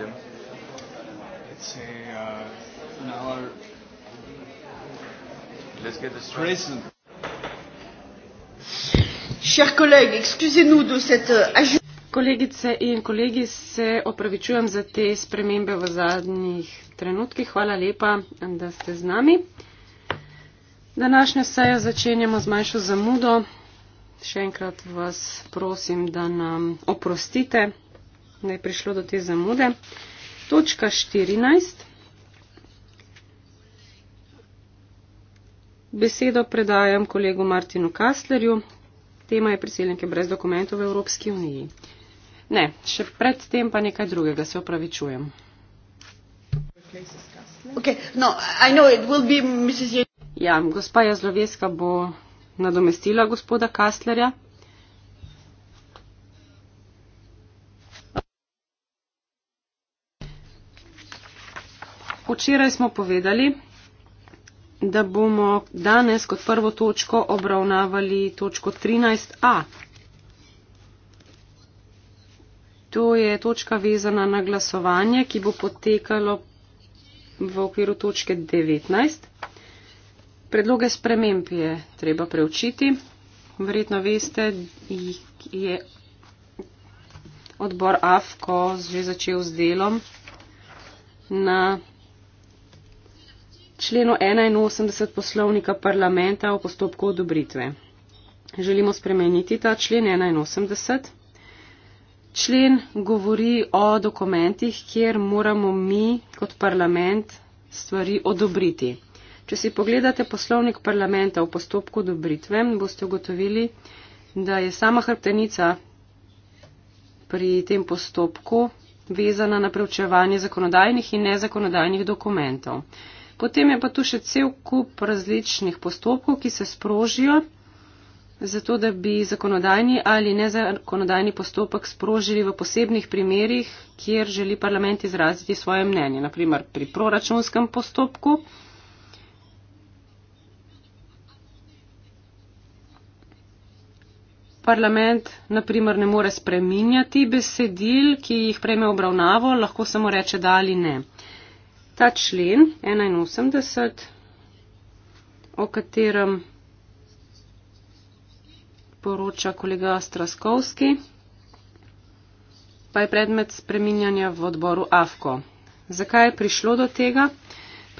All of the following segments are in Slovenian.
deuxième. C'est euh, une heure. Let's get this Listen. Chers collègues, excusez-nous de cette euh, ajustement. Kolegice in kolegi, se opravičujem za te spremembe v zadnjih trenutkih. Hvala lepa, da ste z nami. Današnjo sejo začenjamo z manjšo zamudo. Še enkrat vas prosim, da nam oprostite, da je prišlo do te zamude. Točka 14. Besedo predajam kolegu Martinu Kastlerju. Tema je priseljenke brez dokumentov v Evropski uniji. Ne, še predtem pa nekaj drugega, se opravičujem. Okay, no, I know it will be Mrs. Ja, gospa Jazlovjeska bo nadomestila gospoda Kastlerja. včeraj smo povedali, da bomo danes kot prvo točko obravnavali točko 13a. To je točka vezana na glasovanje, ki bo potekalo v okviru točke 19. Predloge sprememb je treba preučiti. Verjetno veste, je odbor AFKO že začel z delom na členu 81 poslovnika parlamenta o postopku odobritve. Želimo spremeniti ta člen 81. Člen govori o dokumentih, kjer moramo mi kot parlament stvari odobriti. Če si pogledate poslovnik parlamenta v postopku odobritve, boste ugotovili, da je sama hrbtenica pri tem postopku vezana na preučevanje zakonodajnih in nezakonodajnih dokumentov. Potem je pa tu še cel kup različnih postopkov, ki se sprožijo, zato da bi zakonodajni ali nezakonodajni postopek sprožili v posebnih primerjih, kjer želi parlament izraziti svoje mnenje, naprimer pri proračunskem postopku. Parlament naprimer ne more spreminjati besedil, ki jih prejme obravnavo, lahko samo reče da ali ne ta člen 81, o katerem poroča kolega Straskovski, pa je predmet spreminjanja v odboru AFKO. Zakaj je prišlo do tega?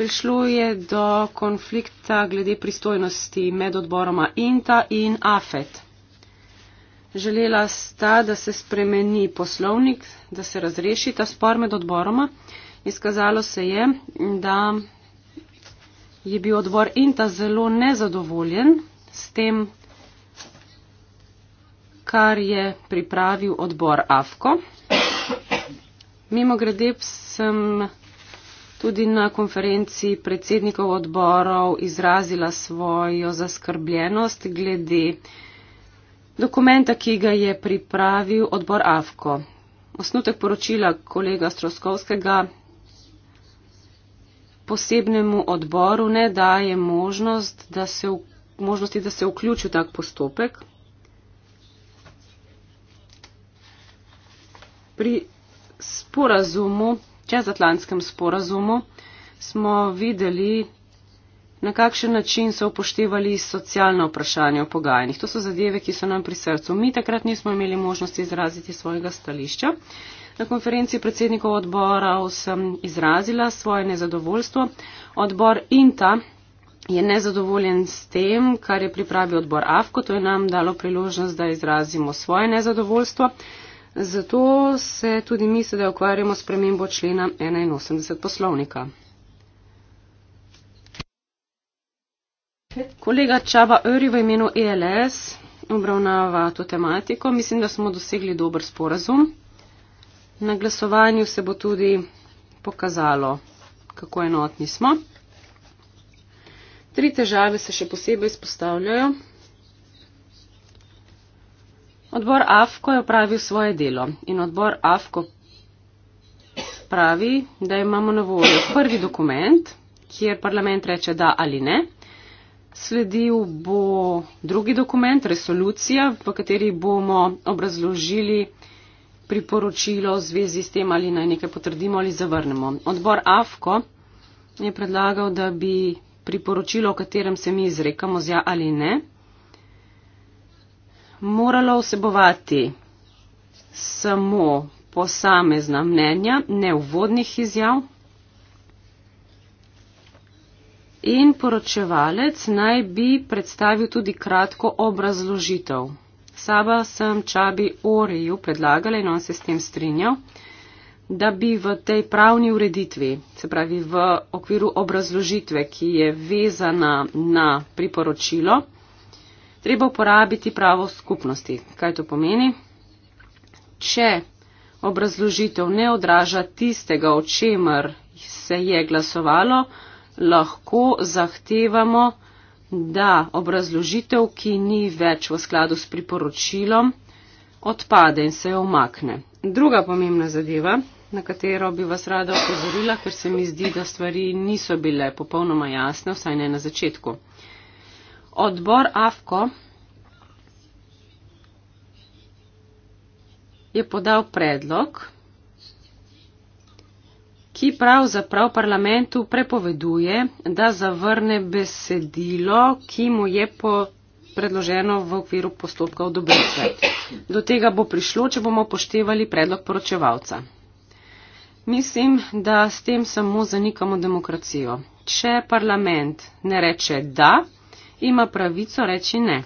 Prišlo je do konflikta glede pristojnosti med odboroma INTA in AFET. Želela sta, da se spremeni poslovnik, da se razreši ta spor med odboroma. Izkazalo se je, da je bil odbor Inta zelo nezadovoljen s tem, kar je pripravil odbor AFKO. Mimo grede sem tudi na konferenci predsednikov odborov izrazila svojo zaskrbljenost glede dokumenta, ki ga je pripravil odbor AFKO. Osnutek poročila kolega Stroskovskega posebnemu odboru ne daje možnost, da se, možnosti, da se vključi v tak postopek. Pri sporazumu, čezatlantskem sporazumu, smo videli, na kakšen način so upoštevali socialno vprašanje o pogajanjih. To so zadeve, ki so nam pri srcu. Mi takrat nismo imeli možnosti izraziti svojega stališča na konferenci predsednikov odbora vsem izrazila svoje nezadovoljstvo. Odbor INTA je nezadovoljen s tem, kar je pripravil odbor AFKO, to je nam dalo priložnost, da izrazimo svoje nezadovoljstvo. Zato se tudi mi sedaj ukvarjamo s premembo člena 81 poslovnika. Kolega Čaba Öri v imenu ELS obravnava to tematiko. Mislim, da smo dosegli dober sporazum na glasovanju se bo tudi pokazalo, kako enotni smo. Tri težave se še posebej izpostavljajo. Odbor AFKO je opravil svoje delo in odbor AFKO pravi, da imamo na voljo prvi dokument, kjer parlament reče da ali ne. Sledil bo drugi dokument, resolucija, v kateri bomo obrazložili, uh, priporočilo v zvezi s tem, ali naj nekaj potrdimo ali zavrnemo. Odbor AFKO je predlagal, da bi priporočilo, o katerem se mi izrekamo z ja ali ne, moralo vsebovati samo posamezna mnenja, ne uvodnih izjav. In poročevalec naj bi predstavil tudi kratko obrazložitev Saba sem Čabi Oriju predlagala in on se s tem strinjal, da bi v tej pravni ureditvi, se pravi v okviru obrazložitve, ki je vezana na priporočilo, treba uporabiti pravo skupnosti. Kaj to pomeni? Če obrazložitev ne odraža tistega, o čemer se je glasovalo, lahko zahtevamo, da obrazložitev, ki ni več v skladu s priporočilom, odpade in se jo omakne. Druga pomembna zadeva, na katero bi vas rada opozorila, ker se mi zdi, da stvari niso bile popolnoma jasne, vsaj ne na začetku. Odbor AFKO je podal predlog, ki pravzaprav parlamentu prepoveduje, da zavrne besedilo, ki mu je po predloženo v okviru postopka odobritve. Do tega bo prišlo, če bomo poštevali predlog poročevalca. Mislim, da s tem samo zanikamo demokracijo. Če parlament ne reče da, ima pravico reči ne.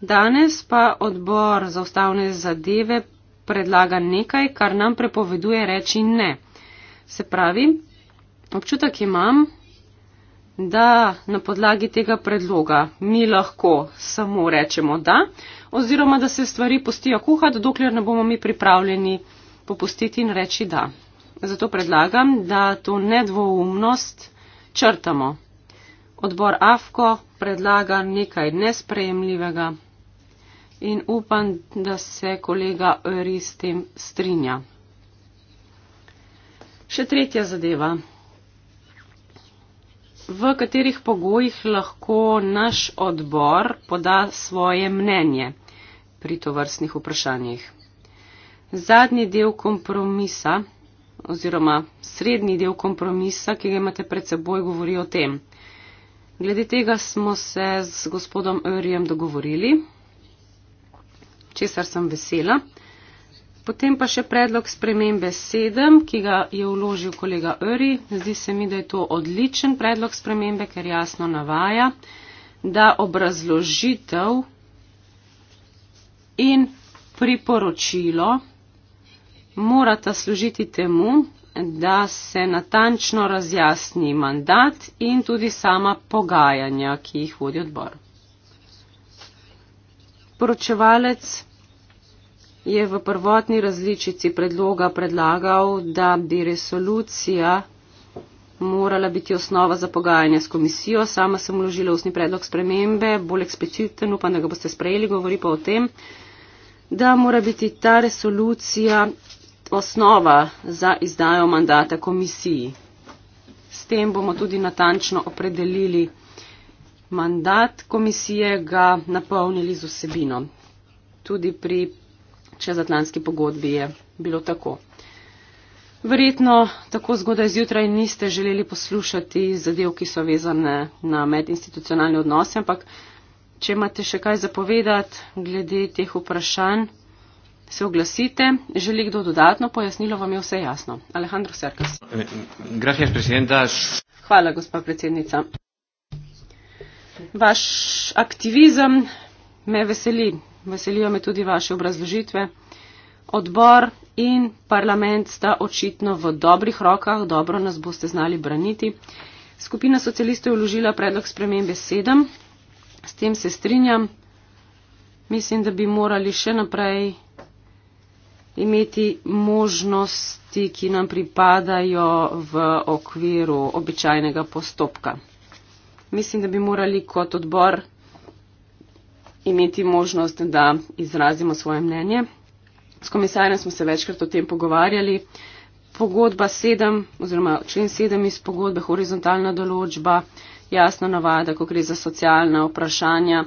Danes pa odbor za ustavne zadeve predlaga nekaj, kar nam prepoveduje reči ne. Se pravi, občutek imam, da na podlagi tega predloga mi lahko samo rečemo da, oziroma da se stvari postijo kuhati, dokler ne bomo mi pripravljeni popustiti in reči da. Zato predlagam, da to nedvoumnost črtamo. Odbor AFKO predlaga nekaj nesprejemljivega in upam, da se kolega Öri s tem strinja. Še tretja zadeva. V katerih pogojih lahko naš odbor poda svoje mnenje pri tovrstnih vprašanjih? Zadnji del kompromisa oziroma srednji del kompromisa, ki ga imate pred seboj, govori o tem. Glede tega smo se z gospodom Örjem dogovorili česar sem vesela. Potem pa še predlog spremembe 7, ki ga je uložil kolega Öri. Zdi se mi, da je to odličen predlog spremembe, ker jasno navaja, da obrazložitev in priporočilo morata služiti temu, da se natančno razjasni mandat in tudi sama pogajanja, ki jih vodi odbor. Poročevalec je v prvotni različici predloga predlagal, da bi resolucija morala biti osnova za pogajanje s komisijo. Sama sem vložila usni predlog spremembe, bolj ekspliciten, upam, da ga boste sprejeli, govori pa o tem, da mora biti ta resolucija osnova za izdajo mandata komisiji. S tem bomo tudi natančno opredelili mandat komisije, ga napolnili z osebino. Tudi pri čezatlantski pogodbi je bilo tako. Verjetno tako zgodaj zjutraj niste želeli poslušati zadev, ki so vezane na medinstitucionalne odnose, ampak če imate še kaj zapovedati glede teh vprašanj, se oglasite. Želi kdo dodatno pojasnilo, vam je vse jasno. Alejandro Serkas. Hvala, gospa predsednica. Vaš aktivizem me veseli, veselijo me tudi vaše obrazložitve. Odbor in parlament sta očitno v dobrih rokah, dobro nas boste znali braniti. Skupina socialistov je vložila predlog spremembe 7, s tem se strinjam. Mislim, da bi morali še naprej imeti možnosti, ki nam pripadajo v okviru običajnega postopka mislim, da bi morali kot odbor imeti možnost, da izrazimo svoje mnenje. S komisarjem smo se večkrat o tem pogovarjali. Pogodba 7 oziroma člen 7 iz pogodbe, horizontalna določba, jasno navada, ko gre za socialna vprašanja,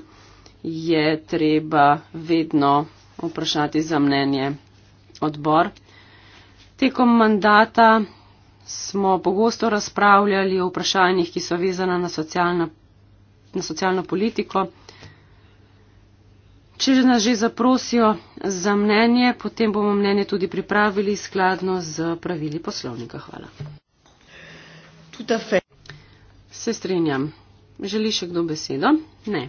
je treba vedno vprašati za mnenje odbor. Tekom mandata smo pogosto razpravljali o vprašanjih, ki so vezana na, socialna, na socialno politiko. Če že nas že zaprosijo za mnenje, potem bomo mnenje tudi pripravili skladno z pravili poslovnika. Hvala. Se strinjam. Želi še kdo besedo? Ne.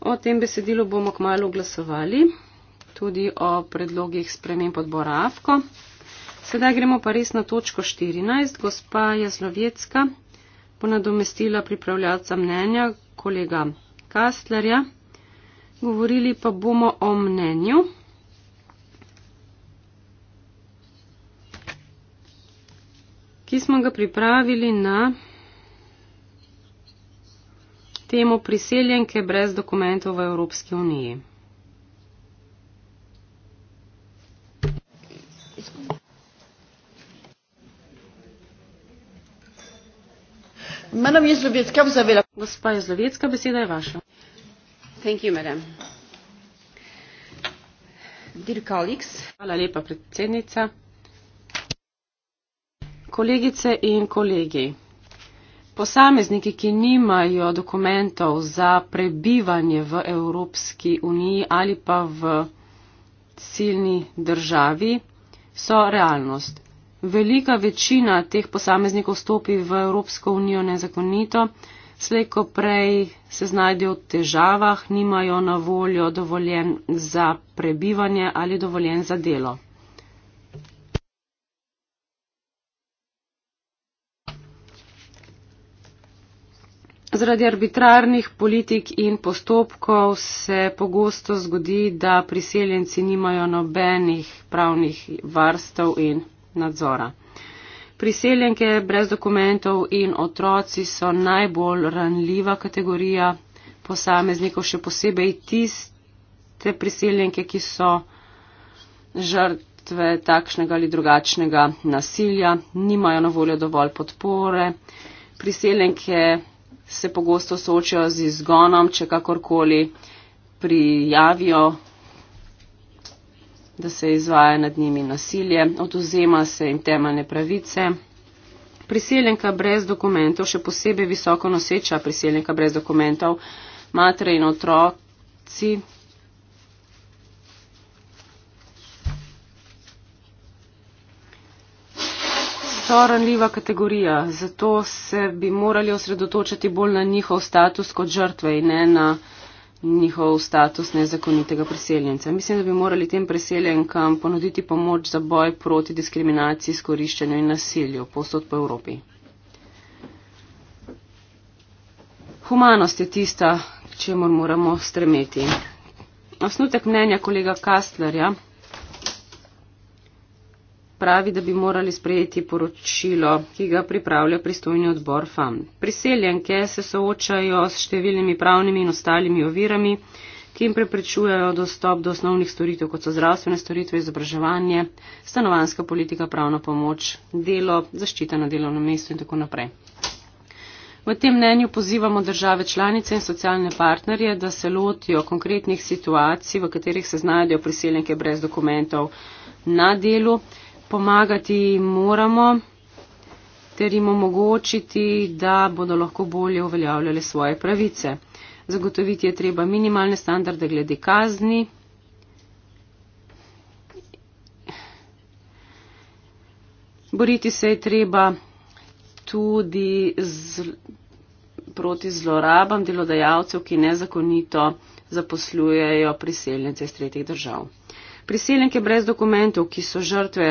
O tem besedilu bomo kmalo glasovali, tudi o predlogih spremem podbora AFKO. Sedaj gremo pa res na točko 14. Gospa Jazlovecka bo nadomestila pripravljalca mnenja kolega Kastlerja. Govorili pa bomo o mnenju. ki smo ga pripravili na temo priseljenke brez dokumentov v Evropski uniji. Madame Jezlovetska, vous avez la Gospa Jezlovetska, beseda je vaša. Thank you, madam. Dear colleagues. Hvala lepa, predsednica. Kolegice in kolegi. Posamezniki, ki nimajo dokumentov za prebivanje v Evropski uniji ali pa v ciljni državi, so realnost. Velika večina teh posameznikov stopi v Evropsko unijo nezakonito, slejko prej se znajdejo v težavah, nimajo na voljo dovoljen za prebivanje ali dovoljen za delo. Zaradi arbitrarnih politik in postopkov se pogosto zgodi, da priseljenci nimajo nobenih pravnih varstev in nadzora. Priseljenke brez dokumentov in otroci so najbolj ranljiva kategorija posameznikov, še posebej tiste priseljenke, ki so žrtve takšnega ali drugačnega nasilja, nimajo na voljo dovolj podpore. Priseljenke se pogosto soočajo z izgonom, če kakorkoli prijavijo da se izvaja nad njimi nasilje, oduzema se jim temeljne pravice. Priseljenka brez dokumentov, še posebej visoko noseča priseljenka brez dokumentov, matere in otroci. To je ranljiva kategorija, zato se bi morali osredotočiti bolj na njihov status kot žrtve in ne na njihov status nezakonitega priseljenca. Mislim, da bi morali tem priseljenkam ponuditi pomoč za boj proti diskriminaciji, skoriščanju in nasilju posod po Evropi. Humanost je tista, čemu moramo stremeti. Osnutek mnenja kolega Kastlerja pravi, da bi morali sprejeti poročilo, ki ga pripravlja pristojni odbor FAM. Priseljenke se soočajo s številnimi pravnimi in ostalimi ovirami, ki jim preprečujejo dostop do osnovnih storitev, kot so zdravstvene storitve, izobraževanje, stanovanska politika, pravna pomoč, delo, zaščita na delovnem mestu in tako naprej. V tem mnenju pozivamo države članice in socialne partnerje, da se lotijo konkretnih situacij, v katerih se znajdejo priseljenke brez dokumentov na delu pomagati moramo ter jim omogočiti, da bodo lahko bolje uveljavljali svoje pravice. Zagotoviti je treba minimalne standarde glede kazni. Boriti se je treba tudi z, proti zlorabam delodajalcev, ki nezakonito zaposlujejo priseljence iz tretjih držav. Priseljenke brez dokumentov, ki so žrtve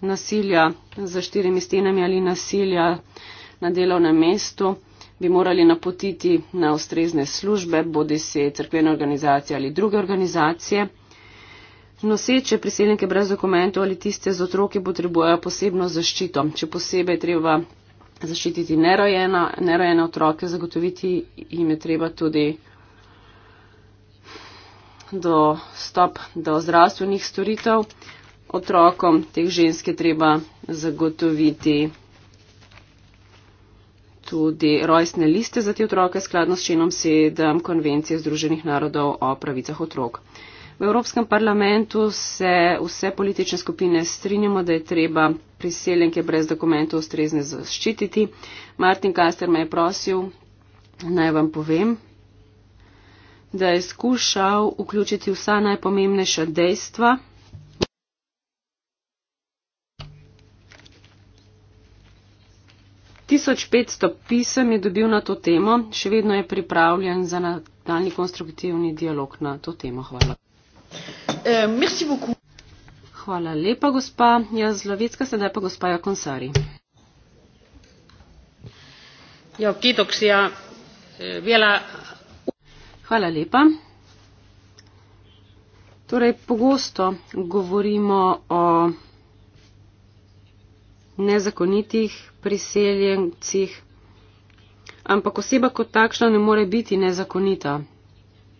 nasilja za štirimi stenami ali nasilja na delovnem mestu, bi morali napotiti na ustrezne službe, bodi se crkvene organizacije ali druge organizacije. Noseče priseljenke brez dokumentov ali tiste z otroki potrebujejo posebno zaščito. Če posebej treba zaščititi nerojena, nerojene otroke, zagotoviti jim je treba tudi dostop do zdravstvenih storitev, otrokom teh ženske treba zagotoviti tudi rojstne liste za te otroke skladno s členom 7 Konvencije Združenih narodov o pravicah otrok. V Evropskem parlamentu se vse politične skupine strinjamo, da je treba priseljenke brez dokumentov ustrezne zaščititi. Martin Kaster me je prosil, naj vam povem, da je skušal vključiti vsa najpomembnejša dejstva 1500 pisem je dobil na to temo, še vedno je pripravljen za nadaljni konstruktivni dialog na to temo. Hvala. Eh, Hvala lepa, gospa Jazlovecka, sedaj pa gospa Jakonsari. Ja, kitoksija, eh, vela. Hvala lepa. Torej, pogosto govorimo o nezakonitih priseljencih. Ampak oseba kot takšna ne more biti nezakonita.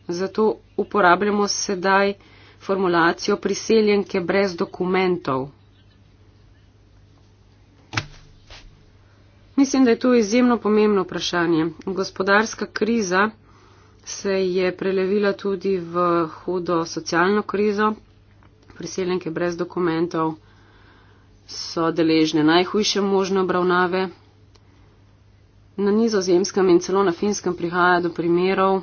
Zato uporabljamo sedaj formulacijo priseljenke brez dokumentov. Mislim, da je to izjemno pomembno vprašanje. Gospodarska kriza se je prelevila tudi v hudo socialno krizo, priseljenke brez dokumentov so deležne najhujše možne obravnave. Na nizozemskem in celo na finskem prihaja do primerov,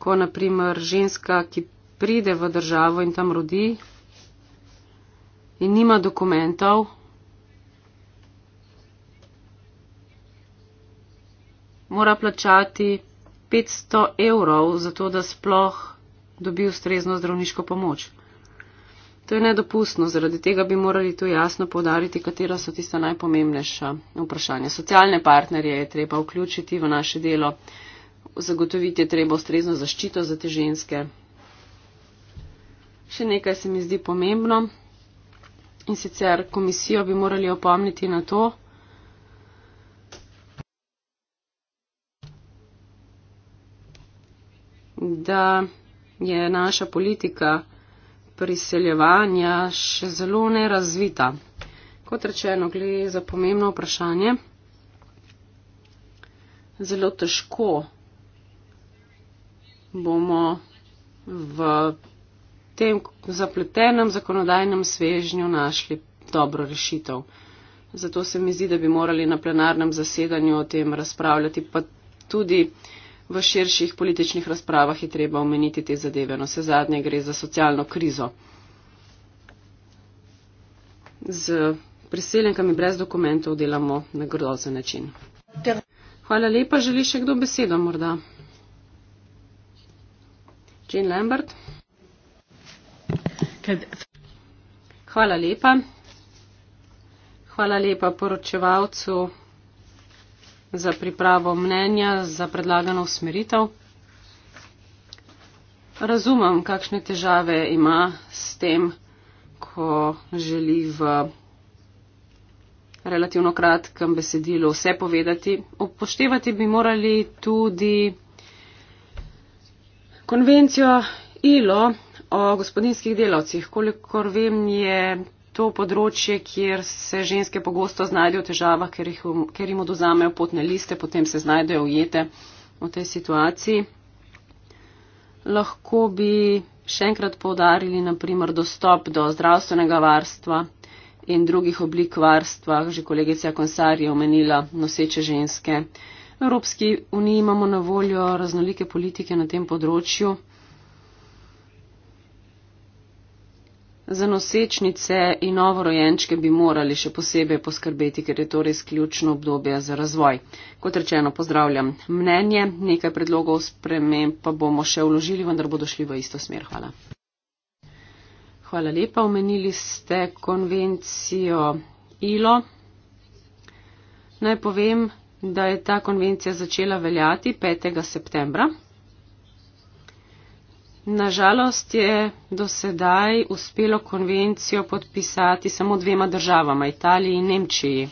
ko naprimer ženska, ki pride v državo in tam rodi in nima dokumentov, mora plačati 500 evrov za to, da sploh dobi ustrezno zdravniško pomoč. To je nedopustno, zaradi tega bi morali tu jasno povdariti, katera so tista najpomembnejša vprašanja. Socialne partnerje je treba vključiti v naše delo, zagotoviti je treba ustrezno zaščito za te ženske. Še nekaj se mi zdi pomembno in sicer komisijo bi morali opomniti na to, da je naša politika priseljevanja še zelo nerazvita. Kot rečeno, gre za pomembno vprašanje. Zelo težko bomo v tem zapletenem zakonodajnem svežnju našli dobro rešitev. Zato se mi zdi, da bi morali na plenarnem zasedanju o tem razpravljati, pa tudi uh, v širših političnih razpravah je treba omeniti te zadeve. No, vse zadnje gre za socialno krizo. Z priseljenkami brez dokumentov delamo na grozen način. Hvala lepa. Želi še kdo besedo morda? Jane Lambert? Hvala lepa. Hvala lepa poročevalcu za pripravo mnenja za predlagano usmeritev. Razumem, kakšne težave ima s tem, ko želi v relativno kratkem besedilu vse povedati. Upoštevati bi morali tudi konvencijo ILO o gospodinskih delavcih. Kolikor vem, je to področje, kjer se ženske pogosto znajdejo v težavah, ker, jih, ker jim oduzamejo potne liste, potem se znajdejo ujete v tej situaciji. Lahko bi še enkrat povdarili naprimer dostop do zdravstvenega varstva in drugih oblik varstva, že kolegica Konsar je omenila noseče ženske. V Evropski uniji imamo na voljo raznolike politike na tem področju. Za nosečnice in novorojenčke bi morali še posebej poskrbeti, ker je to res ključno obdobje za razvoj. Kot rečeno, pozdravljam mnenje, nekaj predlogov sprememb pa bomo še vložili, vendar bodo šli v isto smer. Hvala. Hvala lepa. Omenili ste konvencijo ILO. Naj povem, da je ta konvencija začela veljati 5. septembra. Nažalost je do sedaj uspelo konvencijo podpisati samo dvema državama, Italiji in Nemčiji.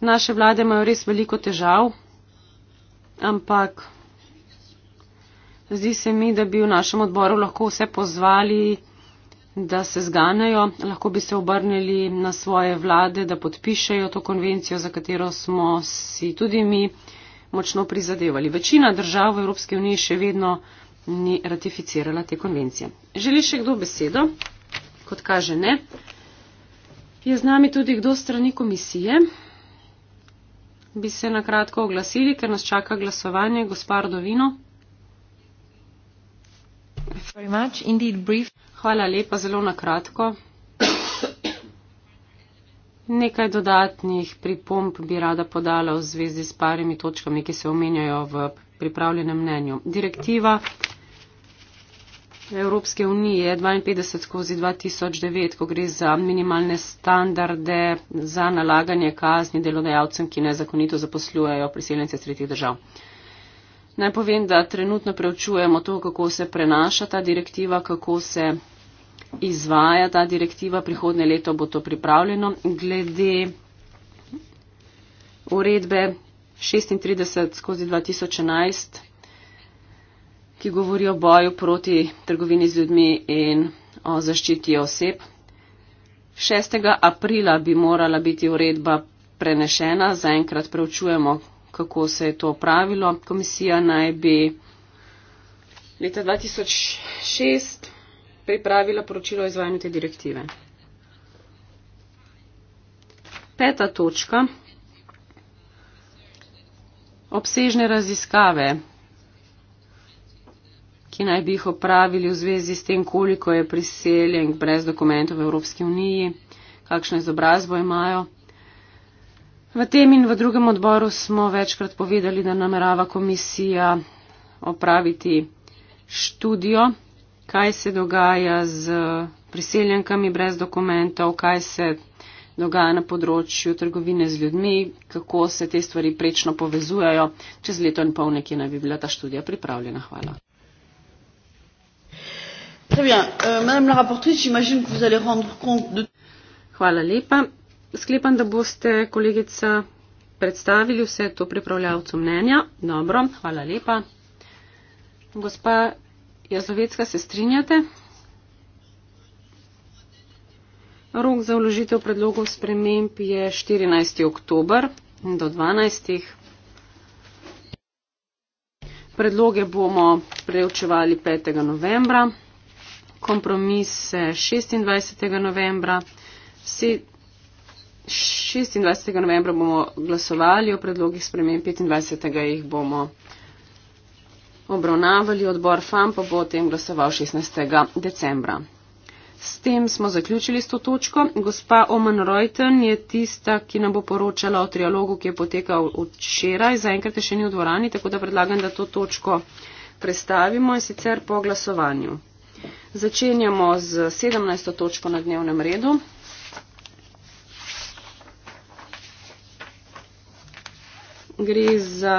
Naše vlade imajo res veliko težav, ampak zdi se mi, da bi v našem odboru lahko vse pozvali, da se zganejo, lahko bi se obrnili na svoje vlade, da podpišejo to konvencijo, za katero smo si tudi mi močno prizadevali. Večina držav v Evropske unije še vedno ni ratificirala te konvencije. Želi še kdo besedo? Kot kaže ne. Je z nami tudi kdo strani komisije? Bi se nakratko oglasili, ker nas čaka glasovanje. Gospar Dovino. Hvala lepa, zelo nakratko. Nekaj dodatnih pripomp bi rada podala v zvezi s parimi točkami, ki se omenjajo v pripravljenem mnenju. Direktiva Evropske unije 52 skozi 2009, ko gre za minimalne standarde za nalaganje kazni delodajalcem, ki nezakonito zaposlujejo priseljence tretjih držav. Naj povem, da trenutno preučujemo to, kako se prenaša ta direktiva, kako se izvaja ta direktiva, prihodne leto bo to pripravljeno. Glede uredbe 36 skozi 2011, ki govori o boju proti trgovini z ljudmi in o zaščiti oseb. 6. aprila bi morala biti uredba prenešena, zaenkrat preučujemo, kako se je to pravilo. Komisija naj bi leta 2006 pripravila poročilo o izvajanju te direktive. Peta točka. Obsežne raziskave, ki naj bi jih opravili v zvezi s tem, koliko je priseljenk brez dokumentov v Evropski uniji, kakšno izobrazbo imajo. V tem in v drugem odboru smo večkrat povedali, da namerava komisija opraviti študijo kaj se dogaja z priseljenkami brez dokumentov, kaj se dogaja na področju trgovine z ljudmi, kako se te stvari prečno povezujejo. Čez leto in pol nekje naj bi bila ta študija pripravljena. Hvala. Euh, hvala lepa. Sklepam, da boste, kolegica, predstavili vse to pripravljavcu mnenja. Dobro, hvala lepa. Gospa Jazovecka, se strinjate? Rok za vložitev predlogov sprememb je 14. oktober do 12. Predloge bomo preučevali 5. novembra, kompromis 26. novembra. 26. novembra bomo glasovali o predlogih sprememb, 25. jih bomo obravnavali, odbor FAM pa bo o tem glasoval 16. decembra. S tem smo zaključili s to točko. Gospa Oman Reuten je tista, ki nam bo poročala o trialogu, ki je potekal včeraj. Zaenkrat je še ni v dvorani, tako da predlagam, da to točko predstavimo in sicer po glasovanju. Začenjamo z 17. točko na dnevnem redu. Gre za.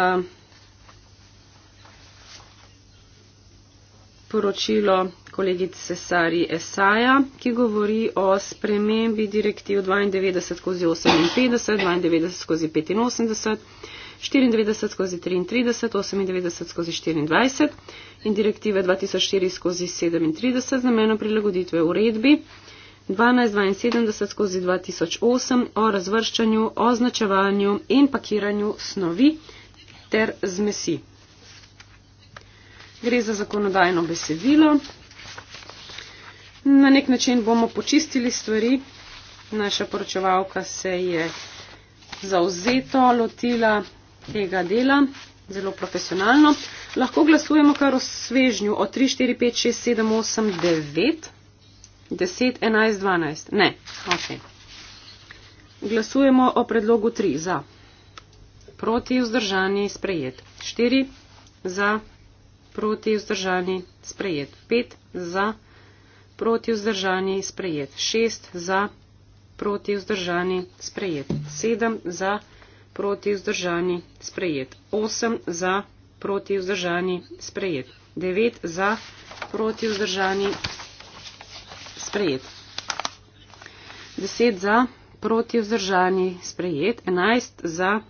poročilo kolegice Sari Esaja, ki govori o spremembi direktiv 92 skozi 58, 92 skozi 85, 94 skozi 33, 98 skozi 24 in direktive 2004 skozi 37 z namenom prilagoditve uredbi 1272 skozi 2008 o razvrščanju, označevanju in pakiranju snovi ter zmesi. Gre za zakonodajno besedilo. Na nek način bomo počistili stvari. Naša poročevalka se je zauzeto lotila tega dela, zelo profesionalno. Lahko glasujemo kar o svežnju, o 3, 4, 5, 6, 7, 8, 9, 10, 11, 12. Ne, ok. Glasujemo o predlogu 3 za. Proti vzdržani sprejet. 4 za proti vzdržani, sprejet 5, za, proti vzdržani, sprejet 6, za, proti vzdržani, sprejet 7, za, proti vzdržani, sprejet 8, za, proti vzdržani, sprejet 9, za, proti vzdržani, sprejet 10, za, proti vzdržani, sprejet 11, za,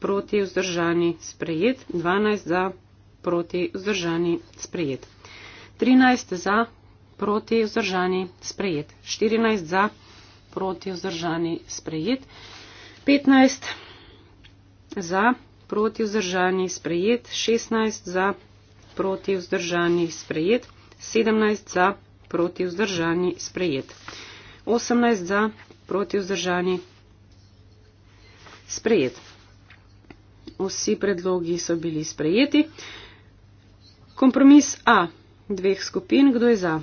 proti vzdržani, sprejet 12, za, proti vzdržani, sprejet 12, za, proti vzdržani sprejet. 13 za proti vzdržani sprejet. 14 za proti vzdržani sprejet. 15 za proti vzdržani sprejet. 16 za proti vzdržani sprejet. 17 za proti vzdržani sprejet. 18 za proti vzdržani sprejet. Vsi predlogi so bili sprejeti. Kompromis A dveh skupin, kdo je za,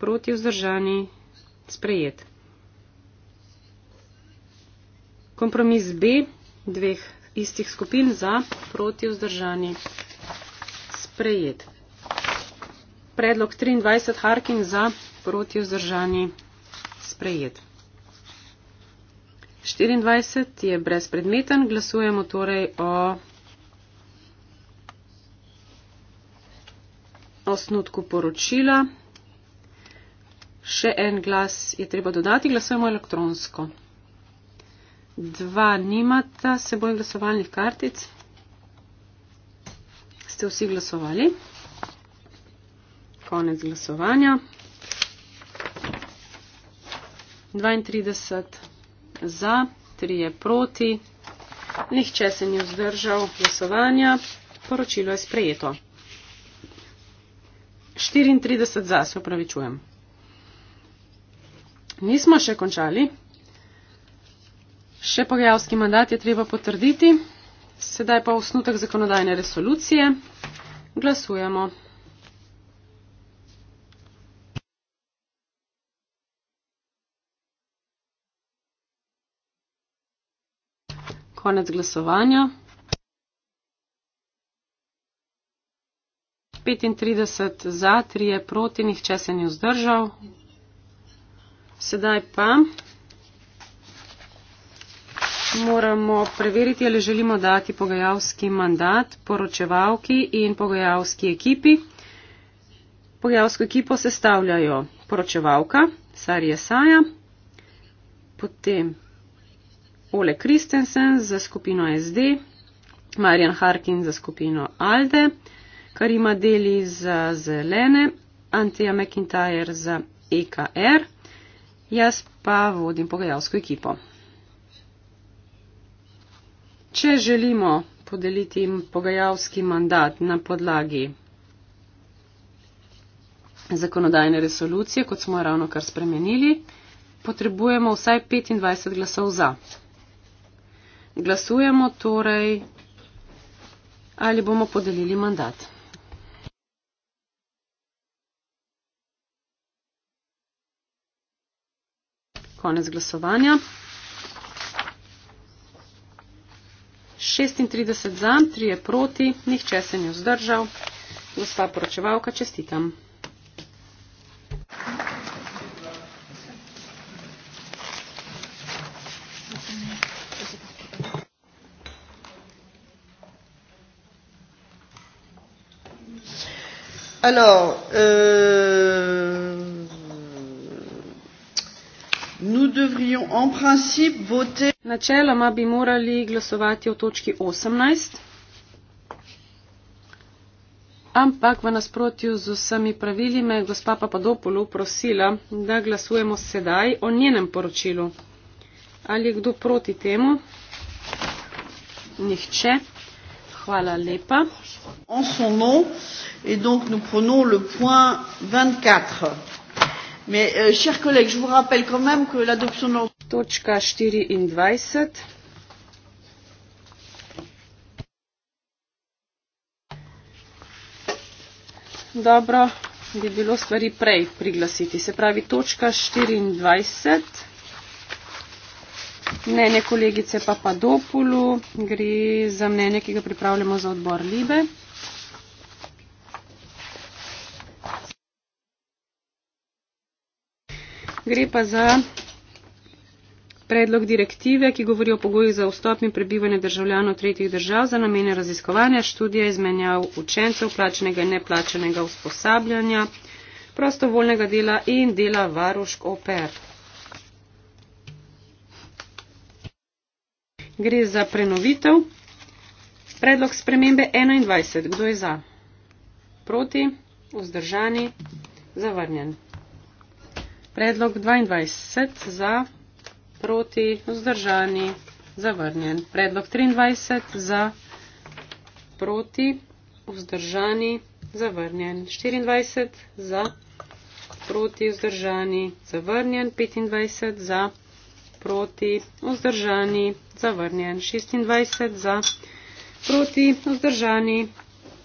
proti vzdržani, sprejet. Kompromis B dveh istih skupin za, proti vzdržani, sprejet. Predlog 23 Harkin za, proti vzdržani, sprejet. 24 je brezpredmeten, glasujemo torej o osnutku poročila. Še en glas je treba dodati, glasujemo elektronsko. Dva nimata seboj glasovalnih kartic. Ste vsi glasovali? Konec glasovanja. 32 za, 3 je proti. Nihče se ni vzdržal glasovanja. Poročilo je sprejeto. 34 za, se upravičujem. Nismo še končali. Še pogajalski mandat je treba potrditi. Sedaj pa osnutek zakonodajne resolucije. Glasujemo. Konec glasovanja. 35 za, 3 je proti, nihče se ni vzdržal. Sedaj pa moramo preveriti, ali želimo dati pogajalski mandat poročevalki in pogajalski ekipi. Pogajalsko ekipo sestavljajo poročevalka Sarija Saja, potem Ole Kristensen za skupino SD, Marjan Harkin za skupino Alde, Karima Deli za zelene, Antija McIntyre za EKR, jaz pa vodim pogajalsko ekipo. Če želimo podeliti jim pogajalski mandat na podlagi zakonodajne resolucije, kot smo ravno kar spremenili, potrebujemo vsaj 25 glasov za. Glasujemo torej, ali bomo podelili mandat. konec glasovanja. 36 za, 3 je proti, nihče se ni vzdržal. Gospa poročevalka, čestitam. Alors, euh... Načeloma bi morali glasovati o točki 18, ampak v nasprotju z vsemi pravili me je gospa Papadopolu prosila, da glasujemo sedaj o njenem poročilu. Ali je kdo proti temu? Nihče. Hvala lepa. En son nom, in donc nous prenons le point 24. Mais, euh, chers collègues, je vous rappelle quand même que l'adoption de l'ordonnance. Dobro bi bilo stvari prej priglasiti. Se pravi, točka 24, mnenje kolegice Papadopulu, gre za mnenje, ki ga pripravljamo za odbor Libe. Gre pa za predlog direktive, ki govori o pogojih za vstop in prebivanje državljanov tretjih držav za namene raziskovanja, študija, izmenjav učencev, plačenega in neplačenega usposabljanja, prostovoljnega dela in dela varušk oper. Gre za prenovitev. Predlog spremembe 21. Kdo je za? Proti? Vzdržani? Zavrnjen? Predlog 22 za, proti, vzdržani, zavrnjen. Predlog 23 za, proti, vzdržani, zavrnjen. 24 za, proti, vzdržani, zavrnjen. 25 za, proti, vzdržani, zavrnjen. 26 za, proti, vzdržani,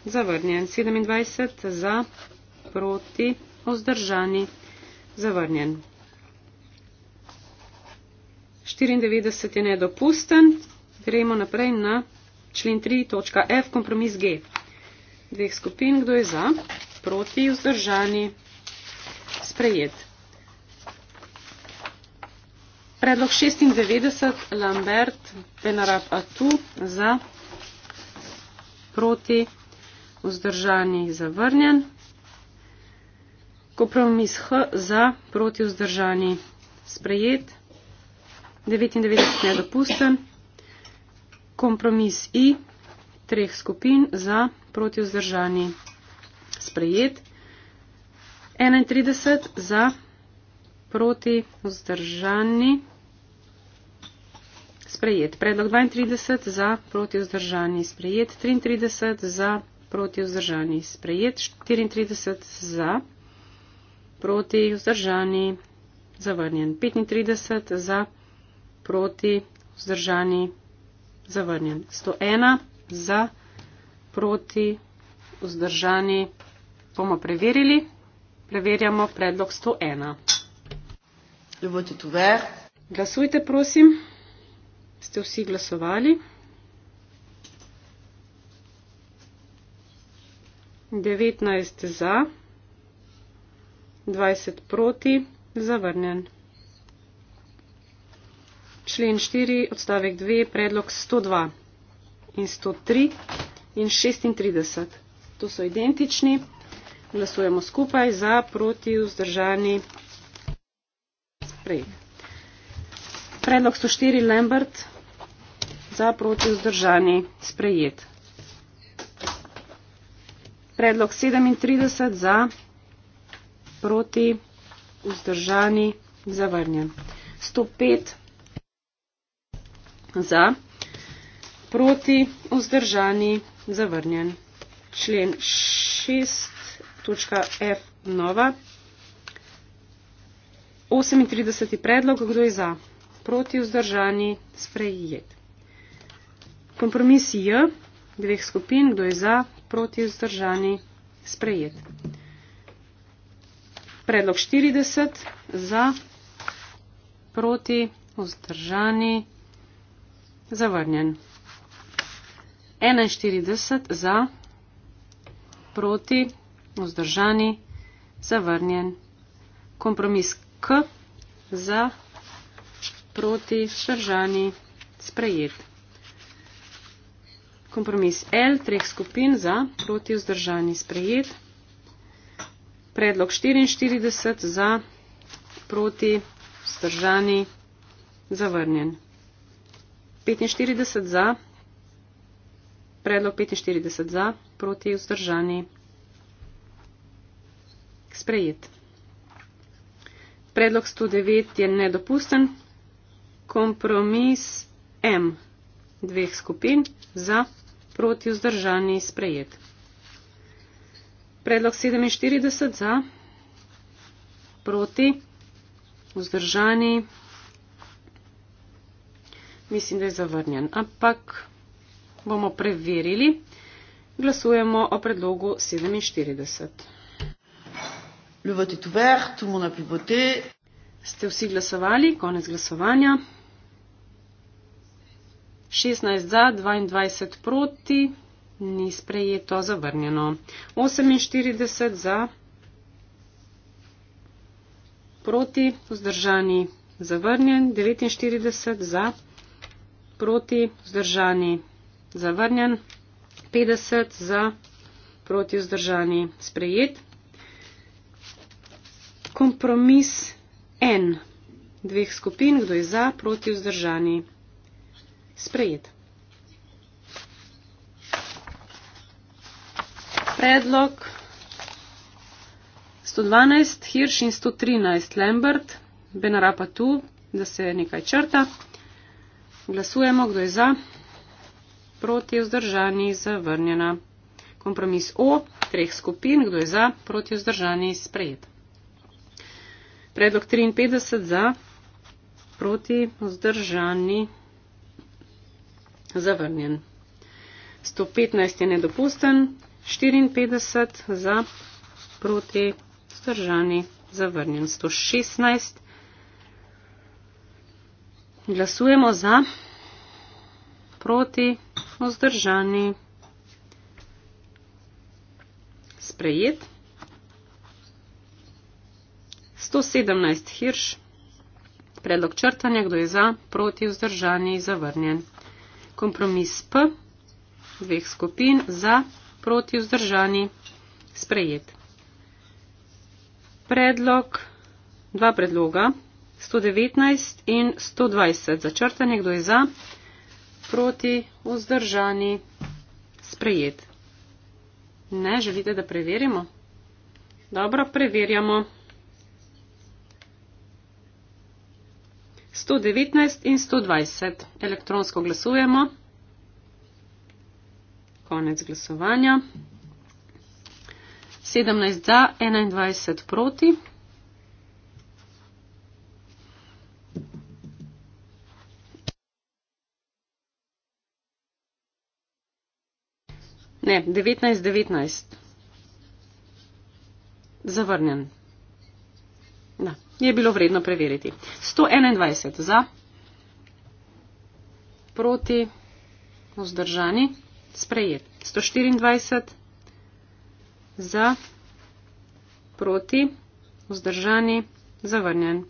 zavrnjen. 27 za, proti, vzdržani, zavrnjen zavrnjen. 94 je nedopusten. Gremo naprej na člen 3.f kompromis G. Dveh skupin, kdo je za, proti, vzdržani, sprejet. Predlog 96, Lambert, Penarab Atu, za, proti, vzdržani, zavrnjen. Kompromis H za proti vzdržani sprejet. 99 nedopusten. Kompromis I treh skupin za proti vzdržani sprejet. 31 za proti vzdržani sprejet. Predlog 32 za proti vzdržani sprejet. 33 za proti vzdržani sprejet. 34 za proti, vzdržani, zavrnjen. 35 za, proti, vzdržani, zavrnjen. 101 za, proti, vzdržani. Bomo preverili. Preverjamo predlog 101. Ljubite tuve. Glasujte, prosim. Ste vsi glasovali? 19 za, 20 proti, zavrnjen. Člen 4, odstavek 2, predlog 102 in 103 in 36. To so identični. Glasujemo skupaj za, proti, vzdržani, sprejet. Predlog 104, Lambert, za, proti, vzdržani, sprejet. Predlog 37 za, proti, vzdržani, zavrnjen. 105 za, proti, vzdržani, zavrnjen. Člen 6.f nova. 38. predlog, kdo je za, proti, vzdržani, sprejet. Kompromis J, dveh skupin, kdo je za, proti, vzdržani, sprejet. Predlog 40 za, proti, vzdržani, zavrnjen. 41 za, proti, vzdržani, zavrnjen. Kompromis K za, proti, vzdržani, sprejet. Kompromis L treh skupin za, proti, vzdržani, sprejet predlog 44 za proti vzdržani zavrnjen. 45 za, predlog 45 za proti vzdržani sprejet. Predlog 109 je nedopusten. Kompromis M dveh skupin za proti vzdržani sprejet. Predlog 47 za, proti, vzdržani, mislim, da je zavrnjen, ampak bomo preverili. Glasujemo o predlogu 47. Le vote est ouvert, tout le monde a pu voter. Ste vsi glasovali, konec glasovanja. 16 za, 22 proti, ni sprejeto, zavrnjeno. 48 za, proti, vzdržani, zavrnjen, 49 za, proti, vzdržani, zavrnjen, 50 za, proti, vzdržani, sprejet. Kompromis N dveh skupin, kdo je za, proti, vzdržani, sprejet. Edlock, 112 Hirsch in 113 Lambert, Benara pa tu, da se nekaj črta. Glasujemo, kdo je za, proti vzdržani, zavrnjena. Kompromis O, treh skupin, kdo je za, proti vzdržani, sprejet. Predlog 53 za, proti vzdržani, zavrnjen. 115 je nedopusten, 54 za, proti stržani zavrnjen 116. Glasujemo za, proti vzdržani. Sprejet. 117 hirš. Predlog črtanja, kdo je za, proti vzdržani, zavrnjen. Kompromis P, dveh skupin, za, proti vzdržani sprejet. Predlog, dva predloga, 119 in 120. Začrtanje, kdo je za, proti vzdržani sprejet. Ne, želite, da preverimo? Dobro, preverjamo. 119 in 120. Elektronsko glasujemo konec glasovanja. 17 za, 21 proti. Ne, 19, 19. Zavrnjen. Da, je bilo vredno preveriti. 121 za, proti, vzdržani sprejet. 124 za, proti, vzdržani, zavrnjen.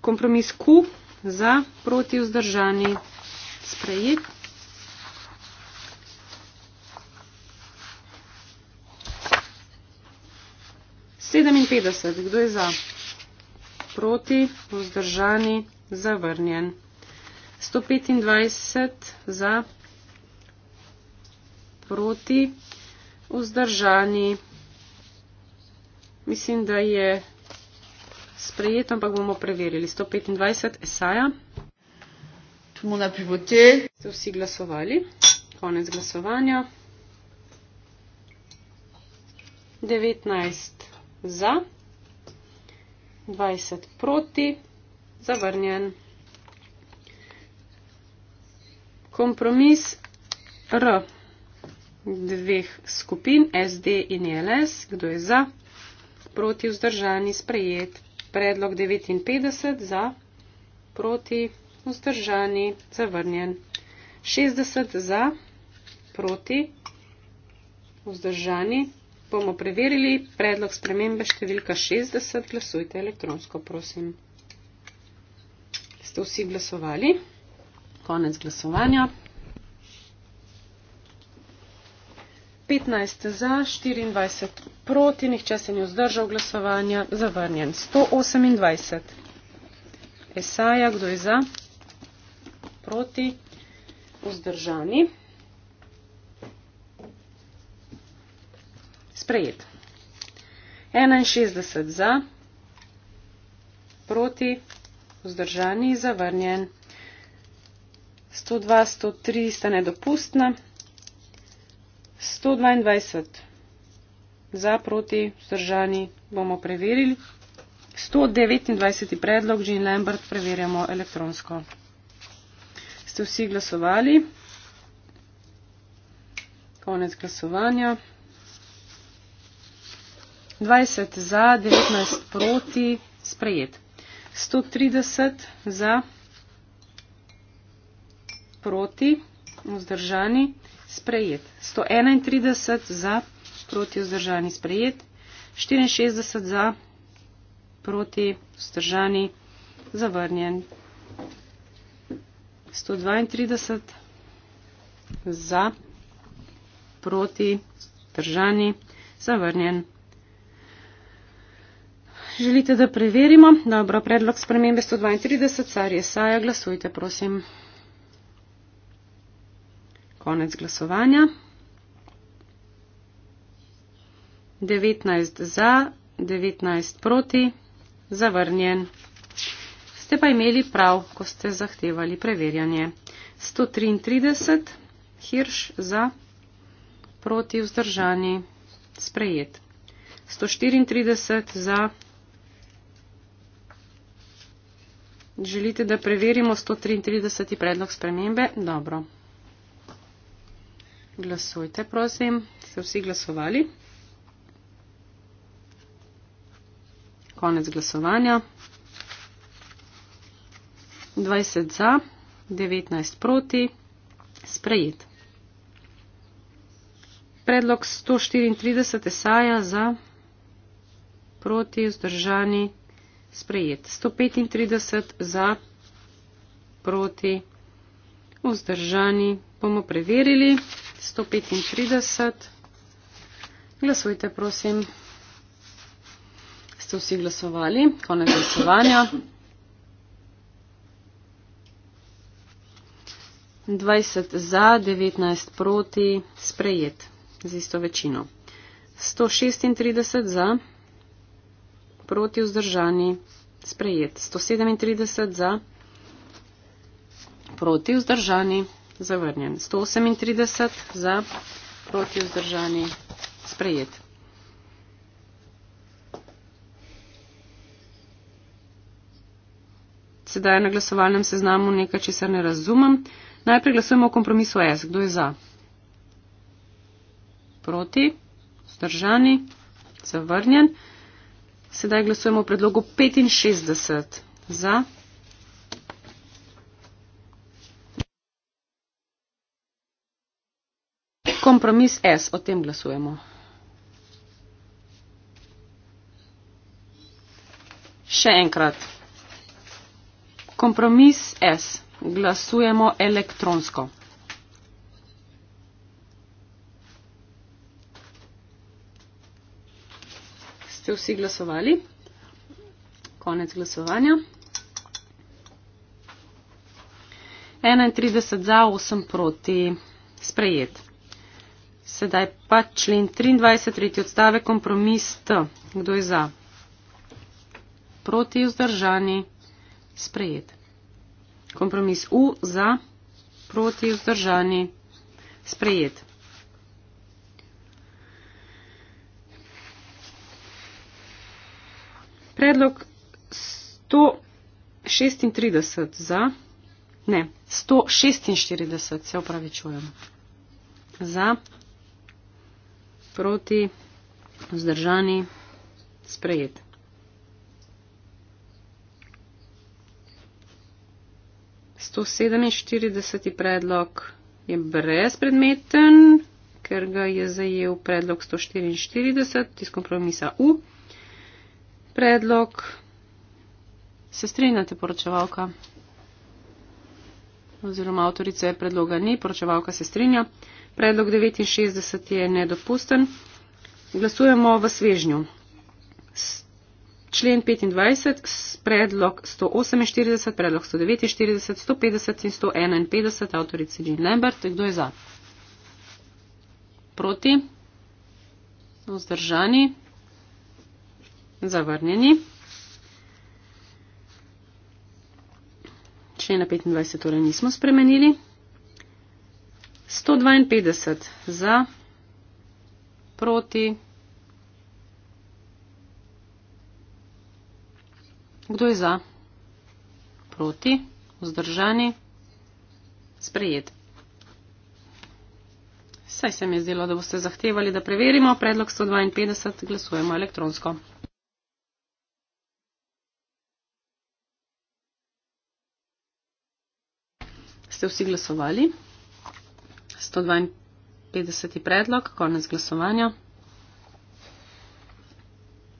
Kompromis Q za, proti, vzdržani, sprejet. Sedeminpetdeset, kdo je za? Proti, vzdržani, zavrnjen. 125 za, proti, vzdržani. Mislim, da je sprejeto, ampak bomo preverili. 125 esaja. Tu mu na pivote. Ste vsi glasovali. Konec glasovanja. 19 za, 20 proti, zavrnjen. kompromis R dveh skupin SD in e LS, kdo je za, proti vzdržani sprejet, predlog 59 za, proti vzdržani zavrnjen, 60 za, proti vzdržani, bomo preverili predlog spremembe številka 60, glasujte elektronsko, prosim. Ste vsi glasovali? Konec glasovanja. 15 za, 24 proti, nihče se ni vzdržal glasovanja, zavrnjen. 128. Esaja, kdo je za? Proti, vzdržani. Sprejet. 61 za, proti, vzdržani, zavrnjen. 102, 103 sta nedopustna. 122 za proti vzdržani bomo preverili. 129. predlog Jean Lambert preverjamo elektronsko. Ste vsi glasovali? Konec glasovanja. 20 za, 19 proti, sprejet. 130 za proti, vzdržani, sprejet. 131 za, proti, vzdržani, sprejet. 64 za, proti, vzdržani, zavrnjen. 132 za, proti, vzdržani, zavrnjen. Želite, da preverimo? Dobro, predlog spremembe 132, car je saja, glasujte, prosim konec glasovanja. 19 za, 19 proti, zavrnjen. Ste pa imeli prav, ko ste zahtevali preverjanje. 133 hirš za, proti vzdržani, sprejet. 134 za. Želite, da preverimo 133 predlog spremembe? Dobro. Glasujte, prosim. Ste vsi glasovali? Konec glasovanja. 20 za, 19 proti. Sprejet. Predlog 134 esaja za proti vzdržani sprejet. 135 za proti vzdržani bomo preverili. 135. Glasujte, prosim. Ste vsi glasovali? Konec glasovanja. 20 za, 19 proti, sprejet z isto večino. 136 za, proti vzdržani, sprejet. 137 za, proti vzdržani zavrnjen. 138 za proti vzdržani sprejet. Sedaj je na glasovalnem seznamu nekaj, če se ne razumem. Najprej glasujemo o kompromisu S. Kdo je za? Proti, zdržani, zavrnjen. Sedaj glasujemo o predlogu 65 za, kompromis S, o tem glasujemo. Še enkrat. Kompromis S, glasujemo elektronsko. Ste vsi glasovali? Konec glasovanja. 31 za 8 proti. Sprejet. Sedaj pa člen 23, tretji odstave, kompromis T. Kdo je za? Proti vzdržani, sprejet. Kompromis U za, proti vzdržani, sprejet. Predlog 136 za, ne, 146 se upravičujem. Za, proti, vzdržani, sprejet. Sto sedeminštirideseti predlog je brezpredmeten, ker ga je zajel predlog sto štiriinštirideset, tisk kompromisa U. Predlog, se strinjate, poročevalka? Oziroma, avtorice predloga ni, poročevalka se strinja. Predlog 69 je nedopusten. Glasujemo v svežnju. Člen 25, predlog 148, predlog 149, 150 in 151, avtorice Jean Lambert. Kdo je za? Proti? Vzdržani? Zavrnjeni? Člena 25 torej nismo spremenili. 152 za, proti. Kdo je za? Proti, vzdržani, sprejet. Saj se mi je zdelo, da boste zahtevali, da preverimo predlog 152, glasujemo elektronsko. Ste vsi glasovali? 152. predlog, konec glasovanja.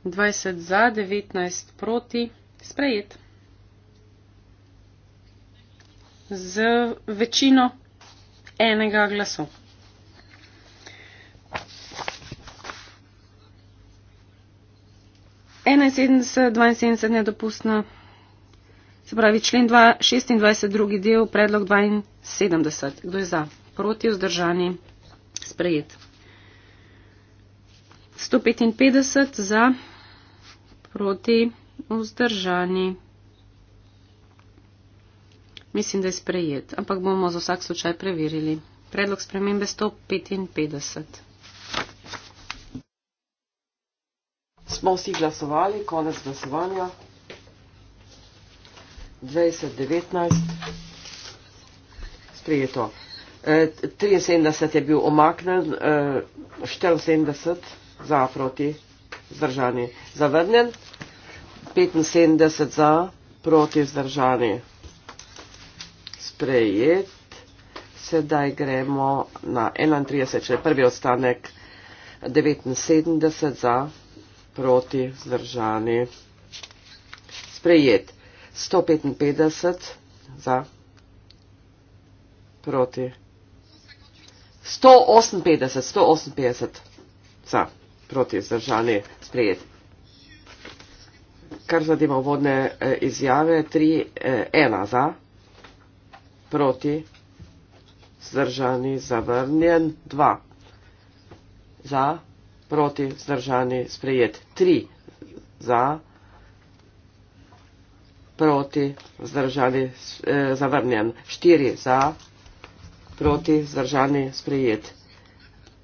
20 za, 19 proti, sprejet. Z večino enega glasu. je dopustna, se pravi člen 2, 26, drugi del, predlog 72. Kdo je za? proti vzdržani sprejet. 155 za proti vzdržani. Mislim, da je sprejet, ampak bomo za vsak slučaj preverili. Predlog spremembe 155. Smo vsi glasovali, konec glasovanja. 2019. Sprejeto. 73 je bil omaknen, 74 eh, za proti zdržani zavrnjen, 75 za proti zdržani sprejet. Sedaj gremo na 31, če je prvi odstanek, 79 za proti zdržani sprejet, 155 za proti zdržani. 158, 158 za proti zdržani sprejet. Kar zadeva vodne eh, izjave, 3, 1 eh, za proti zdržani zavrnjen, 2 za proti zdržani sprejet, 3 za proti zdržani eh, zavrnjen, 4 za proti zdržani sprejet proti, zdržani, sprejet.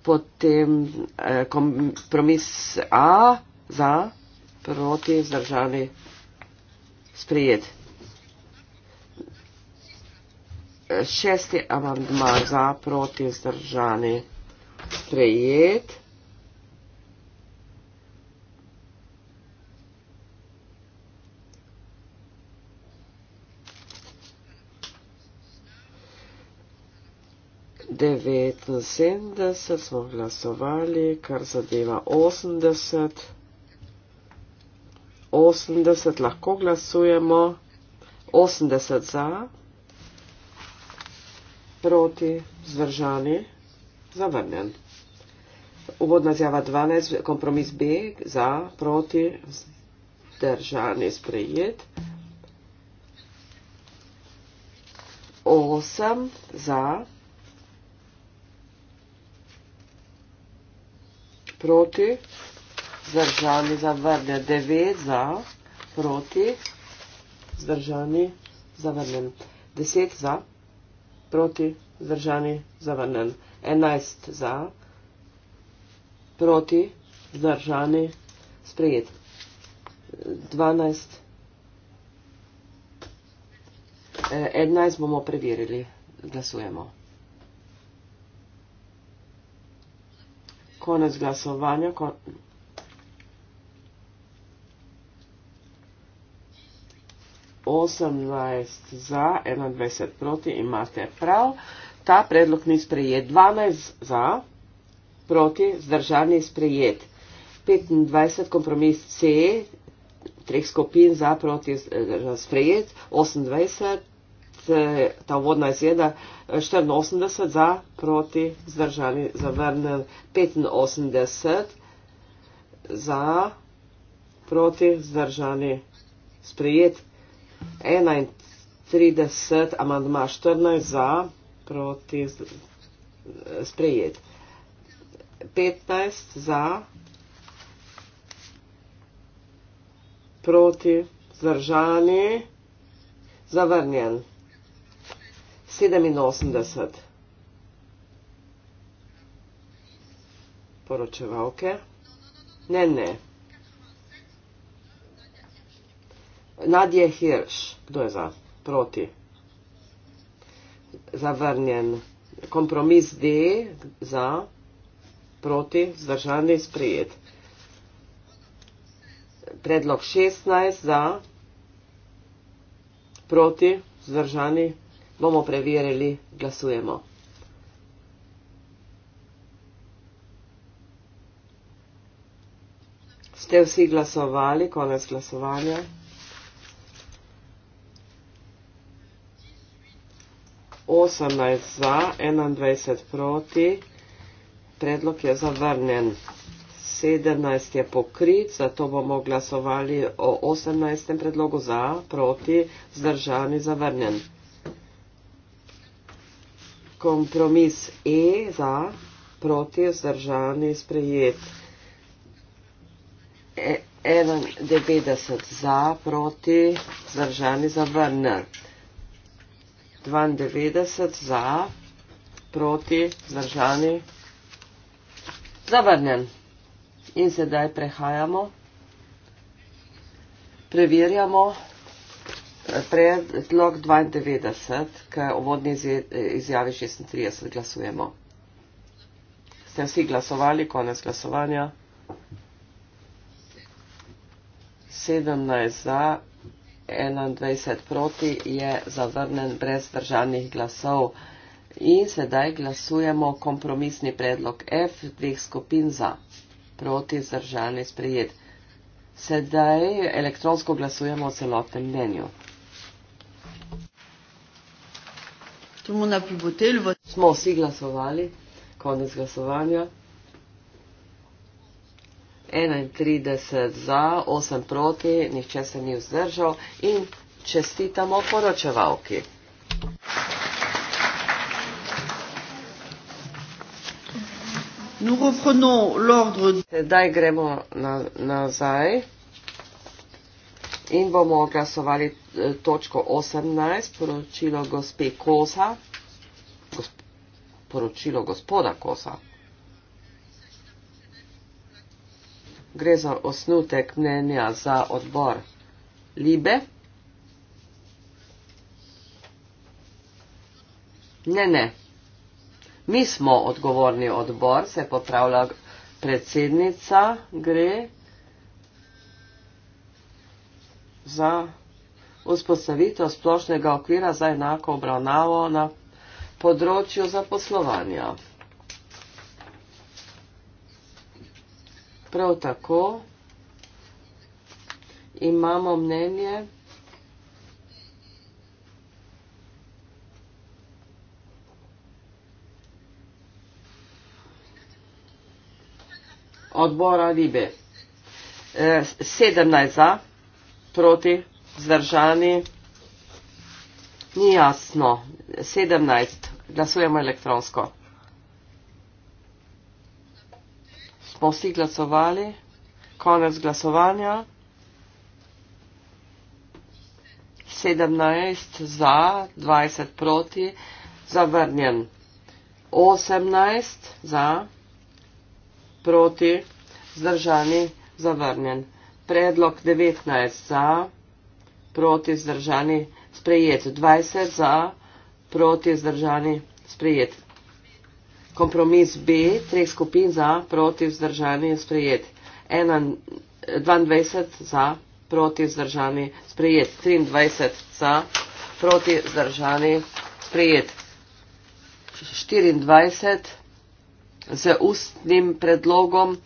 Potem eh, kompromis A za, proti, zdržani, sprejet. Šesti amandma za, proti, zdržani, sprejet. 79 smo glasovali, kar zadeva 80. 80 lahko glasujemo, 80 za, proti, zdržani, zavrnjen. Uvodna zjava 12, kompromis B, za, proti, zdržani, sprejet. 8 za, proti, zdržani, zavrne, devet za, proti, zdržani, zavrnen, deset za, proti, zdržani, zavrnen, enajst za, proti, zdržani, sprejet, dvanajst, e, enajst bomo preverili, glasujemo. konec glasovanja. Kon osemnajst za, enaindvajset proti, imate prav. Ta predlog ni sprejet. Dvanajst za, proti, zdržan je sprejet. Petindvajset kompromis C, treh skupin za, proti, sprejet. Osemindvajset te, ta vodna izjeda, 84 eh, za, proti, zdržani, zavrnjen, 85 za, proti, zdržani, sprejet, 31, amandma 14 za, proti, eh, sprejet, 15 za, proti, zdržani, zavrnjen. 87 poročevalke. Ne, ne. Nadje Hirš. Kdo je za? Proti. Zavrnjen. Kompromis D. Za. Proti. Zdržani sprejet. Predlog 16. Za. Proti. Zdržani sprejet bomo preverili, glasujemo. Ste vsi glasovali, konec glasovanja? Osemnajst za, enaindvajset proti, predlog je zavrnjen. Sedemnajst je pokrit, zato bomo glasovali o osemnajstem predlogu za, proti, zdržani, zavrnjen kompromis E za, proti vzdržani sprejet. 91 e, za, proti vzdržani zavrnjen. 92 za, proti vzdržani zavrnjen. In sedaj prehajamo, preverjamo, preverjamo, predlog 92, ki je ovodni izjavi 36, glasujemo. Ste vsi glasovali, konec glasovanja? 17 za, 21 proti je zavrnen brez državnih glasov. In sedaj glasujemo kompromisni predlog F dveh skupin za, proti zdržani sprejet. Sedaj elektronsko glasujemo o celotnem mnenju. Samo na pivotel v... smo vsi glasovali, konec glasovanja. 31 za, 8 proti, nihče se ni vzdržal in čestitamo poročevalki. Zdaj gremo na, nazaj in bomo glasovali e, točko 18, poročilo gospe Kosa, poročilo gospoda Kosa. Gre za osnutek mnenja za odbor Libe. Ne, ne. Mi smo odgovorni odbor, se popravlja predsednica, gre za vzpostavitev splošnega okvira za enako obravnavo na področju zaposlovanja. Prav tako imamo mnenje, Odbora Libe. 17 eh, za, proti, zdržani, ni jasno. 17. Glasujemo elektronsko. Smo vsi glasovali. Konec glasovanja. 17 za, 20 proti, zavrnjen. 18 za, proti, zdržani, zavrnjen predlog 19 za, proti zdržani, sprejet 20 za, proti zdržani, sprejet. Kompromis B, treh skupin za, proti zdržani, sprejet. 22 za, proti zdržani, sprejet. 23 za, proti zdržani, sprejet. 24 z ustnim predlogom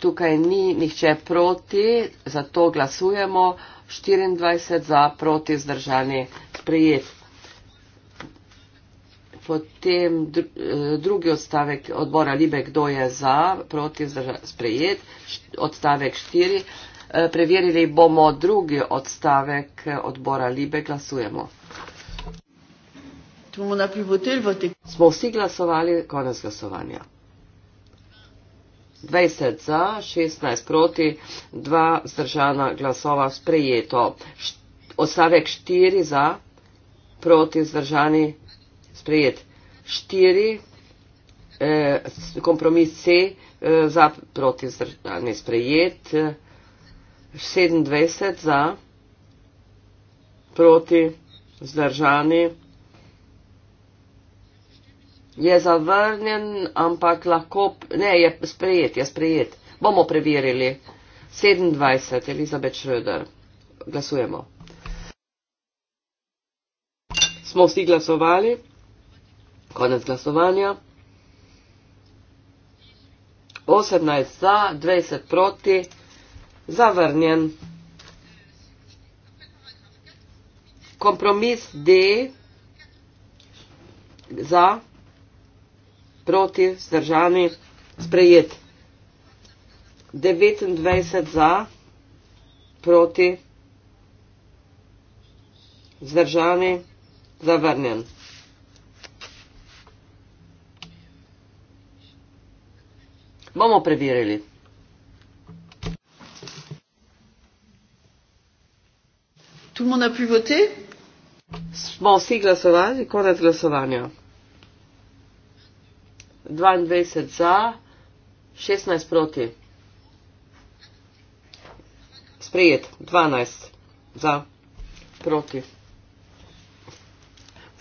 tukaj ni nihče proti, zato glasujemo 24 za proti zdržani sprejet. Potem eh, drugi odstavek odbora Libe, kdo je za, proti zdržani sprejet, odstavek 4. Eh, preverili bomo drugi odstavek eh, odbora Libe, glasujemo. Smo vsi glasovali, konec glasovanja. 20 za, 16 proti, 2 zdržana glasova sprejeto. Ostavek 4 za, proti zdržani sprejet. 4 eh, kompromis C eh, za, proti zdržani sprejet. 27 za, proti zdržani sprejet je zavrnjen, ampak lahko, ne, je sprejet, je sprejet. Bomo preverili. 27, Elizabeth Schröder. Glasujemo. Smo vsi glasovali. Konec glasovanja. 18 za, 20 proti, zavrnjen. Kompromis D za proti, vzdržanih, sprejet. 29 za, proti, vzdržani, zavrnjen. Bomo preverili. Tout le monde a pu voter? Bon, si glasovali, konec glasovanja. 22 za, 16 proti. Sprejet, 12 za, proti.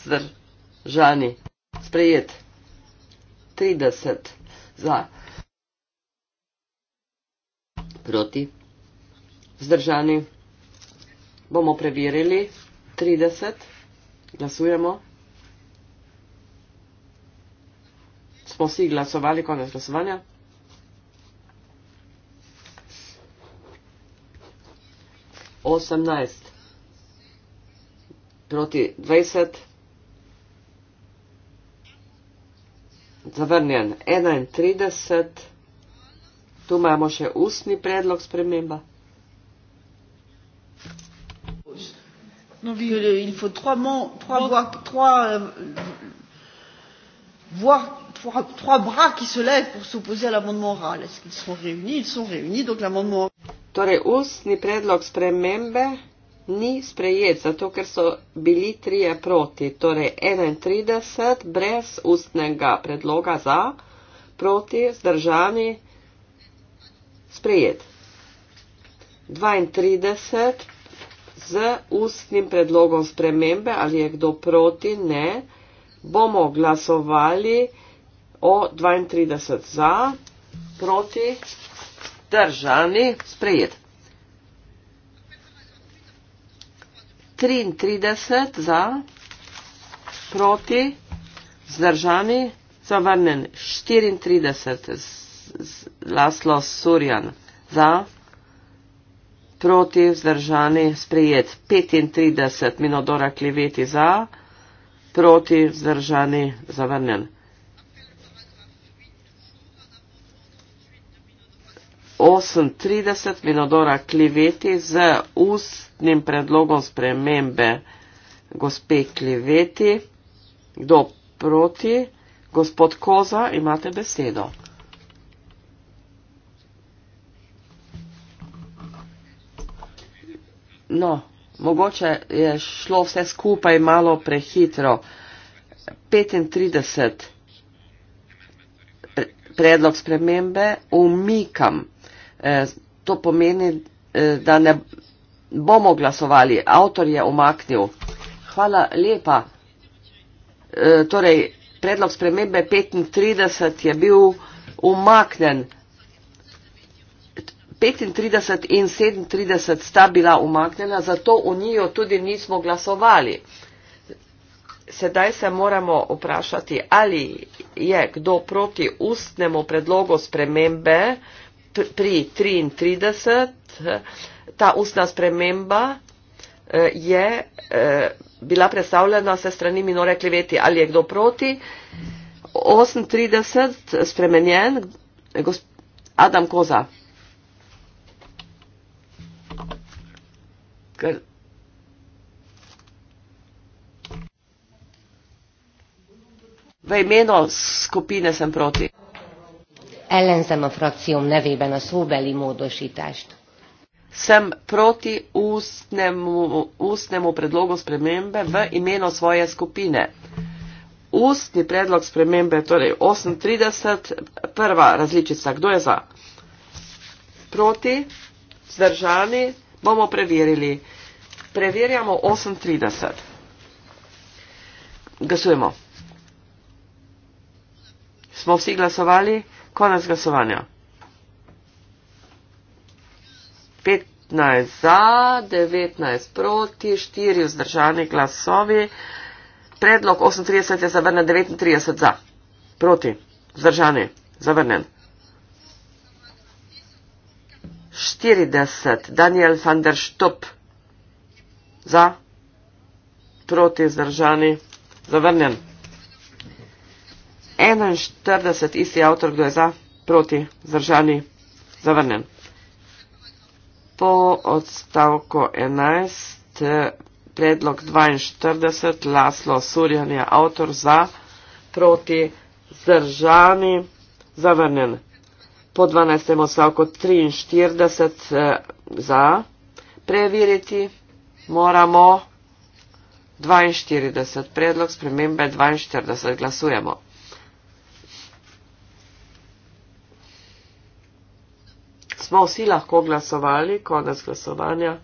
Zdržani, sprejet, 30 za, proti. Zdržani, bomo preverili, 30, glasujemo. smo vsi glasovali, konec glasovanja. Osemnajst proti dvajset. Zavrnjen enaintrideset. Tu imamo še ustni predlog sprememba. Il faut trois mots, trois voix, trois euh, voix trois, trois bras qui se lèvent pour s'opposer à l'amendement oral. Est-ce qu'ils sont réunis Ils sont réunis, donc l'amendement oral. Torej, ustni predlog spremembe ni sprejet, zato ker so bili trije proti. Torej, 31 brez ustnega predloga za, proti, zdržani, sprejet. 32 z ustnim predlogom spremembe, ali je kdo proti, ne, bomo glasovali o 32 za, proti, držani, sprejet. 33 za, proti, zdržani, zavrnen, 34, Laslo Surjan, za, proti, zdržani, sprejet, 35, Minodora Kliveti, za, proti, zdržani, zavrnen. 38 minodora kliveti z ustnim predlogom spremembe gospe kliveti. Kdo proti? Gospod Koza, imate besedo. No, mogoče je šlo vse skupaj malo prehitro. 35 eh, predlog spremembe umikam. Eh, to pomeni, eh, da ne bomo glasovali. Avtor je omaknil. Hvala lepa. Eh, torej, predlog spremembe 35 je bil umaknen. 35 in 37 sta bila umaknjena, zato v njo tudi nismo glasovali. Sedaj se moramo vprašati, ali je kdo proti ustnemu predlogu spremembe pri 33, ta ustna sprememba eh, je eh, bila predstavljena se strani minore kleveti. Ali je kdo proti? 38, spremenjen, Adam Koza. Kar V imenu skupine sem proti ellenzem a frakcióm nevében a szóbeli módosítást. Sem proti ustnemu, ustnemu predlogu spremembe v imenu svoje skupine. Ustni predlog spremembe, torej 830, prva različica, kdo je za? Proti, zdržani, bomo preverili. Preverjamo 830. Glasujemo. Smo vsi glasovali? Konec glasovanja. 15 za, 19 proti, 4 vzdržani glasovi. Predlog 38 je zavrnen, 39 za. Proti, vzdržani, zavrnen. 40, Daniel van der Stop. Za, proti, vzdržani, zavrnen. 41, isti avtor, kdo je za, proti, zdržani, zavrnen. Po odstavku 11, eh, predlog 42, Laslo Surjan je avtor za, proti, zdržani, zavrnen. Po 12. odstavku 43 eh, za, preveriti moramo 42, predlog spremembe 42, glasujemo. smo vsi lahko glasovali, konec glasovanja.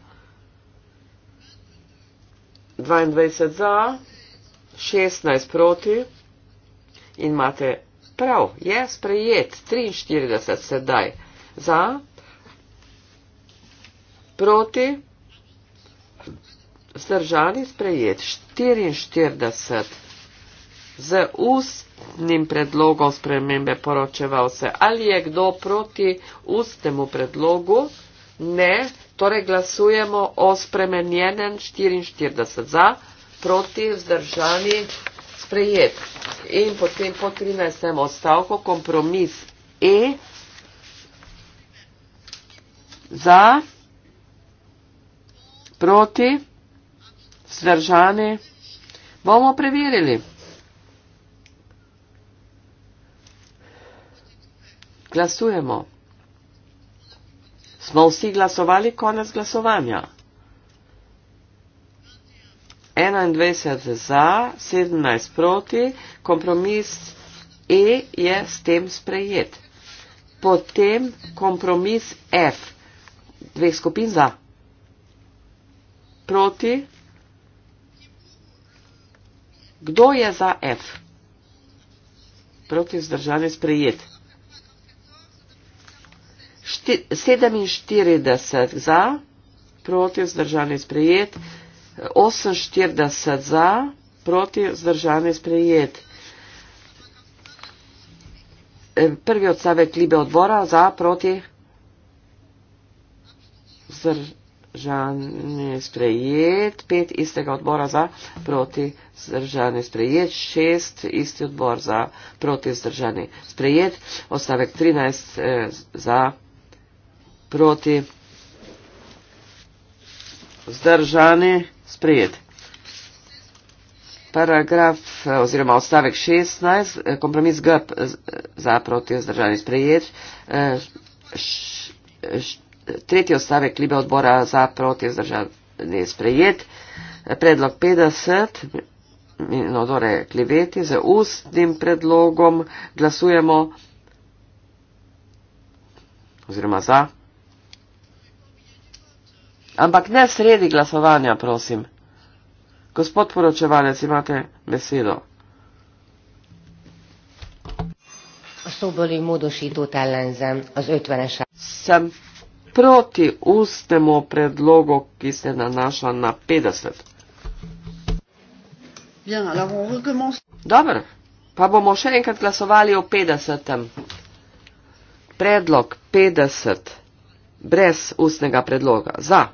22 za, 16 proti in imate prav, je sprejet 43 sedaj za, proti, zdržani sprejet 44 z ust njim predlogom spremembe poročeval se. Ali je kdo proti ustemu predlogu? Ne, torej glasujemo o spremenjenem 44 za, proti vzdržani sprejet. In potem po 13. odstavku kompromis E za, proti, vzdržani, bomo preverili. Glasujemo. Smo vsi glasovali konec glasovanja? 21 za, 17 proti, kompromis E je s tem sprejet. Potem kompromis F, dveh skupin za, proti. Kdo je za F? Proti zdržanje sprejet. 47 za, proti vzdržani sprejet, 48 za, proti vzdržani sprejet. E, prvi odstavek libe odbora za, proti vzdržani sprejet, 5 istega odbora za, proti vzdržani sprejet, 6 isti odbor za, proti vzdržani sprejet, odstavek 13 e, za, proti vzdržani sprejet proti zdržani sprejet. Paragraf eh, oziroma odstavek 16, eh, kompromis G eh, za proti zdržani sprejet. Tretji odstavek libe odbora za proti zdržani sprejet. Predlog 50, minodore kliveti, z ustnim predlogom glasujemo oziroma za ampak ne sredi glasovanja, prosim. Gospod poročevalec, imate besedo. Sem proti ustnemu predlogu, ki se nanaša na 50. Dobro, pa bomo še enkrat glasovali o 50. Predlog 50 brez ustnega predloga. Za.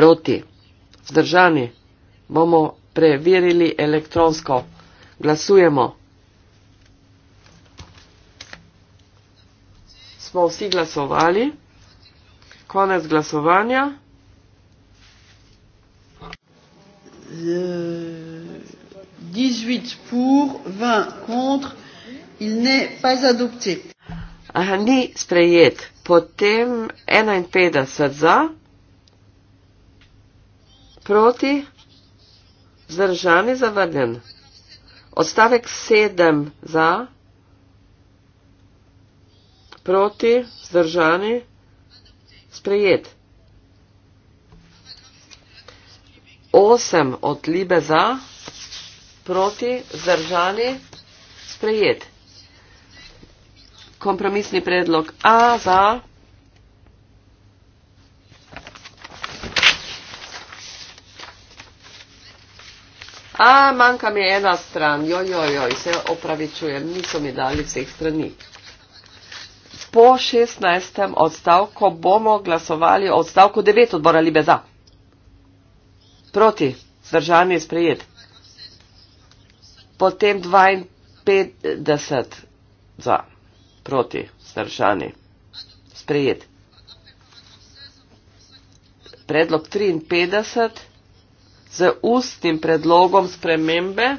proti. Zdržani bomo preverili elektronsko. Glasujemo. Smo vsi glasovali. Konec glasovanja. Le euh, 18 pour, 20 contre, il n'est pas adopté. Aha, ni sprejet. Potem 51 za proti, zdržani, zavrnjen. Odstavek sedem za, proti, zdržani, sprejet. Osem od libe za, proti, zdržani, sprejet. Kompromisni predlog A za A, manjka mi ena stran, jojojoj, se opravičujem, niso mi dali vseh strani. Po 16. odstavku bomo glasovali o odstavku 9 odbora Libe za. Proti, zdržanje je sprejet. Potem 52 za, proti, zdržanje. Sprejet. Predlog 53 z ustnim predlogom spremembe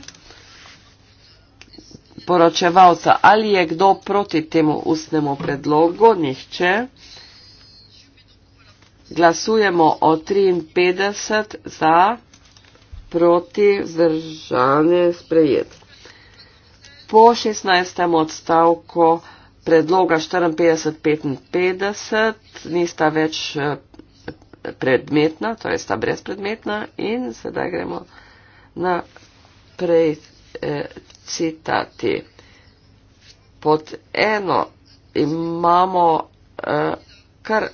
poročevalca. Ali je kdo proti temu ustnemu predlogu? Nihče. Glasujemo o 53 za proti zdržanje sprejet. Po 16. odstavku predloga 54-55 nista več predmetna, torej sta brezpredmetna in sedaj gremo naprej eh, citati. Pod eno imamo eh, kar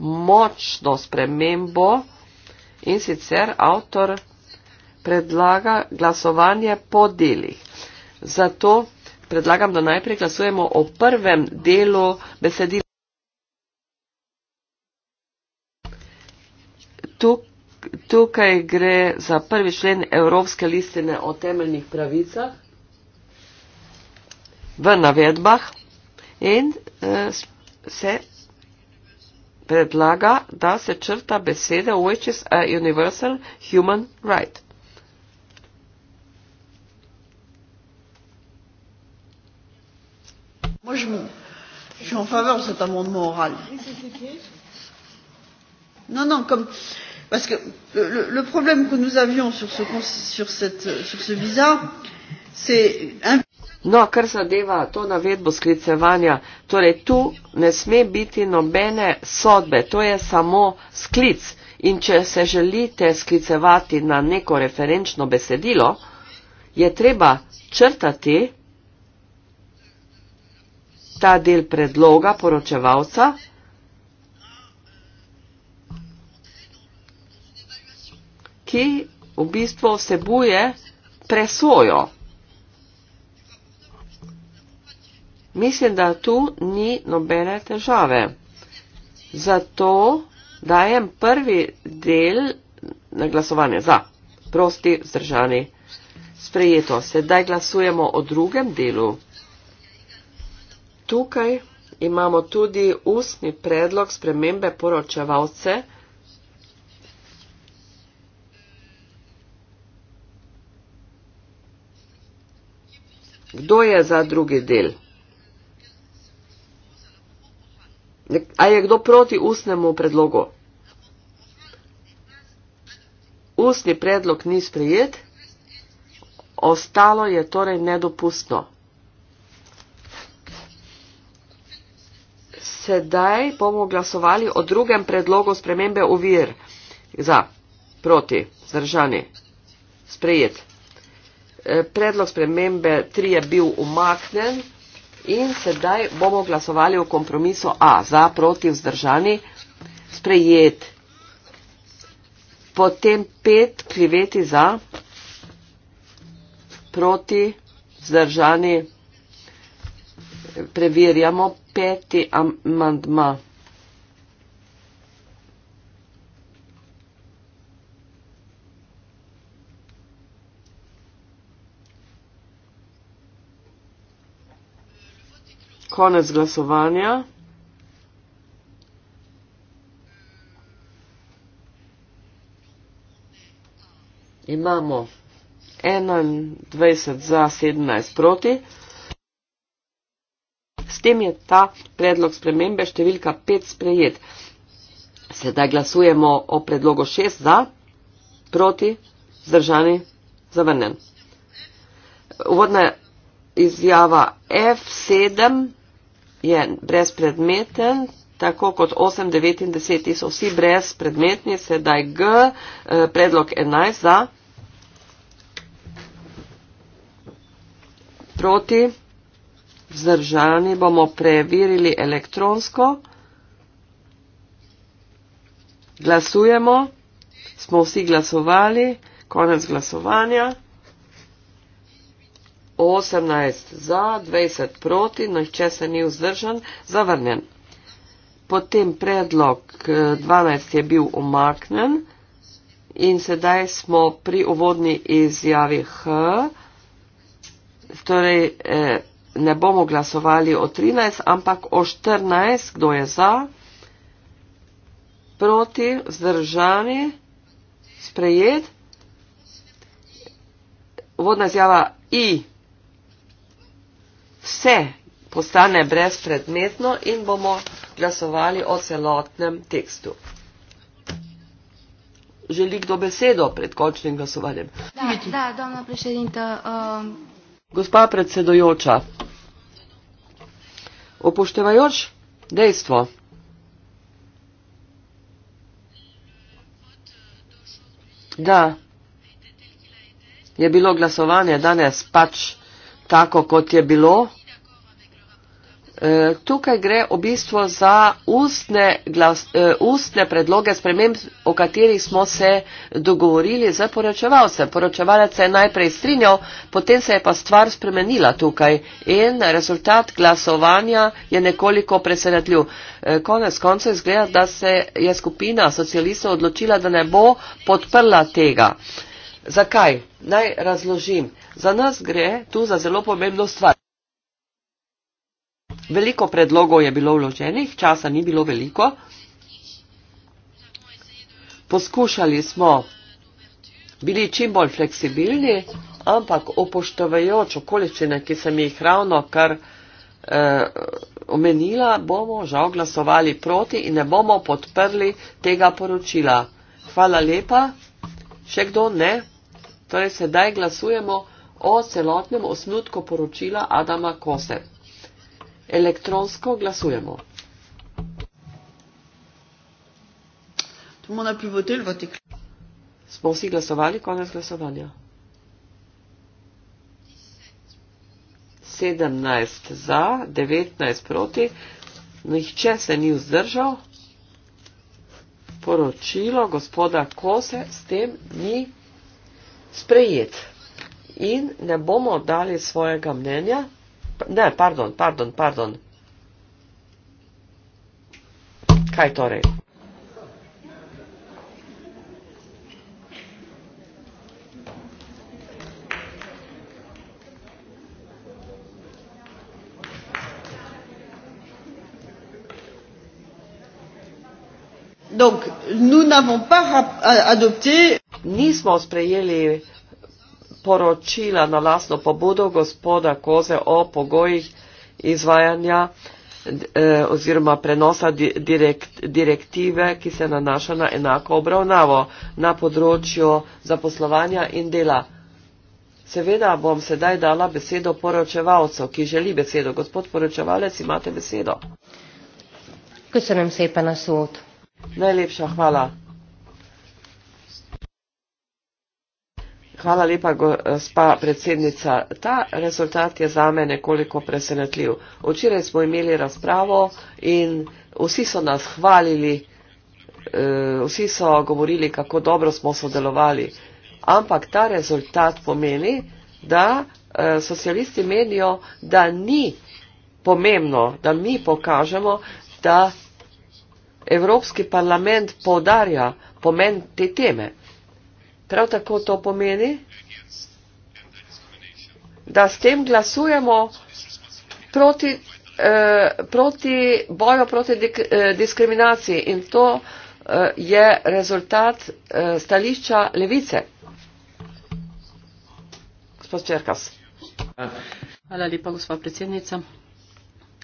močno spremembo in sicer avtor predlaga glasovanje po delih. Zato predlagam, da najprej glasujemo o prvem delu besedila. tukaj gre za prvi člen Evropske listine o temeljnih pravicah v navedbah in uh, se predlaga, da se črta beseda which is a universal human right. Moi, je, je suis en faveur de cet amendement oral. Non, non, comme. Euh, parce que le, le problème que nous avions sur ce, sur cette, sur ce visa, c'est un No, kar zadeva to navedbo sklicevanja, torej tu ne sme biti nobene sodbe, to je samo sklic. In če se želite sklicevati na neko referenčno besedilo, je treba črtati ta del predloga poročevalca, ki v bistvu vsebuje presojo. Mislim, da tu ni nobene težave. Zato dajem prvi del na glasovanje za prosti zdržani sprejeto. Sedaj glasujemo o drugem delu. Tukaj imamo tudi ustni predlog spremembe poročevalce. Kdo je za drugi del? A je kdo proti ustnemu predlogu? Ustni predlog ni sprejet, ostalo je torej nedopustno. Sedaj bomo glasovali o drugem predlogu spremembe uvir za proti zdržani sprejet. Eh, predlog spremembe 3 je bil umaknen in sedaj bomo glasovali o kompromisu A za proti vzdržani sprejet. Potem pet kriveti za proti vzdržani preverjamo peti amandma. konec glasovanja. Imamo 21 za 17 proti. S tem je ta predlog spremembe številka 5 sprejet. Sedaj glasujemo o predlogu 6 za, proti, zdržani, zavrnen. Uvodna izjava F7 je brezpredmeten, tako kot 8, 9 in 10 so vsi brezpredmetni, sedaj G, eh, predlog 11 za, proti, vzdržani bomo preverili elektronsko, glasujemo, smo vsi glasovali, konec glasovanja. 18 za, 20 proti, nihče se ni vzdržan, zavrnjen. Potem predlog 12 eh, je bil umaknen in sedaj smo pri uvodni izjavi H. Torej, eh, ne bomo glasovali o 13, ampak o 14, kdo je za, proti, vzdržani, sprejet. Uvodna izjava I vse postane brezpredmetno in bomo glasovali o celotnem tekstu. Želi kdo besedo pred končnim glasovanjem? Da, da, doma prešedinta. Um... Gospa predsedojoča, upoštevajoč dejstvo, da je bilo glasovanje danes pač tako, kot je bilo, tukaj gre v bistvu za ustne, glas, eh, ustne predloge sprememb, o katerih smo se dogovorili z poročevalcem. Poročevalec se je najprej strinjal, potem se je pa stvar spremenila tukaj in rezultat glasovanja je nekoliko presenetljiv. Eh, konec koncev izgleda, da se je skupina socialistov odločila, da ne bo podprla tega. Zakaj? Naj razložim. Za nas gre tu za zelo pomembno stvar. Veliko predlogov je bilo vloženih, časa ni bilo veliko. Poskušali smo bili čim bolj fleksibilni, ampak upoštevajoč okoliščine, ki sem jih ravno kar eh, omenila, bomo žal glasovali proti in ne bomo podprli tega poročila. Hvala lepa. Še kdo ne? Torej sedaj glasujemo o celotnem osnutku poročila Adama Kose elektronsko glasujemo. Smo vsi glasovali, konec glasovanja? 17 za, 19 proti, nihče se ni vzdržal. Poročilo gospoda Kose s tem ni sprejet in ne bomo dali svojega mnenja. Ne, pardon, pardon, pardon. Kaj torej? Donc, nous n'avons pas adopté. Nismo sprejeli poročila na lasno pobudo gospoda Koze o pogojih izvajanja eh, oziroma prenosa direkt, direktive, ki se nanaša na enako obravnavo na področju zaposlovanja in dela. Seveda bom sedaj dala besedo poročevalcu, ki želi besedo. Gospod poročevalec, imate besedo. Kaj se nam sepa na sod? Najlepša hvala. Hvala lepa, gospa predsednica. Ta rezultat je za me nekoliko presenetljiv. Včeraj smo imeli razpravo in vsi so nas hvalili, eh, vsi so govorili, kako dobro smo sodelovali. Ampak ta rezultat pomeni, da eh, socialisti menijo, da ni pomembno, da mi pokažemo, da Evropski parlament podarja pomen te teme. Prav tako to pomeni, da s tem glasujemo proti, eh, proti boju proti dik, eh, diskriminaciji in to eh, je rezultat eh, stališča levice. Gospod Čerkas. Hvala lepa, gospod predsednica.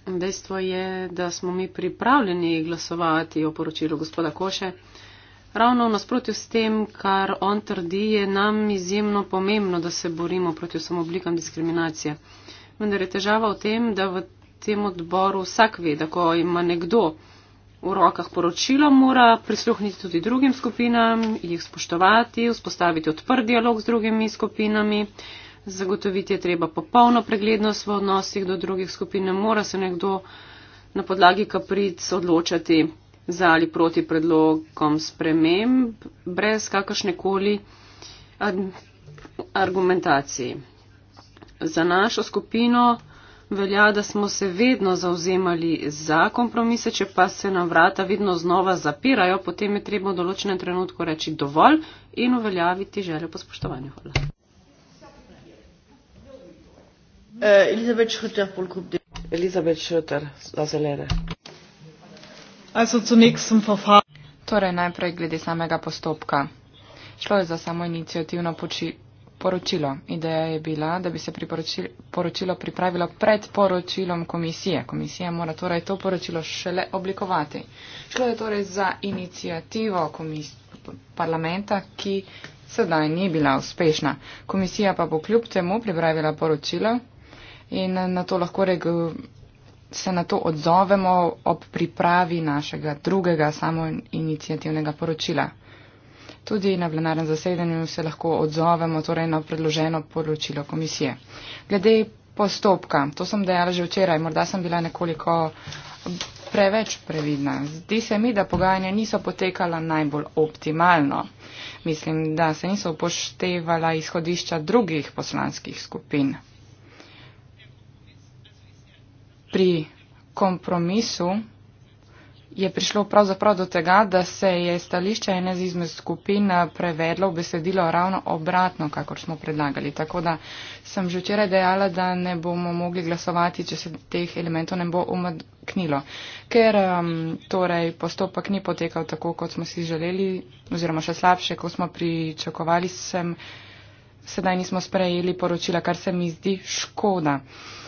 Dejstvo je, da smo mi pripravljeni glasovati o poročilu gospoda Koše. Eh, Ravno v nasprotju s tem, kar on trdi, je nam izjemno pomembno, da se borimo proti vsem oblikam diskriminacije. Vendar je težava v tem, da v tem odboru vsak ve, da ko ima nekdo v rokah poročilo, mora prisluhniti tudi drugim skupinam, jih spoštovati, vzpostaviti odprt dialog z drugimi skupinami, zagotoviti je treba popolno preglednost v odnosih do drugih skupin, ne mora se nekdo na podlagi kapric odločati za ali proti predlogom sprememb brez kakršnekoli argumentacije. Za našo skupino velja, da smo se vedno zauzemali za kompromise, če pa se nam vrata vedno znova zapirajo, potem je treba v določenem trenutku reči dovolj in uveljaviti željo po spoštovanju. Hvala. Eh, Elizabeth Schröter, Elizabeth Schröter, za zelene. Torej najprej glede samega postopka. Šlo je za samo inicijativno poročilo. Ideja je bila, da bi se poročilo pripravilo pred poročilom komisije. Komisija mora torej to poročilo šele oblikovati. Šlo je torej za inicijativo parlamenta, ki sedaj ni bila uspešna. Komisija pa bo kljub temu pripravila poročilo in na to lahko regulirala se na to odzovemo ob pripravi našega drugega samoinicijativnega poročila. Tudi na plenarnem zasedanju se lahko odzovemo torej na predloženo poročilo komisije. Glede postopka, to sem dejala že včeraj, morda sem bila nekoliko preveč previdna. Zdi se mi, da pogajanja niso potekala najbolj optimalno. Mislim, da se niso upoštevala izhodišča drugih poslanskih skupin. pri kompromisu je prišlo pravzaprav do tega, da se je stališče ene izmed skupin eh, prevedlo v besedilo ravno obratno, kakor smo predlagali. Tako da sem že včeraj dejala, da ne bomo mogli glasovati, če se teh elementov ne bo umaknilo. Ker um, torej postopek ni potekal tako, kot smo si želeli, oziroma še slabše, kot smo pričakovali, sem, sedaj nismo sprejeli poročila, kar se mi zdi škoda. Um,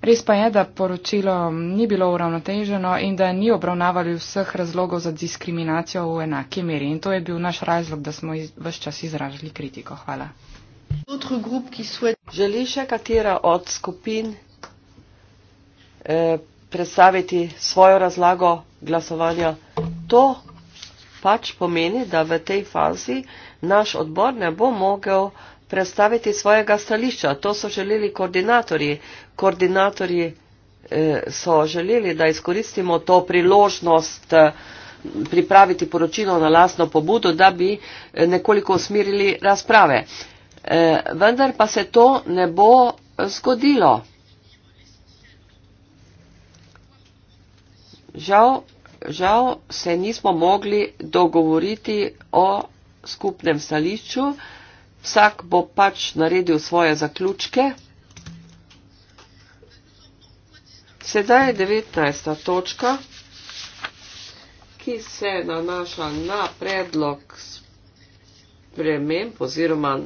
Res pa je, da poročilo ni bilo uravnoteženo in da ni obravnavali vseh razlogov za diskriminacijo v enaki meri. In to je bil naš razlog, da smo vse čas izražali kritiko. Hvala. Želi še katera od skupin eh, predstaviti svojo razlago glasovanja? To pač pomeni, da v tej fazi naš odbor ne bo mogel predstaviti svojega stališča. To so želeli koordinatorji. Koordinatorji eh, so želeli, da izkoristimo to priložnost eh, pripraviti poročilo na lasno pobudo, da bi eh, nekoliko usmirili razprave. Eh, vendar pa se to ne bo zgodilo. Žal, žal se nismo mogli dogovoriti o skupnem stališču, eh, vsak bo pač naredil svoje zaključke. Sedaj je 19. točka, ki se nanaša na predlog sprememb oziroma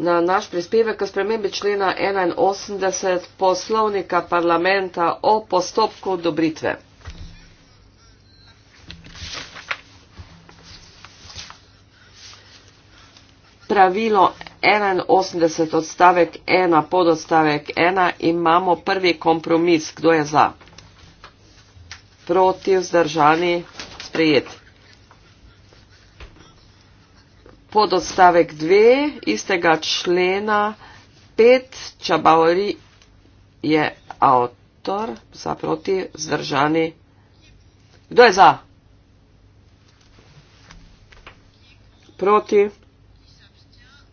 na naš prispevek k spremembi člena 81 poslovnika parlamenta o postopku odobritve. pravilo 81 odstavek 1 pod odstavek 1 imamo prvi kompromis. Kdo je za? Proti vzdržani sprejet. Pod odstavek 2 istega člena 5 Čabauri je avtor za proti vzdržani. Kdo je za? Proti.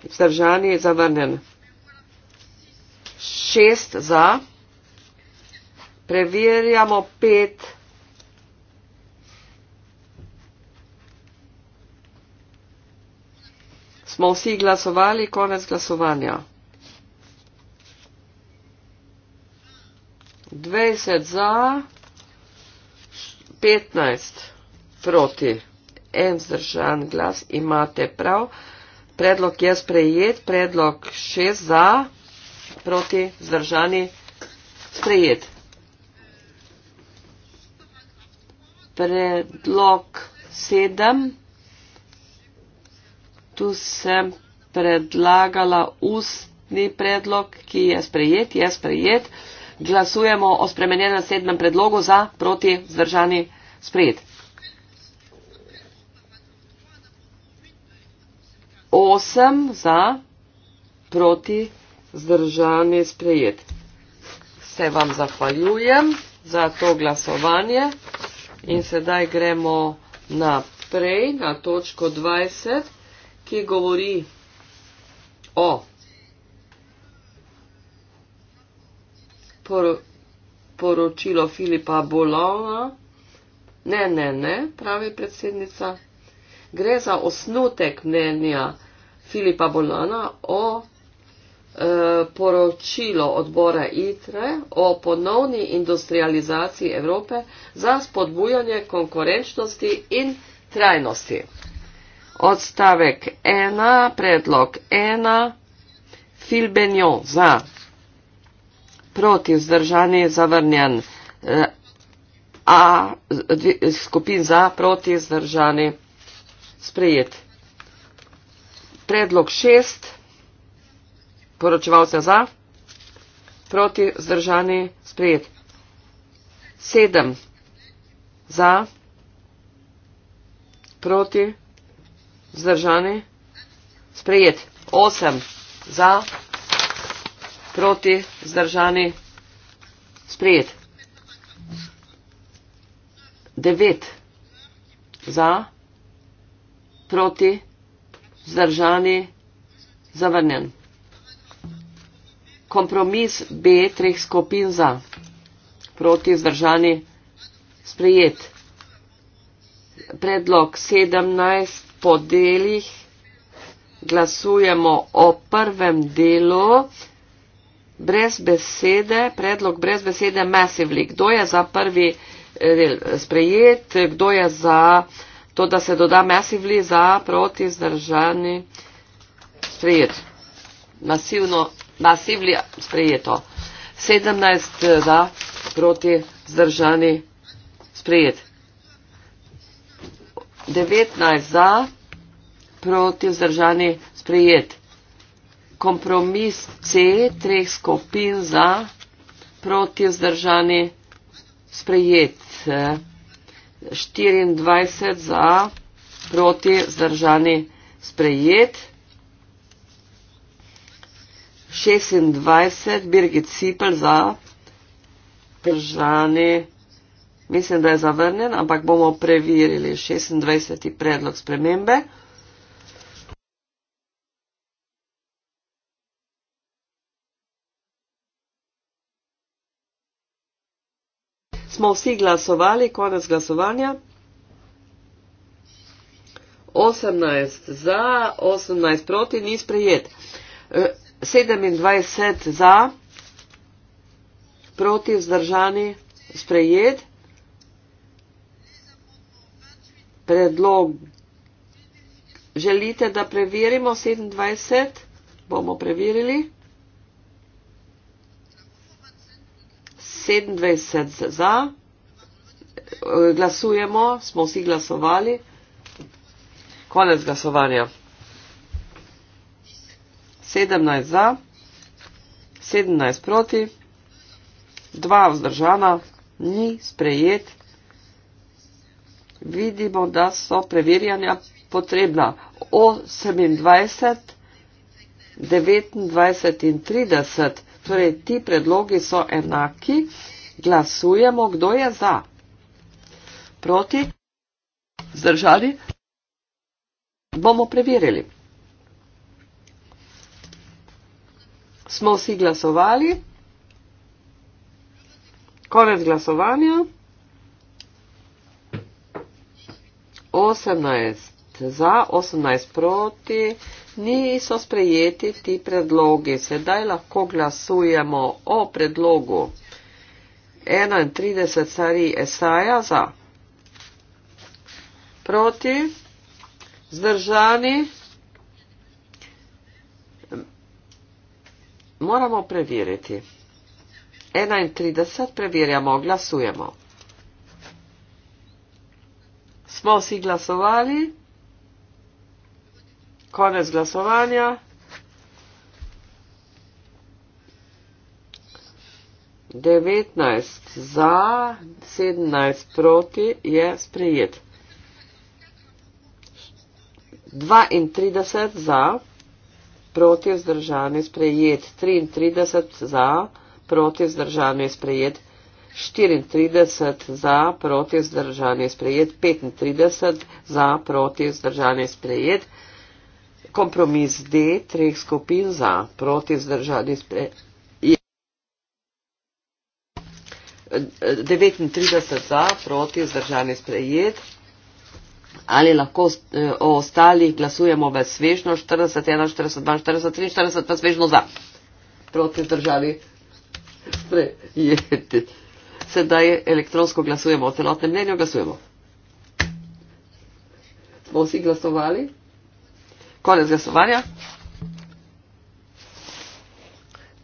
Vzdržan je zavrnen. Šest za. Preverjamo pet. Smo vsi glasovali, konec glasovanja. 20 za, 15 proti, en zdržan glas, imate prav predlog je sprejet, predlog še za, proti, zdržani, sprejet. Predlog sedem, tu sem predlagala ustni predlog, ki je sprejet, je sprejet. Glasujemo o spremenjenem sedmem predlogu za, proti, zdržani, sprejet. 8 za, proti, zdržanje sprejet. Se vam zahvaljujem za to glasovanje in sedaj gremo naprej na točko 20, ki govori o por poročilo Filipa Bolona. Ne, ne, ne, pravi predsednica. Gre za osnutek mnenja. Filipa Bonana o e, poročilo odbora ITRE o ponovni industrializaciji Evrope za spodbujanje konkurenčnosti in trajnosti. Odstavek 1, predlog 1, Filbenjo za proti zdržanje zavrnjen e, a skupin za proti zdržani sprejet. Predlog šest, poročevalce za, proti zdržani sprejet. Sedem, za, proti zdržani sprejet. Osem, za, proti zdržani sprejet. Devet, za, proti zdržani sprejet zdržani, zavrnjen. Kompromis B treh skupin za, proti zdržani, sprejet. Predlog 17 po delih, glasujemo o prvem delu, brez besede, predlog brez besede, massively. Kdo je za prvi eh, del sprejet, kdo je za to, da se doda massively za proti zdržani sprejet. Masivno, masivli sprejeto. 17 eh, za proti zdržani sprejet. 19 za proti zdržani sprejet. Kompromis C treh skupin za proti zdržani sprejet. 24 za proti zdržani sprejet. 26 Birgit Cipel za zdržani. Mislim, da je zavrnjen, ampak bomo preverili 26. predlog spremembe. smo vsi glasovali, konec glasovanja. 18 za, 18 proti, ni sprejet. 27 e, za, proti vzdržani, sprejet. Predlog. Želite, da preverimo 27? Bomo preverili. 27 za, glasujemo, smo vsi glasovali. Konec glasovanja. 17 za, 17 proti, 2 vzdržana, ni sprejet. Vidimo, da so preverjanja potrebna. 28, 29 in 30. Torej, ti predlogi so enaki. Glasujemo, kdo je za. Proti. Zdržali. Bomo preverili. Smo vsi glasovali. Konec glasovanja. 18 za, 18 proti, niso sprejeti ti predlogi. Sedaj lahko glasujemo o predlogu 31 stari Esaja za proti zdržani. Moramo preveriti. 31 preverjamo, glasujemo. Smo vsi glasovali? konec glasovanja. Devetnajst za, sedemnajst proti je sprejet. Dvaintrideset za, proti vzdržani sprejet. Triintrideset za, proti vzdržani sprejet. Štiriintrideset za, proti vzdržani sprejet. Petintrideset za, proti vzdržani sprejet kompromis D treh skupin za proti zdržani sprejem. 39 za proti zdržani sprejet. Ali lahko eh, o ostalih glasujemo v svežno 41, 42, 43, 40 v svežno za proti zdržani sprejet. Sedaj elektronsko glasujemo, o celotnem mnenju glasujemo. Smo vsi glasovali? Konec glasovanja.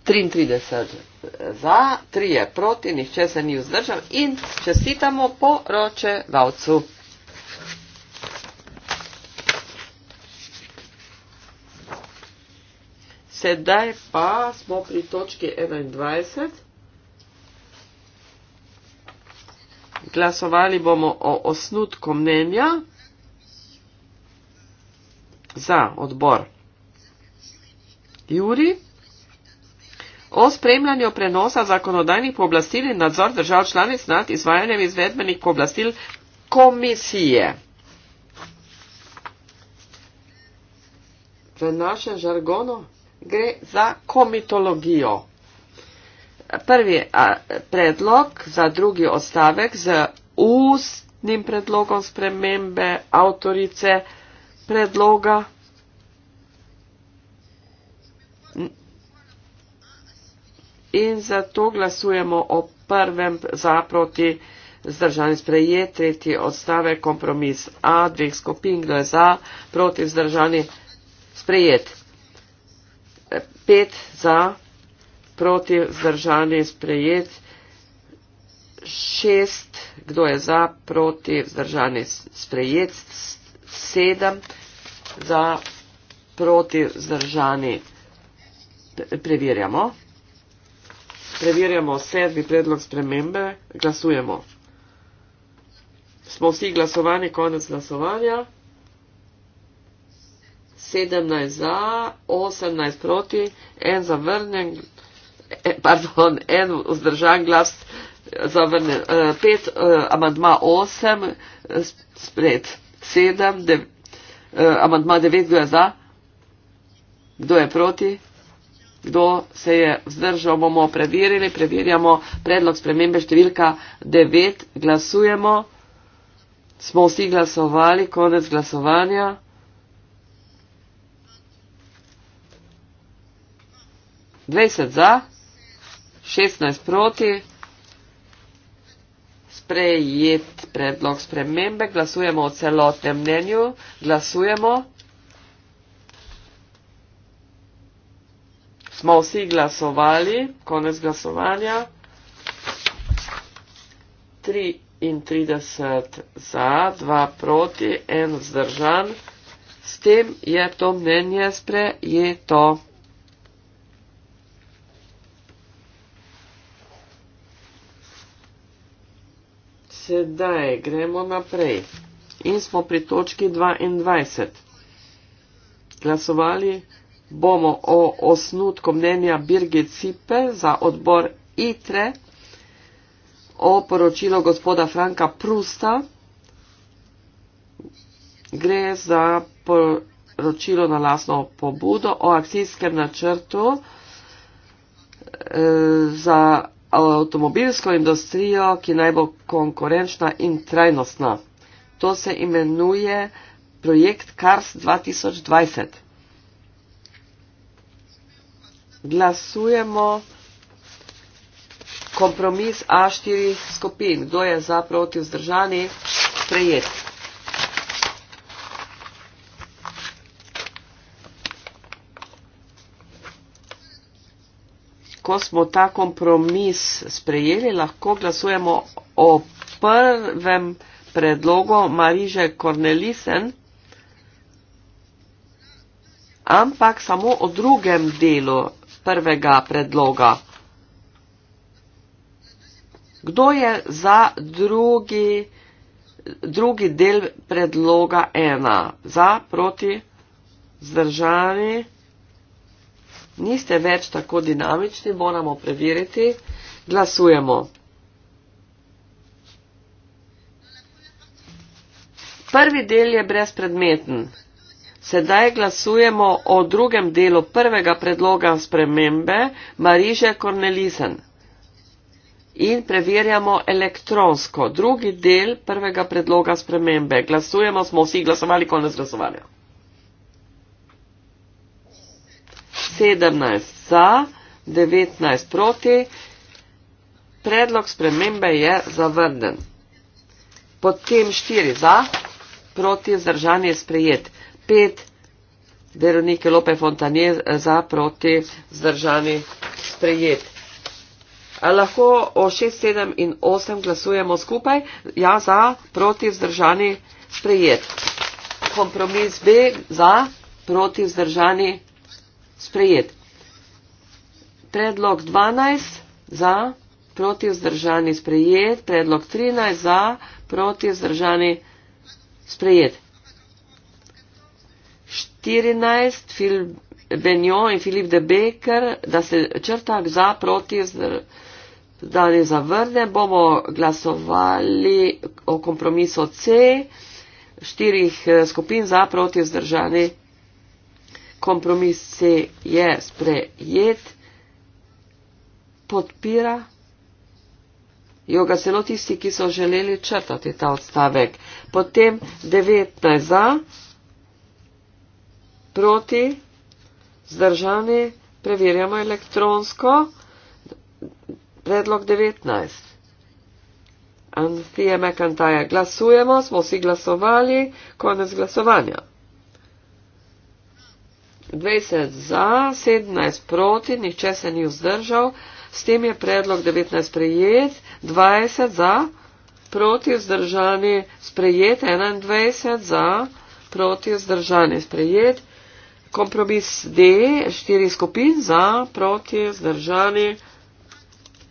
33 eh, za, 3 je proti, nihče se ni vzdržal in čestitamo poročevalcu. Sedaj pa smo pri točki 21. Glasovali bomo o osnutku mnenja za odbor. Juri, o spremljanju prenosa zakonodajnih pooblastil in nadzor držav članic nad izvajanjem izvedbenih pooblastil komisije. V našem žargonu gre za komitologijo. Prvi a, predlog za drugi odstavek z ustnim predlogom spremembe avtorice predloga. In zato glasujemo o prvem zaproti zdržani sprejet, tretji odstavek, kompromis A, dveh skupin, kdo je za, proti zdržani sprejet. Pet za, proti zdržani sprejet, šest, kdo je za, proti zdržani sprejet, 7 za proti vzdržani preverjamo. Preverjamo sedmi predlog spremembe, glasujemo. Smo vsi glasovani, konec glasovanja. 17 za, 18 proti, en zavrnen, e, pardon, en vzdržan glas zavrnen, 5 e, e, amandma 8 spred sedem, dev, eh, amantma devet, kdo je za, kdo je proti, kdo se je vzdržal, bomo preverili, preverjamo predlog spremembe številka devet, glasujemo, smo vsi glasovali, konec glasovanja. Dvajset za, šestnajst proti sprejet predlog spremembe, glasujemo o celotnem mnenju, glasujemo. Smo vsi glasovali, konec glasovanja. 33 za, 2 proti, 1 zdržan. S tem je to mnenje sprejeto. Sedaj gremo naprej. In smo pri točki 22. Glasovali bomo o osnutku mnenja Birgit Cipe za odbor ITRE, o poročilo gospoda Franka Prusta. Gre za poročilo na lasno pobudo o akcijskem načrtu e, za avtomobilsko industrijo, ki naj bo konkurenčna in trajnostna. To se imenuje projekt Kars 2020. Glasujemo kompromis A4 skupin. Kdo je za proti vzdržani? Prejet. ko smo ta kompromis sprejeli, lahko glasujemo o prvem predlogu Mariže Kornelisen, ampak samo o drugem delu prvega predloga. Kdo je za drugi, drugi del predloga ena? Za, proti, zdržani niste več tako dinamični, moramo preveriti. Glasujemo. Prvi del je brezpredmeten. Sedaj glasujemo o drugem delu prvega predloga spremembe Mariže Kornelisen. In preverjamo elektronsko drugi del prvega predloga spremembe. Glasujemo, smo vsi glasovali, konec glasovanja. 17 za, 19 proti. Predlog spremembe je zavrnen. Potem 4 za, proti zdržan je sprejet. 5 Veronike Lope Fontanje eh, za, proti zdržan je sprejet. A lahko o 6, 7 in 8 glasujemo skupaj. Ja, za, proti zdržani, sprejet. Kompromis B, za, proti zdržani, sprejet sprejet. Predlog 12 za, proti vzdržani sprejet, predlog 13 za, proti vzdržani sprejet. 14 Fil Benjo in Filip de Becker, da se črtak za, proti vzdržani zavrne, bomo glasovali o kompromisu C, štirih eh, skupin za, proti vzdržani sprejet kompromis C je sprejet, podpira. Jo ga celo tisti, ki so želeli črtati ta odstavek. Potem 19 za, proti, zdržani, preverjamo elektronsko. Predlog 19. Anthea McIntyre. Glasujemo, smo vsi glasovali, konec glasovanja. 20 za, 17 proti, nihče se ni vzdržal, s tem je predlog 19 prejet, 20 za, proti vzdržani sprejet, 21 za, proti vzdržani sprejet, kompromis D, 4 skupin za, proti vzdržani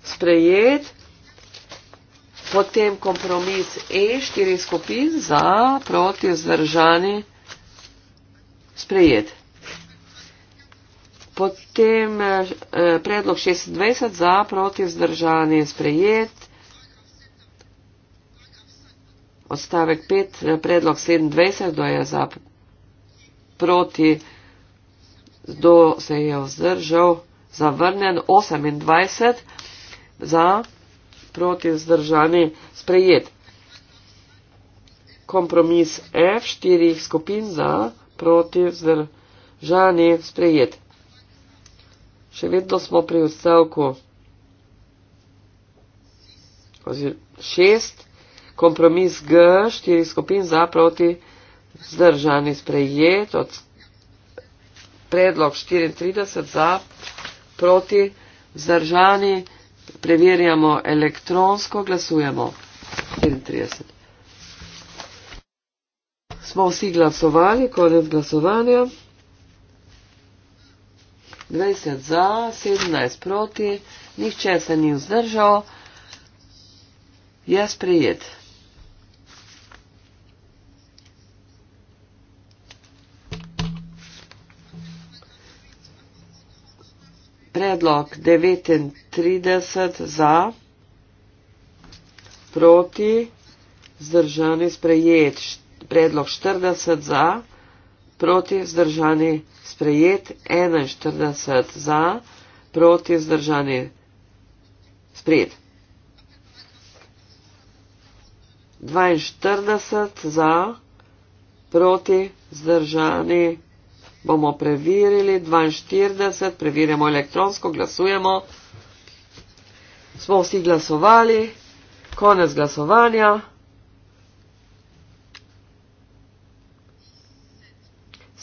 sprejet, potem kompromis E, 4 skupin za, proti vzdržani sprejet potem eh, predlog 26 za proti vzdržanje je sprejet. Odstavek 5, eh, predlog 27, kdo je za proti, kdo se je vzdržal, zavrnen 28 za proti vzdržanje sprejet. Kompromis F štirih skupin za proti vzdržanje sprejet še vedno smo pri odstavku Ozir, šest, kompromis G, štiri skupin za proti zdržani sprejet, od predlog 34 za proti zdržani, preverjamo elektronsko, glasujemo 34. Smo vsi glasovali, konec glasovanja. 20 za, 17 proti, nihče se ni vzdržal, je sprejet. Predlog 39 za, proti, zdržani sprejet, predlog 40 za, proti zdržani sprejet, 41 za, proti zdržani sprejet. 42 za, proti zdržani bomo preverili, 42, preverjamo elektronsko, glasujemo. Smo vsi glasovali, konec glasovanja.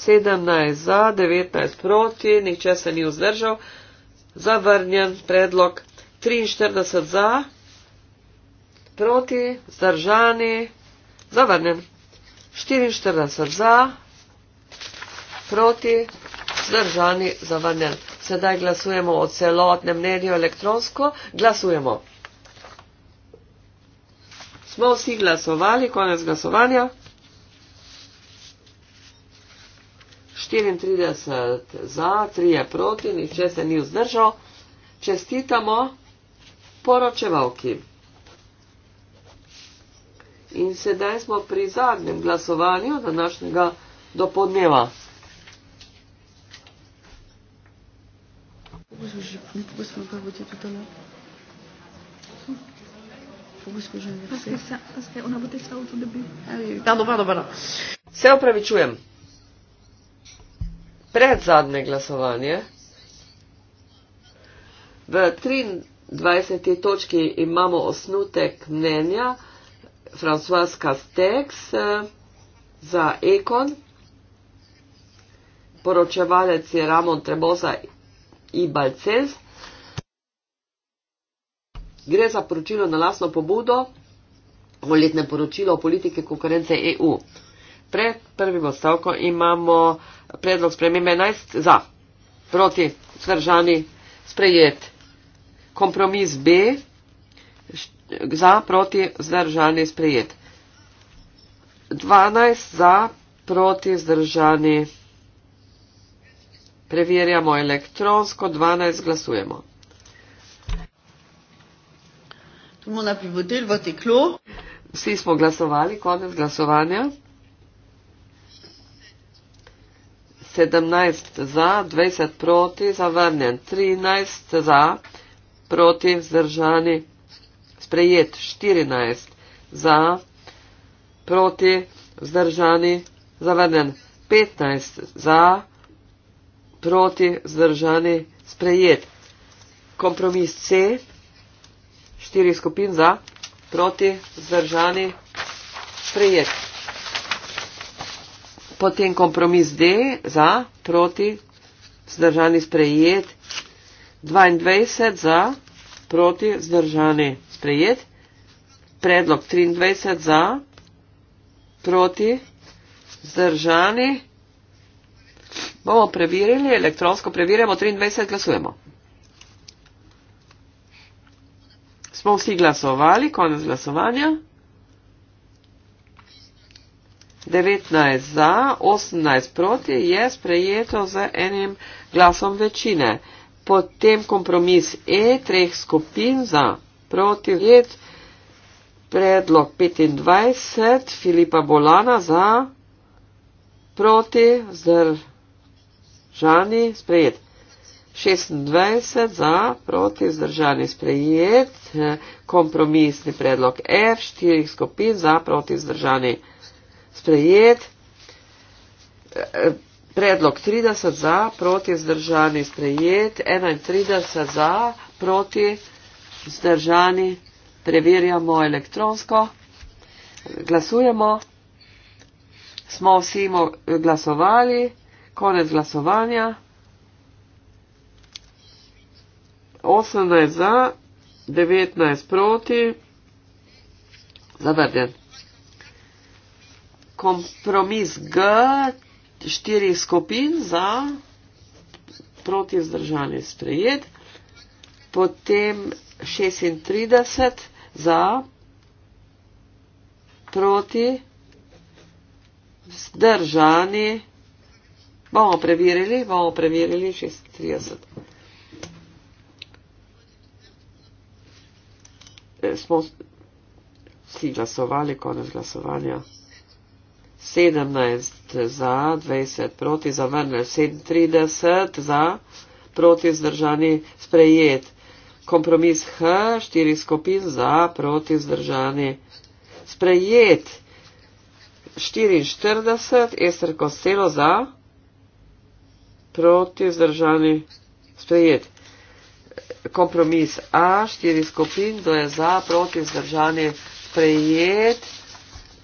17 za, 19 proti, nihče se ni vzdržal, zavrnjen predlog, 43 za, proti, zdržani, zavrnjen, 44 za, proti, zdržani, zavrnjen. Sedaj glasujemo o celotnem mnenju elektronsko, glasujemo. Smo vsi glasovali, konec glasovanja. 34 za, 3 je proti, nihče se ni vzdržal. Čestitamo poročevalki. In sedaj smo pri zadnjem glasovanju današnjega dopodneva. Ah se opravičujem pred zadnje glasovanje, v 23. točki imamo osnutek mnenja François Castex eh, za Ekon, poročevalec je Ramon Treboza i Balcez. Gre za poročilo na lastno pobudo, poletne poročilo o politike konkurence EU. Pred prvim odstavkom imamo predlog spremembe 11 za, proti, zdržani, sprejet. Kompromis B za, proti, zdržani, sprejet. 12 za, proti, zdržani. Preverjamo elektronsko, 12 glasujemo. Vsi smo glasovali, konec glasovanja. 17 za, 20 proti, zavrnjen 13 za, proti, zdržani, sprejet 14 za, proti, zdržani, zavrnjen 15 za, proti, zdržani, sprejet. Kompromis C, 4 skupin za, proti, zdržani, sprejet potem kompromis D za, proti, zdržani sprejet, 22 za, proti, zdržani sprejet, predlog 23 za, proti, zdržani, bomo preverili, elektronsko preverjamo, 23 glasujemo. Smo vsi glasovali, konec glasovanja. 19 za, 18 proti je sprejeto z enim glasom večine. Potem kompromis E treh skupin za proti red, predlog 25 Filipa Bolana za proti zdržani sprejet. 26 za, proti, zdržani sprejet, kompromisni predlog F, 4 skupin za, proti, zdržani sprejet sprejet. Predlog 30 za, proti zdržani, sprejet. 31 za, proti zdržani, preverjamo elektronsko. Glasujemo. Smo vsi glasovali. Konec glasovanja. 18 za, 19 proti. Zavrnjen kompromis G štirih skupin za proti vzdržanje sprejet, potem 36 za proti vzdržanje. Bomo preverili, bomo preverili 36. E, smo vsi glasovali, konec glasovanja. 17 za, 20 proti, zavrnili 37 za, proti zdržani sprejet. Kompromis H, 4 skupin za, proti zdržani sprejet. 44, Ester Kostelo za, proti zdržani sprejet. Kompromis A, 4 skupin, to je za, proti zdržani sprejet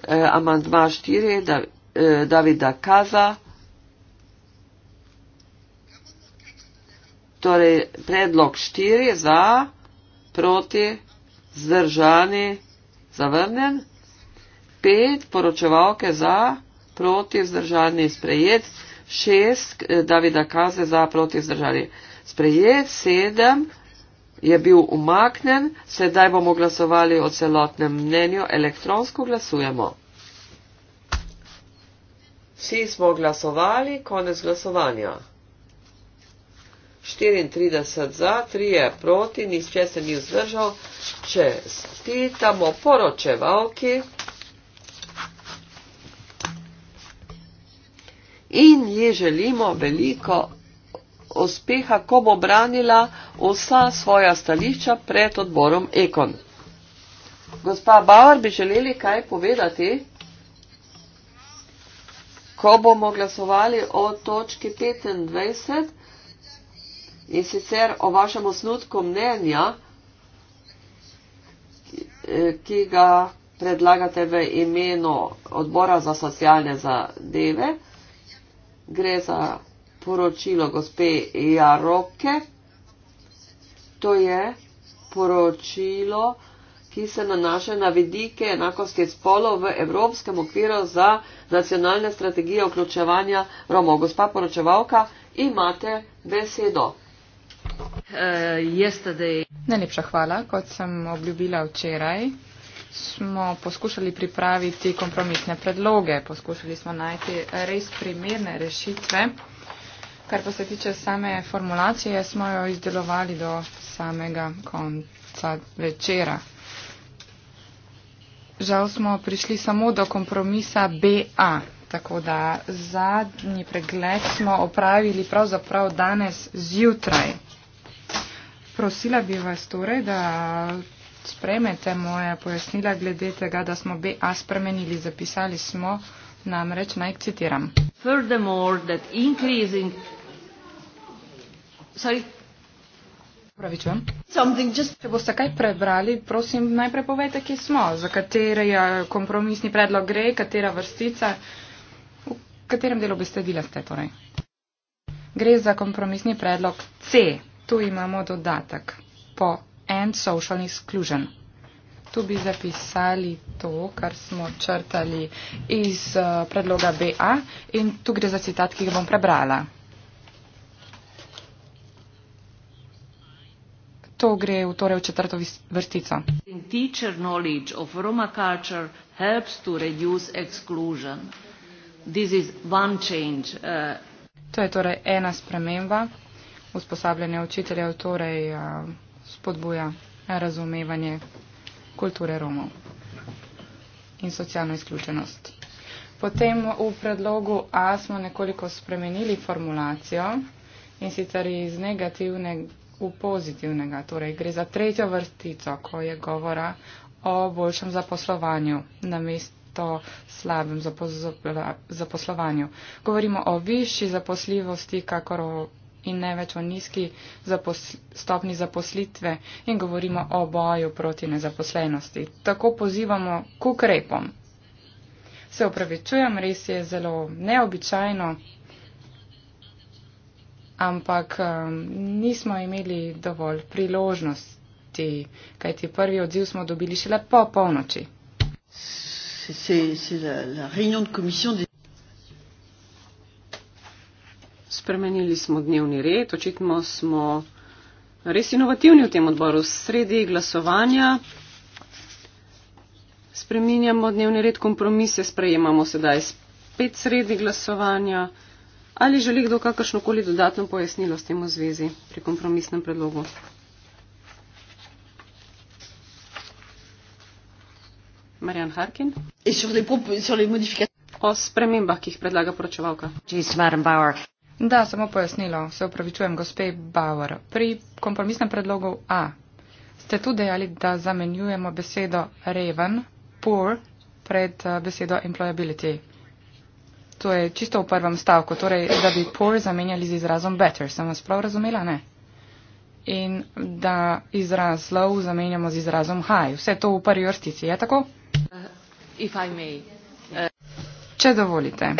eh, amandma 4 da, eh, Davida Kaza. Torej, predlog 4 za, proti, zdržani, zavrnen. 5 poročevalke za, proti, zdržani, sprejet. 6 eh, Davida Kaze za, proti, zdržani, sprejet. 7 je bil umaknen, sedaj bomo glasovali o celotnem mnenju, elektronsko glasujemo. Vsi smo glasovali, konec glasovanja. 34 za, 3 je proti, nišče se ni vzdržal. Čestitamo poročevalki. In ji želimo veliko uspeha, ko bo branila vsa svoja stališča pred odborom Ekon. Gospa Bauer, bi želeli kaj povedati, ko bomo glasovali o točki 25 in sicer o vašem osnutku mnenja, ki ga predlagate v imenu odbora za socialne zadeve. Gre za poročilo gospe Jaroke. To je poročilo, ki se nanaša na vidike enakosti spolov v Evropskem okviru za nacionalne strategije vključevanja Romov. Gospa poročevalka, imate besedo. Uh, Najlepša hvala, kot sem obljubila včeraj. Smo poskušali pripraviti kompromisne predloge, poskušali smo najti res primerne rešitve. Kar pa se tiče same formulacije, smo jo izdelovali do samega konca večera. Žal smo prišli samo do kompromisa BA, tako da zadnji pregled smo opravili pravzaprav danes zjutraj. Prosila bi vas torej, da spremete moja pojasnila glede tega, da smo BA spremenili, zapisali smo namreč, naj citiram. Furthermore, that increasing Sorry. Pravičujem. Something just... Če boste kaj prebrali, prosim, najprej povejte, kje smo, za kateri kompromisni predlog gre, katera vrstica, v katerem delu besedila ste torej. Gre za kompromisni predlog C. Tu imamo dodatek po end social exclusion. Tu bi zapisali to, kar smo črtali iz eh, predloga BA in tu gre za citat, ki ga bom prebrala. to gre v, torej v četrto vrstico. Change, uh... To je torej ena sprememba. Usposabljanje učiteljev torej uh, spodbuja razumevanje kulture Romov in socialno izključenost. Potem v predlogu A smo nekoliko spremenili formulacijo in sicer iz negativne v pozitivnega. Torej, gre za tretjo vrstico, ko je govora o boljšem zaposlovanju namesto slabem zaposlovanju. Govorimo o višji zaposljivosti, kakor o in ne več o nizki zaposl stopni zaposlitve in govorimo o boju proti nezaposlenosti. Tako pozivamo k ukrepom. Se upravičujem, res je zelo neobičajno ampak um, nismo imeli dovolj priložnosti, kajti prvi odziv smo dobili šele po polnoči. Spremenili smo dnevni red, očitno smo res inovativni v tem odboru. Sredi glasovanja spreminjamo dnevni red, kompromise sprejemamo sedaj spet sredi glasovanja. Ali želi kdo kakršnokoli dodatno pojasnilo s tem v zvezi pri kompromisnem predlogu? Marjan Harkin. O spremembah, ki jih predlaga poročevalka. Da, samo pojasnilo. Se upravičujem, gospe Bauer. Pri kompromisnem predlogu A ste tu dejali, da zamenjujemo besedo raven, poor pred eh, besedo employability to je čisto v prvem stavku, torej, da bi poor zamenjali z izrazom better. Sem vas prav razumela, ne? In da izraz low zamenjamo z izrazom high. Vse to v prvi vrstici, je tako? Uh, may, uh... Če dovolite.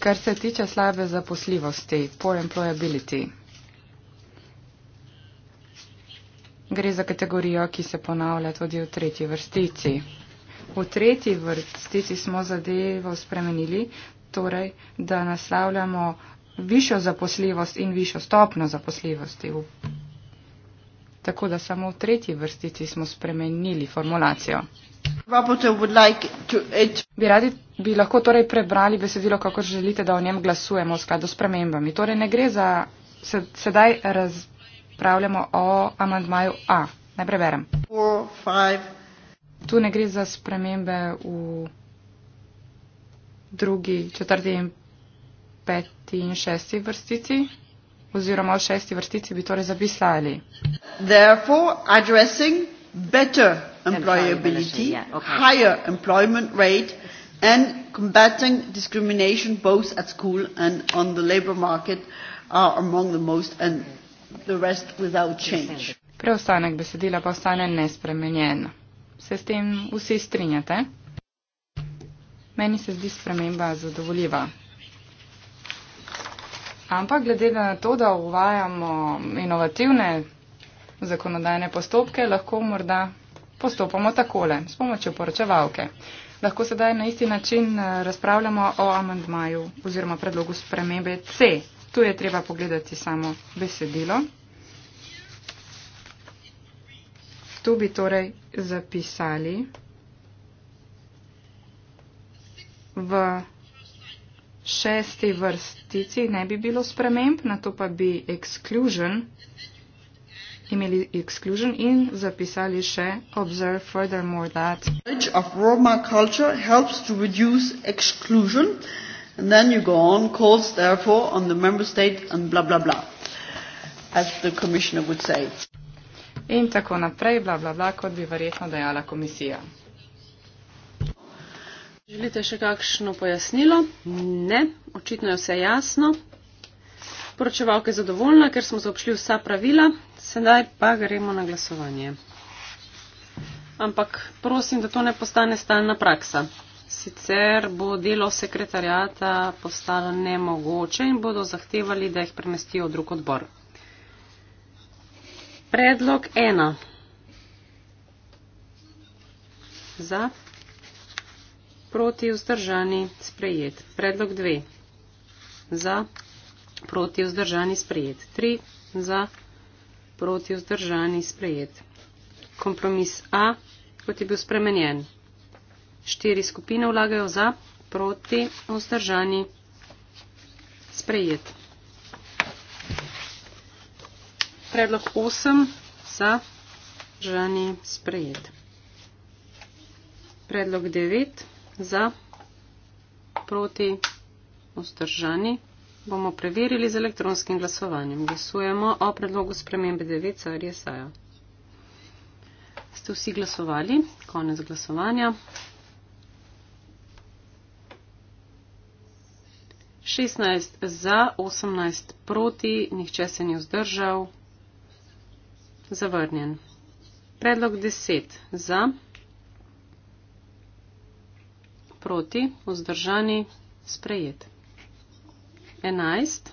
Kar se tiče slabe zaposljivosti, poor employability, gre za kategorijo, ki se ponavlja tudi v tretji vrstici v tretji vrstici smo zadevo spremenili, torej, da naslavljamo višjo zaposljivost in višjo stopno zaposljivosti. Tako da samo v tretji vrstici smo spremenili formulacijo. Bi radi bi lahko torej prebrali besedilo, kako želite, da o njem glasujemo v skladu s premembami. Torej ne gre za, sedaj razpravljamo o amandmaju A. Najpreberem. 4, 5, tu ne gre za spremembe v drugi, četrti in peti in šesti vrstici, oziroma v šesti vrstici bi torej zapisali. Better employability, higher employment rate, and combating discrimination both at school and on the labor market are among the most, and the rest without change. Preostanek besedila pa ostane nespremenjen se s tem vsi strinjate? Meni se zdi sprememba zadovoljiva. Ampak glede na to, da uvajamo inovativne zakonodajne postopke, lahko morda postopamo takole, s pomočjo poročevalke. Lahko sedaj na isti način eh, razpravljamo o amandmaju oziroma predlogu spremembe C. Tu je treba pogledati samo besedilo. tu bi torej zapisali v šesti vrstici, ne bi bilo sprememb, na to pa bi exclusion, imeli exclusion in zapisali še observe furthermore that. Knowledge of Roma culture helps to reduce exclusion and then you go on, calls therefore on the member state and bla bla bla, as the commissioner would say in tako naprej, bla, bla, bla, kot bi verjetno dejala komisija. Želite še kakšno pojasnilo? Ne, očitno je vse jasno. Poročevalka je zadovoljna, ker smo zaopšli vsa pravila, sedaj pa gremo na glasovanje. Ampak prosim, da to ne postane stalna praksa. Sicer bo delo sekretarjata postalo nemogoče in bodo zahtevali, da jih premestijo v drug odbor. Predlog ena. Za. Proti vzdržani sprejet. Predlog dve. Za. Proti vzdržani sprejet. Tri. Za. Proti vzdržani sprejet. Kompromis A, kot je bil spremenjen. Štiri skupine vlagajo za. Proti vzdržani sprejet. Predlog 8 za žanje sprejet. Predlog 9 za proti ostržani bomo preverili z elektronskim glasovanjem. Glasujemo o predlogu spremembe 9 za RSA. Ste vsi glasovali? Konec glasovanja. 16 za, 18 proti, nihče se ni vzdržal, Zavrnjen. Predlog 10. Za. Proti. Vzdržani. Sprejet. 11.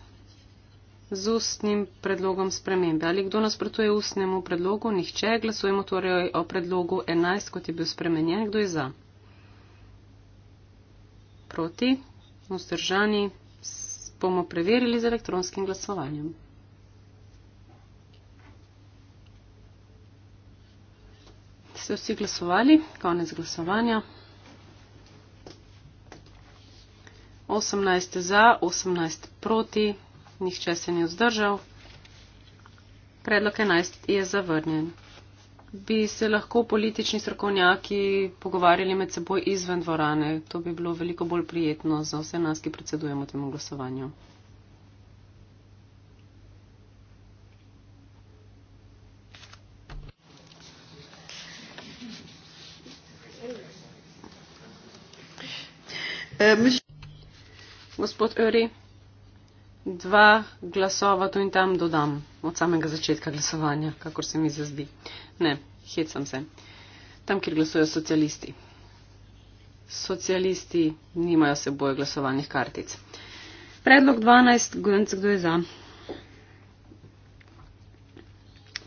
Z ustnim predlogom spremembe. Ali kdo nasprotuje ustnemu predlogu? Nihče. Glasujemo torej o predlogu 11, kot je bil spremenjen. Kdo je za? Proti. Vzdržani. Bomo preverili z elektronskim glasovanjem. se vsi glasovali. Konec glasovanja. 18 za, 18 proti, nihče se ni vzdržal. Predlog 11 je zavrnjen. Bi se lahko politični strokovnjaki pogovarjali med seboj izven dvorane? To bi bilo veliko bolj prijetno za vse nas, ki predsedujemo temu glasovanju. gospod Öri. Dva glasova tu in tam dodam od samega začetka glasovanja, kakor se mi zazdi. Ne, hecam se. Tam, kjer glasujejo socialisti. Socialisti nimajo seboj glasovalnih kartic. Predlog 12, Gudenc, kdo je za?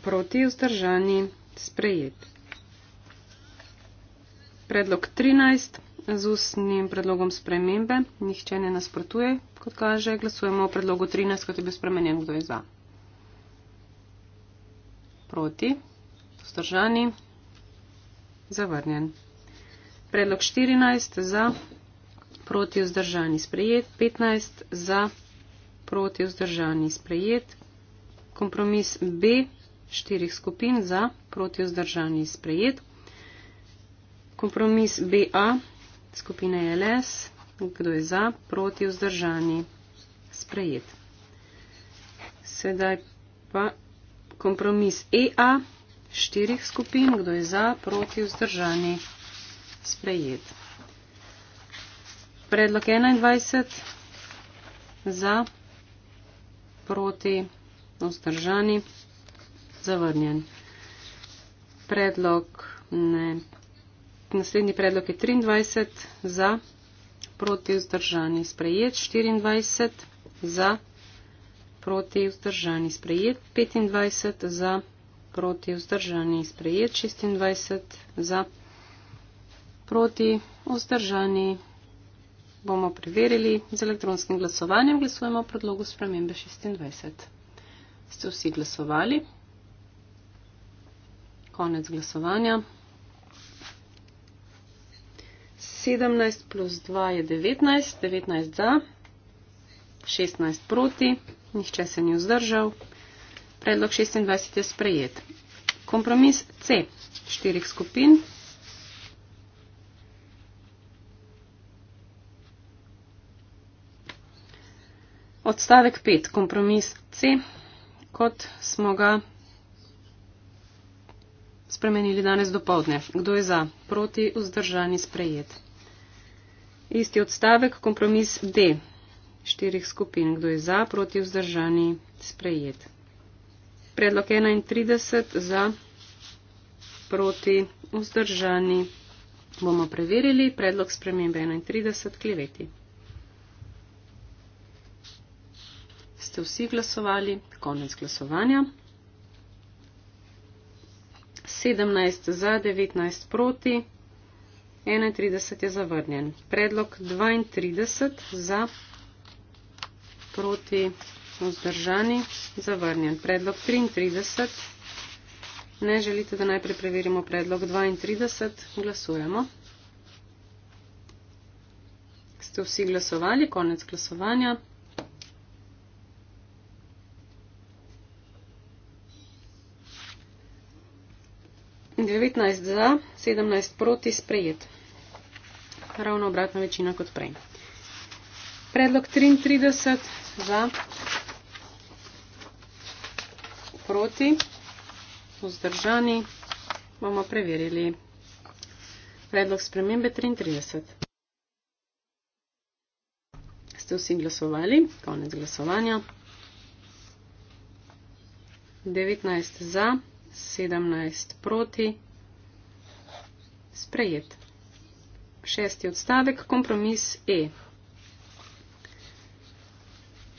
Proti vzdržani, sprejet. Predlog 13, z ustnim predlogom spremembe. Nihče ne nasprotuje, kot kaže. Glasujemo o predlogu 13, kot je bil spremenjen. Kdo je za? Proti. Vzdržani. Zavrnjen. Predlog 14 za. Proti. Vzdržani. Sprejet. 15 za. Proti. Vzdržani. Sprejet. Kompromis B. Štirih skupin za. Proti. Vzdržani. Sprejet. Kompromis BA skupine LS, kdo je za, proti vzdržani, sprejet. Sedaj pa kompromis EA, štirih skupin, kdo je za, proti vzdržani, sprejet. Predlog 21, za, proti vzdržani, zavrnjen. Predlog ne Naslednji predlog je 23 za, proti vzdržani sprejet, 24 za, proti vzdržani sprejet, 25 za, proti vzdržani sprejet, 26 za, proti vzdržani bomo preverili z elektronskim glasovanjem. Glasujemo o predlogu spremembe 26. Ste vsi glasovali? Konec glasovanja. 17 plus 2 je 19, 19 za, 16 proti, nihče se ni vzdržal. Predlog 26 je sprejet. Kompromis C štirih skupin. Odstavek 5. Kompromis C, kot smo ga spremenili danes do povdne. Kdo je za? Proti, vzdržani, sprejet. Isti odstavek, kompromis D. Štirih skupin, kdo je za, proti vzdržani, sprejet. Predlog 31 za, proti vzdržani. Bomo preverili predlog spremembe 31 kleveti. Ste vsi glasovali? Konec glasovanja. 17 za, 19 proti. 31 je zavrnjen. Predlog 32 za proti vzdržani zavrnjen. Predlog 33. Ne želite, da najprej preverimo predlog 32. Glasujemo. Ste vsi glasovali? Konec glasovanja. Devetnajst za, sedemnajst proti, sprejet ravno obratna večina kot prej. Predlog 33 za proti vzdržani bomo preverili. Predlog spremembe 33. Ste vsi glasovali? Konec glasovanja. 19 za, 17 proti. Sprejet šesti odstavek, kompromis E.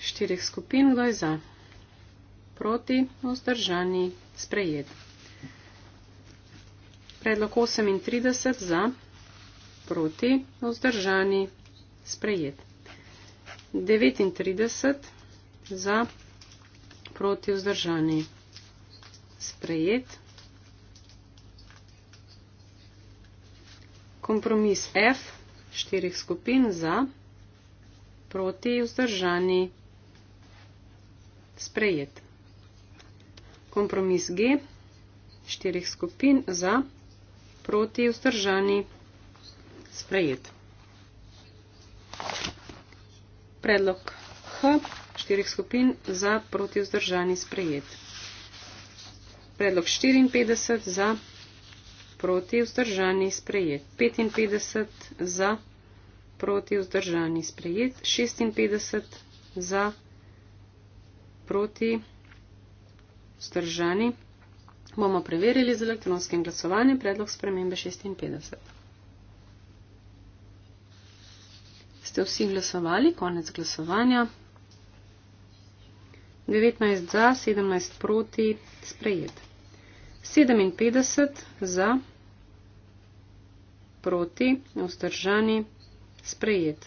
Štirih skupin, kdo je za? Proti, vzdržani, sprejet. Predlog 38 za, proti, vzdržani, sprejet. 39 za, proti, vzdržani, sprejet. kompromis F štirih skupin za, proti, vzdržani, sprejet. Kompromis G štirih skupin za, proti, vzdržani, sprejet. Predlog H štirih skupin za, proti, vzdržani, sprejet. Predlog 54 za, proti, vzdržani, sprejet proti vzdržani sprejet, 55 za, proti vzdržani sprejet, 56 za, proti vzdržani. Bomo preverili z elektronskim glasovanjem predlog spremembe 56. Ste vsi glasovali, konec glasovanja. 19 za, 17 proti, sprejet. 57 za proti, vzdržani, sprejet.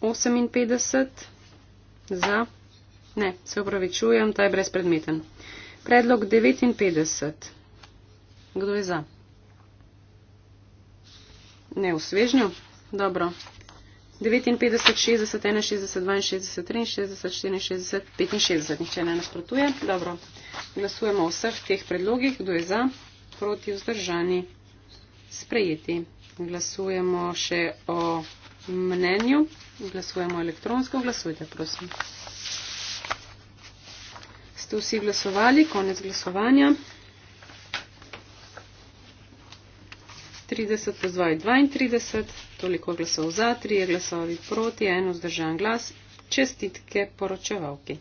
58 za, ne, se upravičujem, ta je brezpredmeten. Predlog 59. Kdo je za? Ne, v svežnju. Dobro. 59, 60, 61, 62, 63, 64, 65. Nihče ne nasprotuje. Dobro. Glasujemo o vseh teh predlogih. Kdo je za? Proti vzdržani sprejeti. Glasujemo še o mnenju. Glasujemo elektronsko. Glasujte, prosim. Ste vsi glasovali? Konec glasovanja. 30 plus 2 je 32, toliko glasov za, 3 glasovi proti, 1 vzdržan glas. Čestitke poročevalki.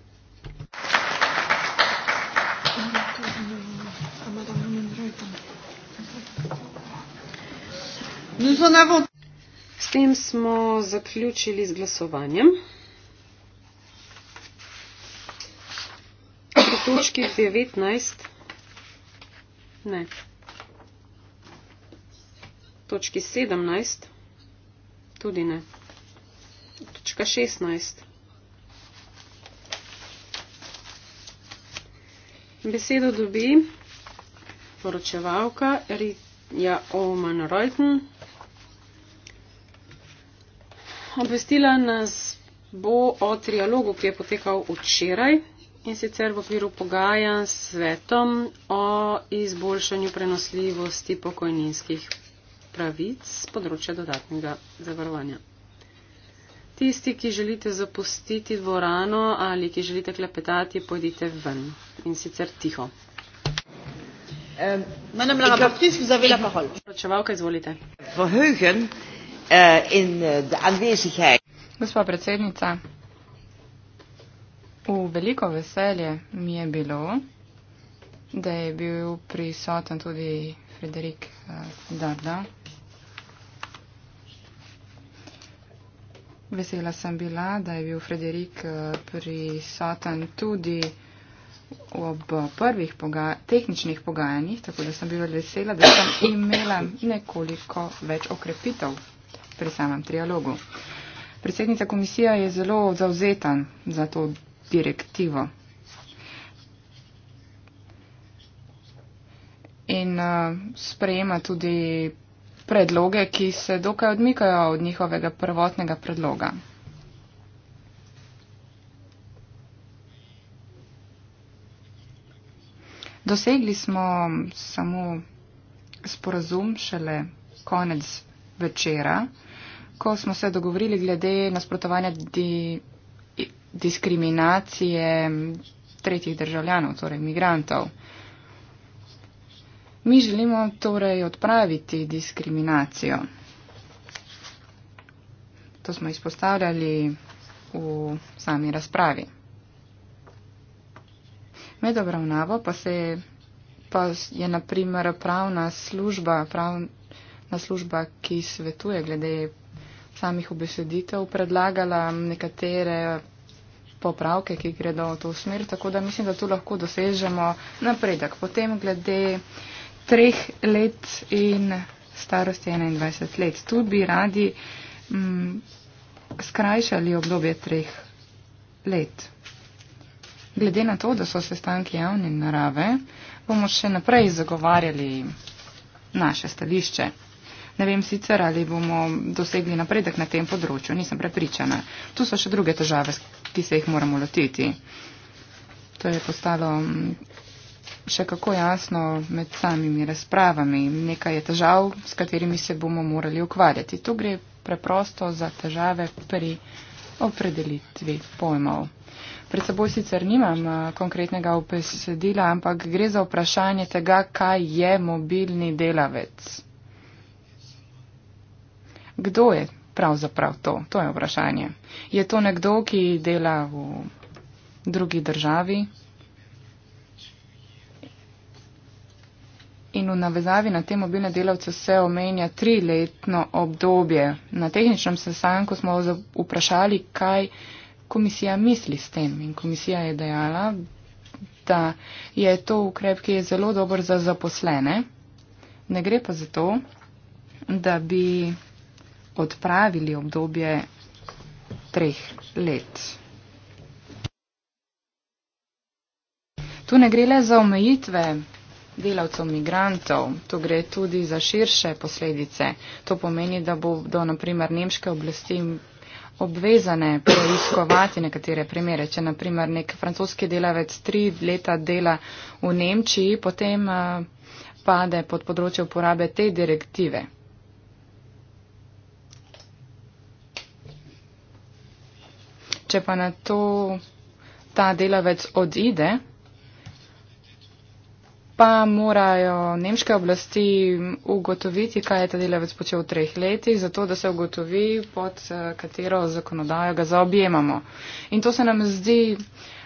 S tem smo zaključili z glasovanjem. Pri točki 19. Ne. Točki 17. Tudi ne. Točka 16. Besedo dobi poročevalka Rija Oman Reuten obvestila nas bo o trialogu, ki je potekal včeraj in sicer v okviru pogajan s svetom o izboljšanju prenosljivosti pokojninskih pravic z področja dodatnega zavarovanja. Tisti, ki želite zapustiti dvorano ali ki želite klepetati, pojdite ven in sicer tiho. Um, Madame la rapporteure, vous avez la parole. Vrčevalka, izvolite. Verheugen uh, in uh, de aanwezigheid. Gospa predsednica, v veliko veselje mi je bilo, da je bil prisoten tudi Frederik eh, Darda. Vesela sem bila, da je bil Frederik prisoten tudi ob prvih poga tehničnih pogajanjih, tako da sem bila vesela, da sem imela nekoliko več okrepitev pri samem trialogu. Predsednica komisija je zelo zauzeta za to direktivo. In uh, sprejema tudi predloge, ki se dokaj odmikajo od njihovega prvotnega predloga. Dosegli smo samo sporazum šele konec večera ko smo se dogovorili glede nasprotovanja di, diskriminacije tretjih državljanov, torej migrantov. Mi želimo torej odpraviti diskriminacijo. To smo izpostavljali v sami razpravi. Med obravnavo pa se pa je naprimer pravna služba, pravna služba, ki svetuje glede samih obeseditev predlagala nekatere popravke, ki gredo v to smer, tako da mislim, da tu lahko dosežemo napredek. Potem glede treh let in starosti 21 let. Tu bi radi m, mm, skrajšali obdobje treh let. Glede na to, da so sestanki javne narave, bomo še naprej zagovarjali naše stališče. Ne vem sicer, ali bomo dosegli napredek na tem področju, nisem prepričana. Tu so še druge težave, ki se jih moramo lotiti. To je postalo mm, še kako jasno med samimi razpravami. Nekaj je težav, s katerimi se bomo morali ukvarjati. Tu gre preprosto za težave pri opredelitvi pojmov. Pred seboj sicer nimam eh, konkretnega opesedila, ampak gre za vprašanje tega, kaj je mobilni delavec kdo je pravzaprav to? To je vprašanje. Je to nekdo, ki dela v drugi državi? In v navezavi na te mobilne delavce se omenja triletno obdobje. Na tehničnem sestanku smo vprašali, kaj komisija misli s tem. In komisija je dejala, da je to ukrep, ki je zelo dober za zaposlene. Ne gre pa za to, da bi odpravili obdobje treh let. Tu ne gre le za omejitve delavcev migrantov, tu gre tudi za širše posledice. To pomeni, da bo do naprimer nemške oblasti obvezane preiskovati nekatere primere. Če naprimer nek francoski delavec tri leta dela v Nemčiji, potem uh, pade pod področje uporabe te direktive. če pa na to ta delavec odide, pa morajo nemške oblasti ugotoviti, kaj je ta delavec počel v treh letih, zato da se ugotovi, pod eh, katero zakonodajo ga zaobjemamo. In to se nam zdi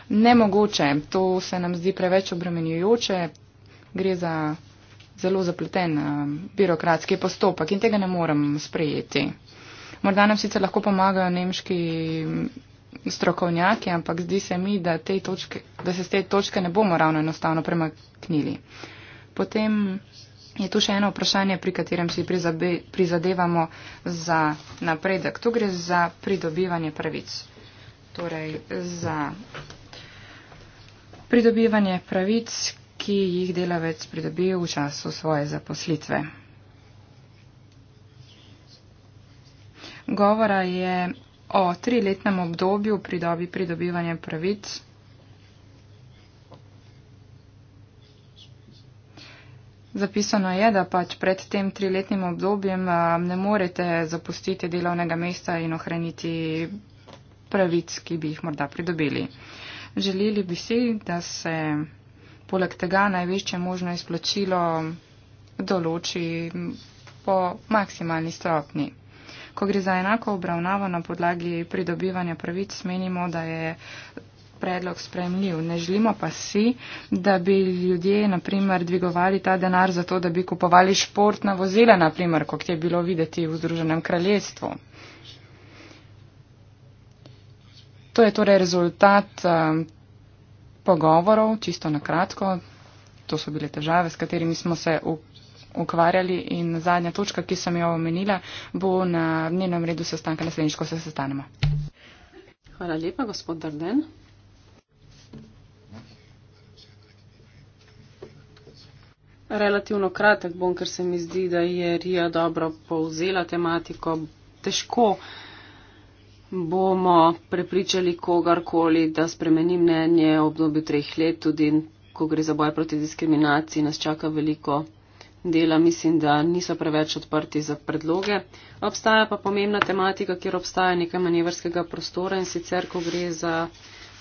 nemogoče, to se nam zdi preveč obremenjujoče, gre za zelo zapleten eh, birokratski postopek in tega ne morem sprejeti. Morda nam sicer lahko pomagajo nemški strokovnjaki, ampak zdi se mi, da, te točke, da se z te točke ne bomo ravno enostavno premaknili. Potem je tu še eno vprašanje, pri katerem si prizabe, prizadevamo za napredek. Tu gre za pridobivanje pravic. Torej, za pridobivanje pravic, ki jih delavec pridobijo v času svoje zaposlitve. Govora je o triletnem obdobju pri dobi pridobivanja pravic. Zapisano je, da pač pred tem triletnim obdobjem ne morete zapustiti delovnega mesta in ohraniti pravic, ki bi jih morda pridobili. Želeli bi si, da se poleg tega največje možno izplačilo določi po maksimalni stopni. Ko gre za enako obravnavo na podlagi pridobivanja pravic, menimo, da je predlog spremljiv. Ne želimo pa si, da bi ljudje naprimer dvigovali ta denar za to, da bi kupovali športna vozila, naprimer, kot je bilo videti v Združenem kraljestvu. To je torej rezultat um, pogovorov, čisto na kratko. To so bile težave, s katerimi smo se ukvarjali in zadnja točka, ki sem jo omenila, bo na dnevnem redu sestanka naslednjič, ko se sestanemo. Hvala lepa, gospod Darden. Relativno kratek bom, ker se mi zdi, da je Rija dobro povzela tematiko. Težko bomo prepričali kogarkoli, da spremeni mnenje v obdobju treh let, tudi ko gre za boj proti diskriminaciji, nas čaka veliko dela mislim, da niso preveč odprti za predloge. Obstaja pa pomembna tematika, kjer obstaja nekaj manevrskega prostora in sicer, ko gre za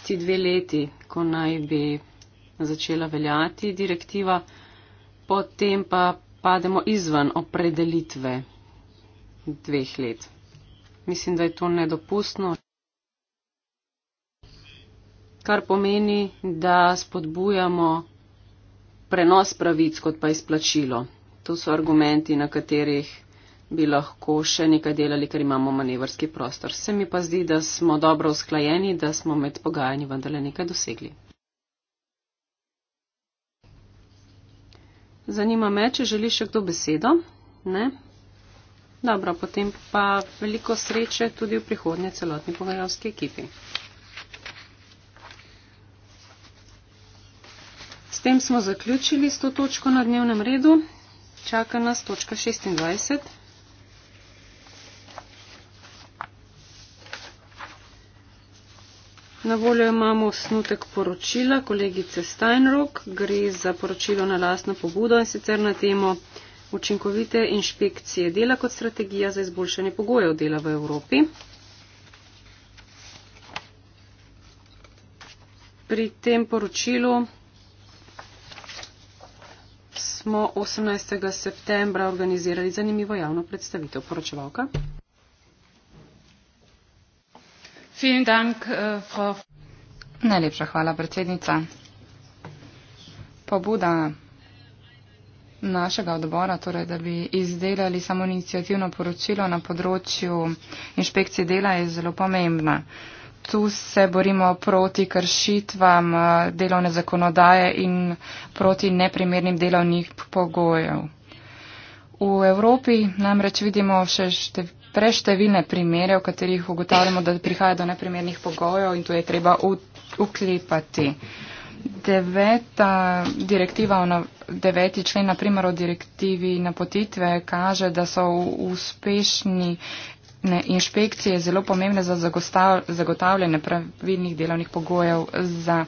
ti dve leti, ko naj bi začela veljati direktiva, potem pa pademo izven opredelitve dveh let. Mislim, da je to nedopustno. Kar pomeni, da spodbujamo prenos pravic, kot pa izplačilo. To so argumenti, na katerih bi lahko še nekaj delali, ker imamo manevrski prostor. Se mi pa zdi, da smo dobro usklajeni, da smo med pogajanji vendarle nekaj dosegli. Zanima me, če želi še kdo besedo? Ne? Dobro, potem pa veliko sreče tudi v prihodnje celotni pogajalski ekipi. tem smo zaključili s to točko na dnevnem redu. Čaka nas točka 26. Na voljo imamo osnutek poročila kolegice Steinrock. Gre za poročilo na lastno pobudo in sicer na temo učinkovite inšpekcije dela kot strategija za izboljšanje pogojev dela v Evropi. Pri tem poročilu smo 18. septembra organizirali zanimivo javno predstavitev. Poročevalka. Dank, uh, Najlepša hvala, predsednica. Pobuda našega odbora, torej, da bi izdelali samo inicijativno poročilo na področju inšpekcije dela, je zelo pomembna. Uh, tu se borimo proti kršitvam eh, delovne zakonodaje in proti neprimernim delovnih pogojev. V Evropi namreč vidimo še štev, preštevilne primere, v katerih ugotavljamo, da prihaja do neprimernih pogojev in tu je treba u, uklepati. Deveta direktiva, deveti člen, naprimer o direktivi napotitve, kaže, da so uspešni Ne, inšpekcije je zelo pomembne za zagotavljanje pravilnih delovnih pogojev za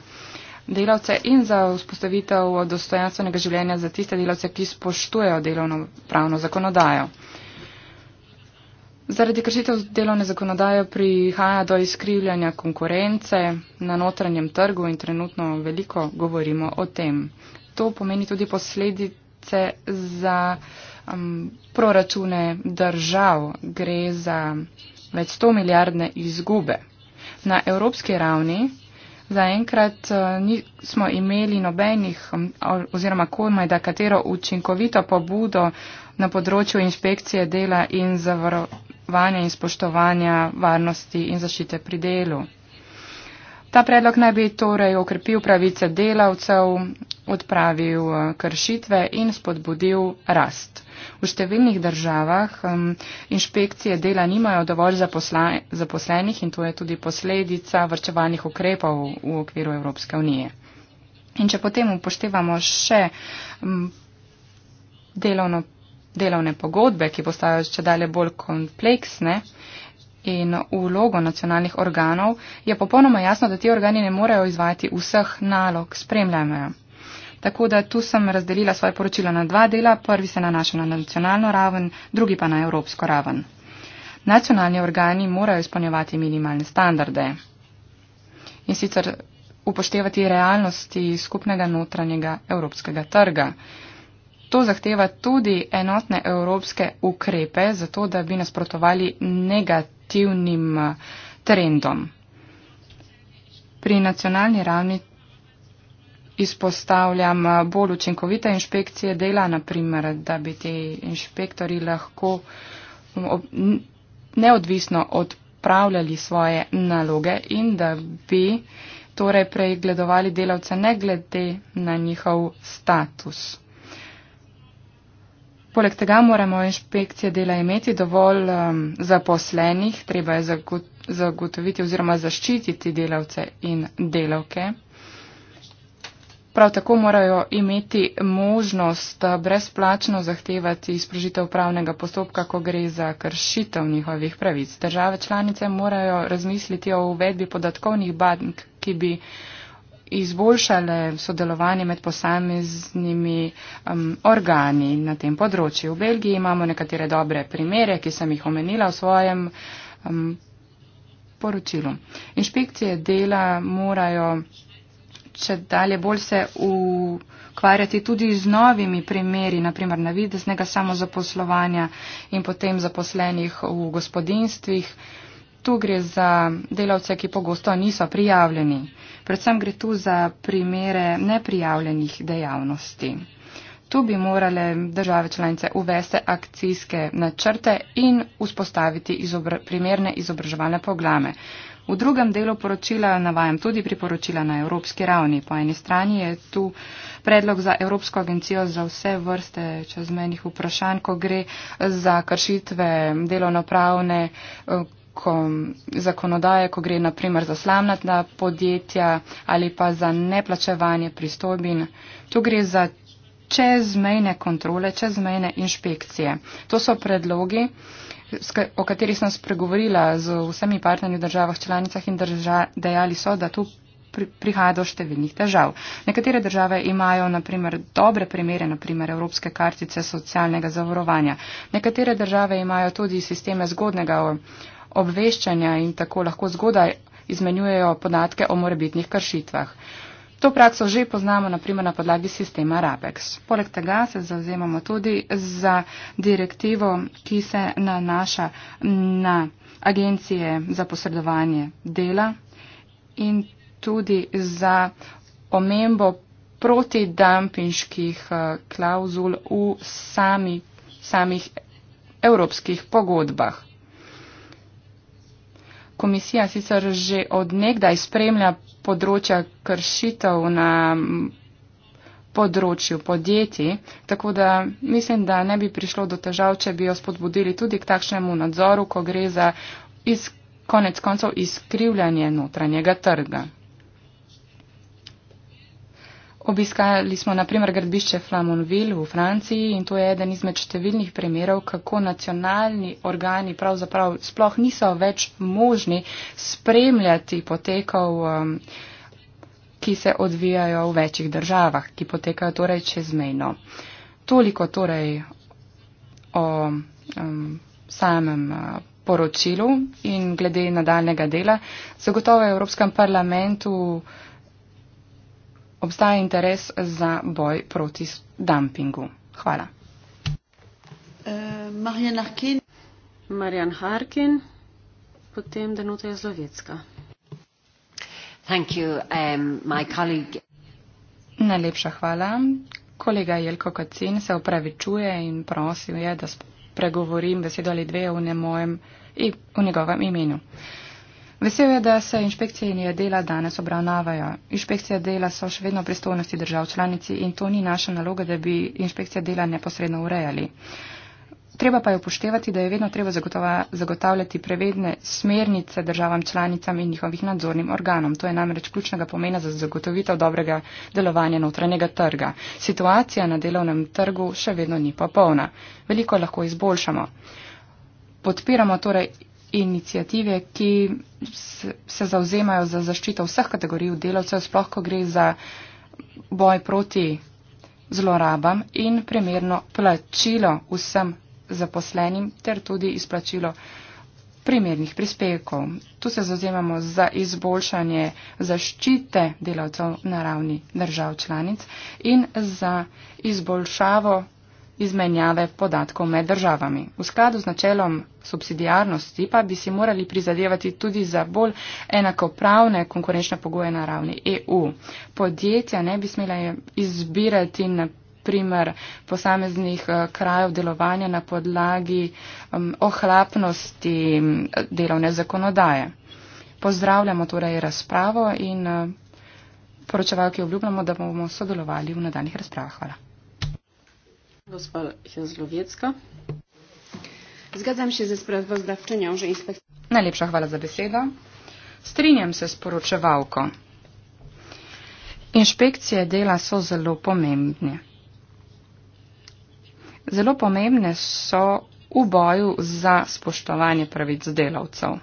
delavce in za vzpostavitev dostojanstvenega življenja za tiste delavce, ki spoštujejo delovno pravno zakonodajo. Zaradi kršitev delovne zakonodaje prihaja do izkrivljanja konkurence na notranjem trgu in trenutno veliko govorimo o tem. To pomeni tudi posledice za um, proračune držav gre za več 100 milijardne izgube. Na evropski ravni zaenkrat eh, nismo imeli nobenih oziroma komaj da katero učinkovito pobudo na področju inšpekcije dela in zavarovanja in spoštovanja varnosti in zaščite pri delu. Ta predlog naj bi torej okrepil pravice delavcev, odpravil eh, kršitve in spodbudil rast. V številnih državah um, inšpekcije dela nimajo dovolj zaposlenih in to je tudi posledica vrčevalnih ukrepov v okviru Evropske unije. In če potem upoštevamo še um, delovno, delovne pogodbe, ki postajajo še dalje bolj kompleksne, In vlogo nacionalnih organov je popolnoma jasno, da ti organi ne morejo izvajati vseh nalog spremljanja. Tako da tu sem razdelila svoje poročilo na dva dela. Prvi se nanaša na nacionalno raven, drugi pa na evropsko raven. Nacionalni organi morajo izpolnjevati minimalne standarde in sicer upoštevati realnosti skupnega notranjega evropskega trga. To zahteva tudi enotne evropske ukrepe, zato da bi nasprotovali negativnim trendom. Pri nacionalni ravni izpostavljam eh, bolj učinkovite inšpekcije dela, naprimer, da bi ti inšpektori lahko mm, neodvisno odpravljali svoje naloge in da bi torej pregledovali delavce ne glede na njihov status. Poleg tega moramo inšpekcije dela imeti dovolj um, zaposlenih, treba je zagotoviti oziroma zaščititi delavce in delavke. Prav tako morajo imeti možnost eh, brezplačno zahtevati sprožitev pravnega postopka, ko gre za kršitev njihovih pravic. Države članice morajo razmisliti o uvedbi podatkovnih bank, ki bi izboljšale sodelovanje med posameznimi um, organi na tem področju. V Belgiji imamo nekatere dobre primere, ki sem jih omenila v svojem um, poročilu. Inšpekcije dela morajo če dalje bolj se ukvarjati tudi z novimi primeri, naprimer navideznega samozaposlovanja in potem zaposlenih v gospodinstvih. Tu gre za delavce, ki pogosto niso prijavljeni. Predvsem gre tu za primere neprijavljenih dejavnosti. Tu bi morale države članice uvesti akcijske načrte in vzpostaviti izobra primerne izobraževalne programe. V drugem delu poročila navajam tudi priporočila na evropski ravni. Po eni strani je tu predlog za Evropsko agencijo za vse vrste čezmenih vprašanj, ko gre za kršitve delovnopravne eh, zakonodaje, ko gre naprimer za slamnatna podjetja ali pa za neplačevanje pristojbin. Tu gre za čezmejne kontrole, čezmejne inšpekcije. To so predlogi, o kateri sem spregovorila z vsemi partnerji v državah članicah in držav, dejali so, da tu prihaja do številnih težav. Nekatere države imajo, na primer, dobre primere, na primer, Evropske kartice socialnega zavarovanja. Nekatere države imajo tudi sisteme zgodnega obveščanja in tako lahko zgodaj izmenjujejo podatke o morebitnih kršitvah. To prakso že poznamo naprimer na podlagi sistema RAPEX. Poleg tega se zauzemamo tudi za direktivo, ki se nanaša na agencije za posredovanje dela in tudi za omembo protidampinških eh, klauzul v sami, samih evropskih pogodbah. Komisija sicer že odnegdaj spremlja področja kršitev na področju podjetij, tako da mislim, da ne bi prišlo do težav, če bi jo spodbudili tudi k takšnemu nadzoru, ko gre za iz, konec koncev izkrivljanje notranjega trga. Obiskali smo naprimer gradbišče Flamonville v Franciji in to je eden izmed številnih primerov, kako nacionalni organi pravzaprav sploh niso več možni spremljati potekov, um, ki se odvijajo v večjih državah, ki potekajo torej čezmejno. Toliko torej o um, samem. Uh, poročilu in glede nadaljnega dela. Zagotovo je v Evropskem parlamentu uh, obstaja interes za boj proti dumpingu. Hvala. Uh, Marjan Harkin, potem Denuta Jazovetska. Um, Najlepša hvala. Kolega Jelko Kacin se upravičuje in prosil je, da spregovorim besedo ali dve v, nemojem, v njegovem imenu. Uh, Vesel je, da se inšpekcije in je dela danes obravnavajo. Inšpekcije dela so še vedno pristojnosti držav članici in to ni naša naloga, da bi inšpekcije dela neposredno urejali. Treba pa je upoštevati, da je vedno treba zagotavljati prevedne smernice državam članicam in njihovih nadzornim organom. To je namreč ključnega pomena za zagotovitev dobrega delovanja notranjega trga. Situacija na delovnem trgu še vedno ni popolna. Veliko lahko izboljšamo. Podpiramo torej inicijative, ki se zauzemajo za zaščito vseh kategorij delavcev, sploh ko gre za boj proti zlorabam in primerno plačilo vsem zaposlenim ter tudi izplačilo primernih prispevkov. Tu se zauzemamo za izboljšanje zaščite delavcev na ravni držav članic in za izboljšavo izmenjave podatkov med državami. V skladu z načelom subsidijarnosti pa bi si morali prizadevati tudi za bolj enakopravne konkurenčne pogoje na ravni EU. Podjetja ne bi smela izbirati na primer posameznih eh, krajev delovanja na podlagi um, ohlapnosti delovne zakonodaje. Pozdravljamo torej razpravo in uh, eh, poročevalki obljubljamo, da bomo sodelovali v nadaljnih razpravah. Hvala gospa Jazlovecka. Zgadzam się ze sprawozdawczynią, że inspekcja... Najlepsza chwała za besedę. Strinjam se s poročevalko. Inšpekcije dela so zelo pomembne. Zelo pomembne so v boju za spoštovanje pravic delavcev.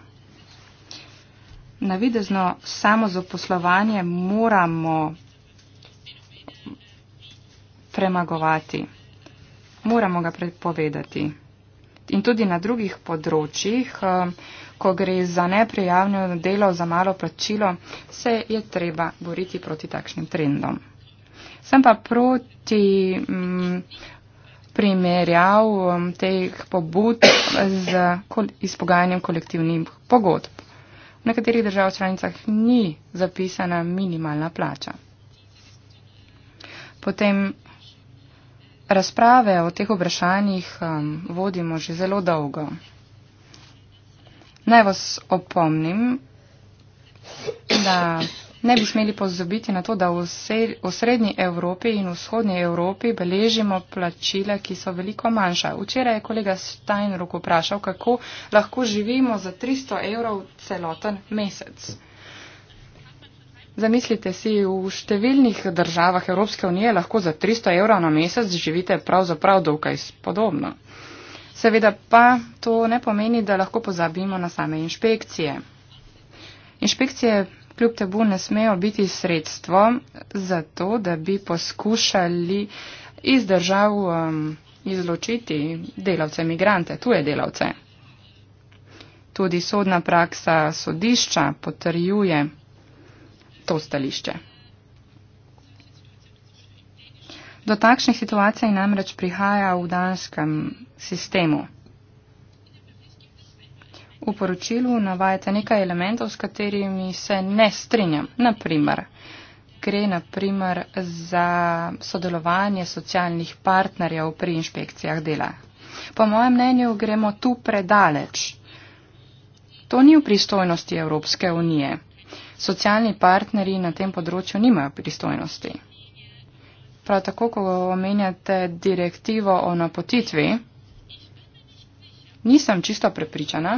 Navidezno samo za poslovanje moramo premagovati moramo ga prepovedati. In tudi na drugih področjih, eh, ko gre za neprijavljeno delo, za malo plačilo, se je treba boriti proti takšnim trendom. Sem pa proti m, mm, primerjav m, mm, teh pobud z kol, izpogajanjem kolektivnih pogodb. V nekaterih državah članicah ni zapisana minimalna plača. Potem Razprave o teh vprašanjih um, vodimo že zelo dolgo. Naj vas opomnim, da ne bi smeli pozabiti na to, da v, v srednji Evropi in vzhodnji Evropi beležimo plačila, ki so veliko manjša. Včeraj je kolega Steinruck vprašal, kako lahko živimo za 300 evrov celoten mesec. Zamislite si, v številnih državah Evropske unije lahko za 300 evrov na mesec živite pravzaprav dokaj spodobno. Seveda pa to ne pomeni, da lahko pozabimo na same inšpekcije. Inšpekcije kljub tebu ne smejo biti sredstvo za to, da bi poskušali iz držav um, izločiti delavce, migrante, tuje delavce. Tudi sodna praksa sodišča potrjuje to stališče. Do takšnih situacij namreč prihaja v danskem sistemu. V poročilu navajate nekaj elementov, s katerimi se ne strinjam. Naprimer, gre naprimer za sodelovanje socialnih partnerjev pri inšpekcijah dela. Po mojem mnenju gremo tu predaleč. To ni v pristojnosti Evropske unije socialni partnerji na tem področju nimajo pristojnosti. Prav tako, ko omenjate direktivo o napotitvi, nisem čisto prepričana,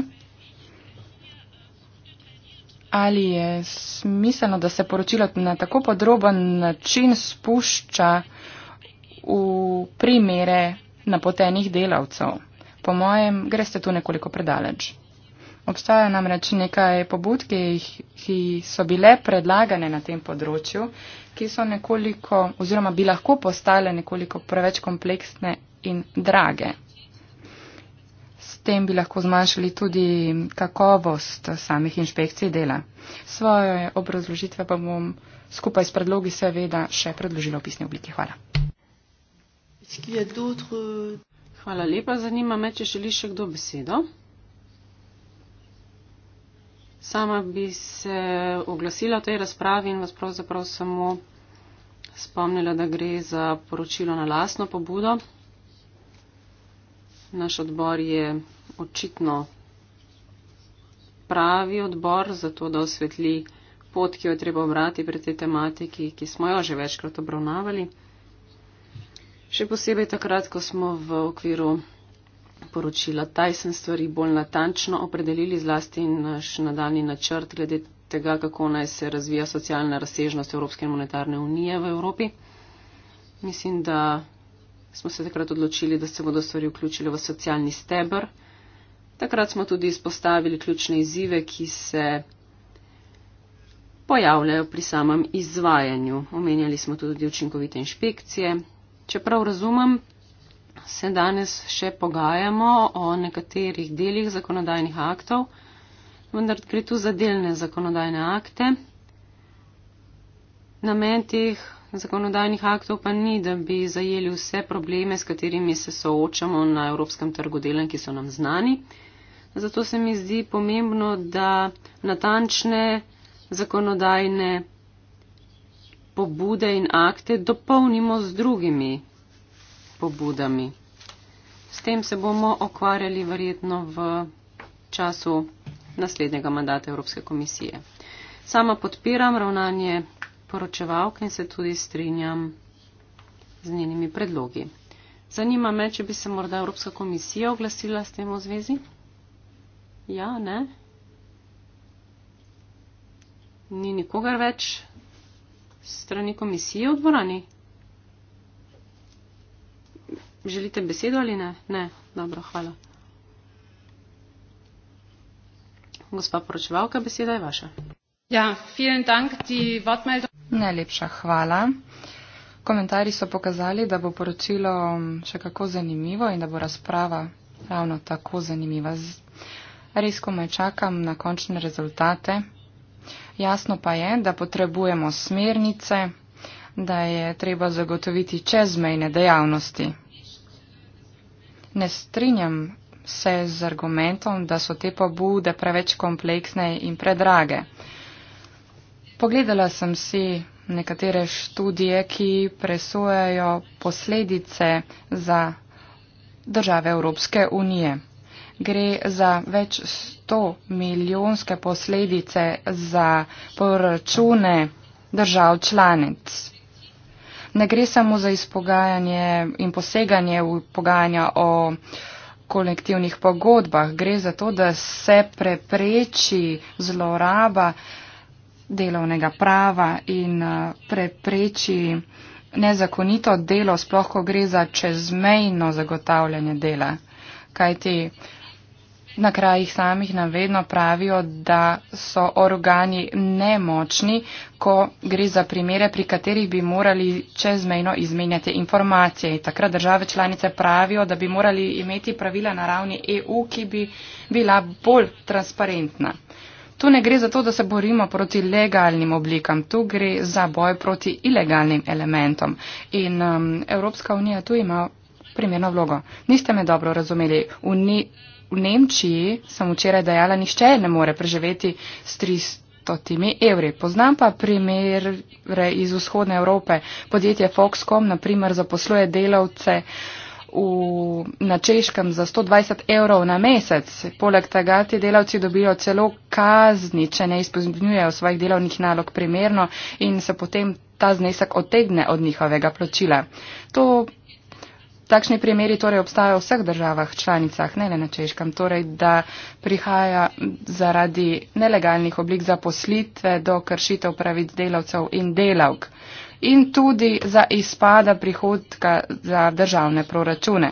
ali je smiselno, da se poročilo na tako podroben način spušča v primere napotenih delavcev. Po mojem, greste tu nekoliko predaleč. Obstaja namreč nekaj pobud, ki, ki so bile predlagane na tem področju, ki so nekoliko oziroma bi lahko postale nekoliko preveč kompleksne in drage. S tem bi lahko zmanjšali tudi kakovost samih inšpekcij dela. Svoje obrazložitve pa bom skupaj s predlogi seveda še predložila v pisni obliki. Hvala. Hvala lepa, zanima me, če želi še kdo besedo. Sama bi se oglasila v tej razpravi in vas pravzaprav samo spomnila, da gre za poročilo na lasno pobudo. Naš odbor je očitno pravi odbor za to, da osvetli pot, ki jo je treba obrati pred tej tematiki, ki smo jo že večkrat obravnavali. Še posebej takrat, ko smo v okviru poročila. Taj sem stvari bolj natančno opredelili zlasti naš nadaljni načrt glede tega, kako naj se razvija socialna razsežnost Evropske monetarne unije v Evropi. Mislim, da smo se takrat odločili, da se bodo stvari vključile v socialni stebr. Takrat smo tudi izpostavili ključne izzive, ki se pojavljajo pri samem izvajanju. Omenjali smo tudi učinkovite inšpekcije. Čeprav razumem, se danes še pogajamo o nekaterih delih zakonodajnih aktov, vendar gre tu za delne zakonodajne akte. Namen teh zakonodajnih aktov pa ni, da bi zajeli vse probleme, s katerimi se soočamo na evropskem trgu delen, ki so nam znani. Zato se mi zdi pomembno, da natančne zakonodajne pobude in akte dopolnimo z drugimi pobudami. S tem se bomo okvarjali verjetno v času naslednjega mandata Evropske komisije. Sama podpiram ravnanje poročevalke in se tudi strinjam z njenimi predlogi. Zanima me, če bi se morda Evropska komisija oglasila s tem v zvezi? Ja, ne? Ni nikogar več strani komisije v dvorani? Želite besedo ali ne? Ne, dobro, hvala. Gospa poročevalka, beseda je vaša. Ja, vielen dank, die Wortmeldung. Najlepša hvala. Komentarji so pokazali, da bo poročilo um, še kako zanimivo in da bo razprava ravno tako zanimiva. Res komaj čakam na končne rezultate. Jasno pa je, da potrebujemo smernice, da je treba zagotoviti čezmejne dejavnosti, Ne strinjam se z argumentom, da so te pobude preveč kompleksne in predrage. Pogledala sem si nekatere študije, ki presojajo posledice za države Evropske unije. Gre za več sto milijonske posledice za proračune držav članic ne gre samo za izpogajanje in poseganje v pogajanja o kolektivnih pogodbah, gre za to, da se prepreči zloraba delovnega prava in prepreči nezakonito delo, sploh ko gre za čezmejno zagotavljanje dela. Kajti na krajih samih nam vedno pravijo, da so organi nemočni, ko gre za primere, pri katerih bi morali čezmejno izmenjati informacije. Takrat države članice pravijo, da bi morali imeti pravila na ravni EU, ki bi bila bolj transparentna. Tu ne gre za to, da se borimo proti legalnim oblikam, tu gre za boj proti ilegalnim elementom. In um, Evropska unija tu ima primerno vlogo. Niste me dobro razumeli. Uni v Nemčiji, sem včeraj dejala, nišče ne more preživeti s 300 evri. Poznam pa primere iz vzhodne Evrope. Podjetje Foxcom, na primer, zaposluje delavce v, na Češkem za 120 evrov na mesec. Poleg tega ti delavci dobijo celo kazni, če ne izpolnjujejo svojih delovnih nalog primerno in se potem ta znesek otegne od njihovega plačila. To takšni primeri torej obstajajo v vseh državah članicah, ne le na češkem, torej da prihaja zaradi nelegalnih oblik zaposlitve do kršitev pravic delavcev in delavk in tudi za izpada prihodka za državne proračune.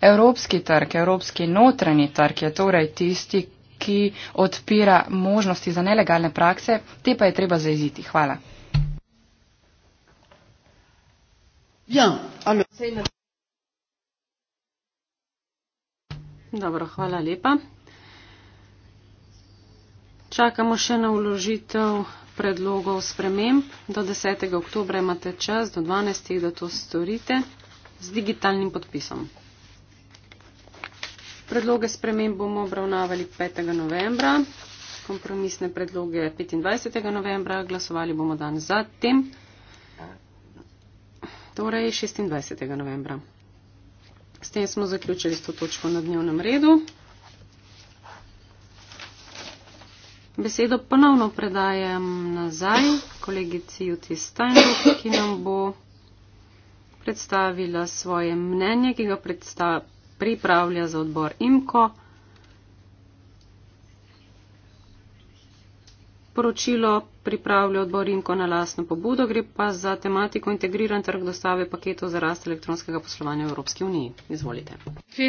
Evropski trg, evropski notranji trg je torej tisti, ki odpira možnosti za nelegalne prakse, te pa je treba zaiziti. Hvala. Bien, alors... Dobro, hvala lepa. Čakamo še na uložitev predlogov sprememb. Do 10. oktober imate čas, do 12. da to storite z digitalnim podpisom. Predloge sprememb bomo obravnavali 5. novembra, kompromisne predloge 25. novembra, glasovali bomo danes za tem torej 26. novembra. S tem smo zaključili s to točko na dnevnem redu. Besedo ponovno predajam nazaj kolegici Juti Stajnu, ki nam bo predstavila svoje mnenje, ki ga predsta, pripravlja za odbor IMKO. poročilo pripravlja odbor Rimko na lasno pobudo, gre pa za tematiko integriran trg dostave paketov za rast elektronskega poslovanja v Evropski uniji. Izvolite.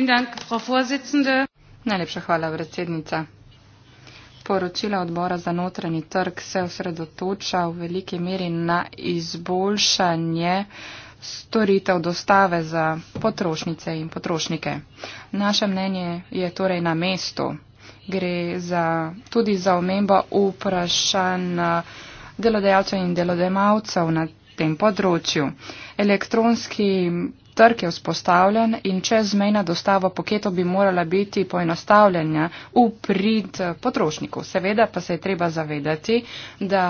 Dank, Najlepša hvala, predsednica. Poročila odbora za notranji trg se osredotoča v veliki meri na izboljšanje storitev dostave za potrošnice in potrošnike. Naše mnenje je torej na mestu gre za, tudi za omembo vprašanj eh, delodajalcev in delodajalcev na tem področju. Elektronski trg je vzpostavljen in čezmejna dostava paketov bi morala biti poenostavljena v prid potrošnikov. Seveda pa se je treba zavedati, da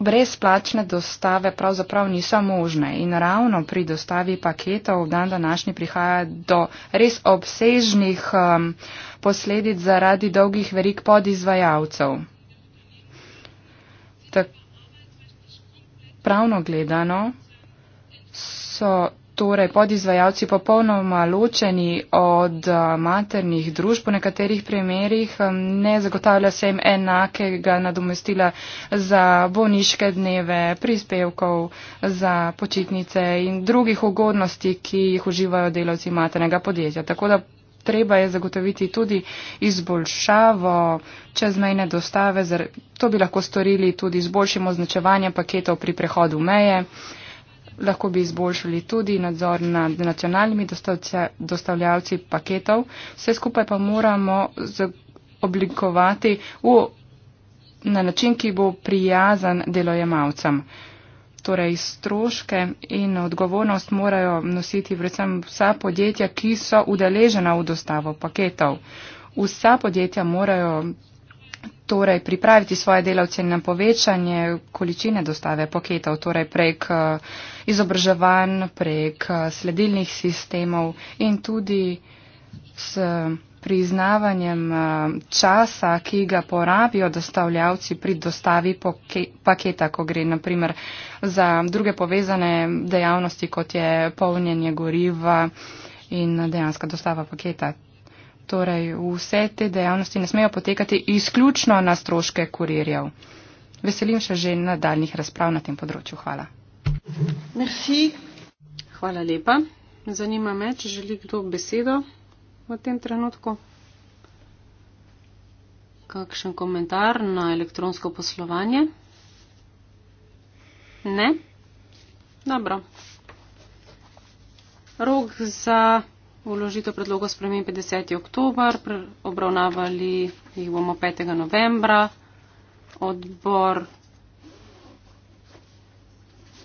brezplačne dostave pravzaprav niso možne in ravno pri dostavi paketov v dan današnji prihaja do res obsežnih um, posledic zaradi dolgih verik podizvajalcev. Tak, pravno gledano so torej podizvajalci popolnoma ločeni od eh, maternih družb v nekaterih primerjih, eh, ne zagotavlja se jim enakega nadomestila za bolniške dneve, prispevkov za počitnice in drugih ugodnosti, ki jih uživajo delavci maternega podjetja. Tako da treba je zagotoviti tudi izboljšavo čezmejne dostave, to bi lahko storili tudi z boljšim označevanjem paketov pri prehodu meje lahko bi izboljšali tudi nadzor nad nacionalnimi dostavljavci paketov. Vse skupaj pa moramo oblikovati v, na način, ki bo prijazen delojemalcem. Torej, stroške in odgovornost morajo nositi predvsem vsa podjetja, ki so udeležena v dostavo paketov. Vsa podjetja morajo torej pripraviti svoje delavce na povečanje količine dostave paketov, torej prek uh, izobraževanj, prek eh, sledilnih sistemov in tudi s priznavanjem eh, časa, ki ga porabijo dostavljavci pri dostavi paketa, ko gre naprimer za druge povezane dejavnosti, kot je polnjenje goriva in dejanska dostava paketa. Torej, vse te dejavnosti ne smejo potekati izključno na stroške kurirjev. Veselim se že nadaljnih razprav na tem področju. Hvala. Merci. Hvala lepa. Zanima me, če želi kdo besedo v tem trenutku. Kakšen komentar na elektronsko poslovanje? Ne? Dobro. Rok za uložitev predloga spremen 50. oktober, obravnavali jih bomo 5. novembra. Odbor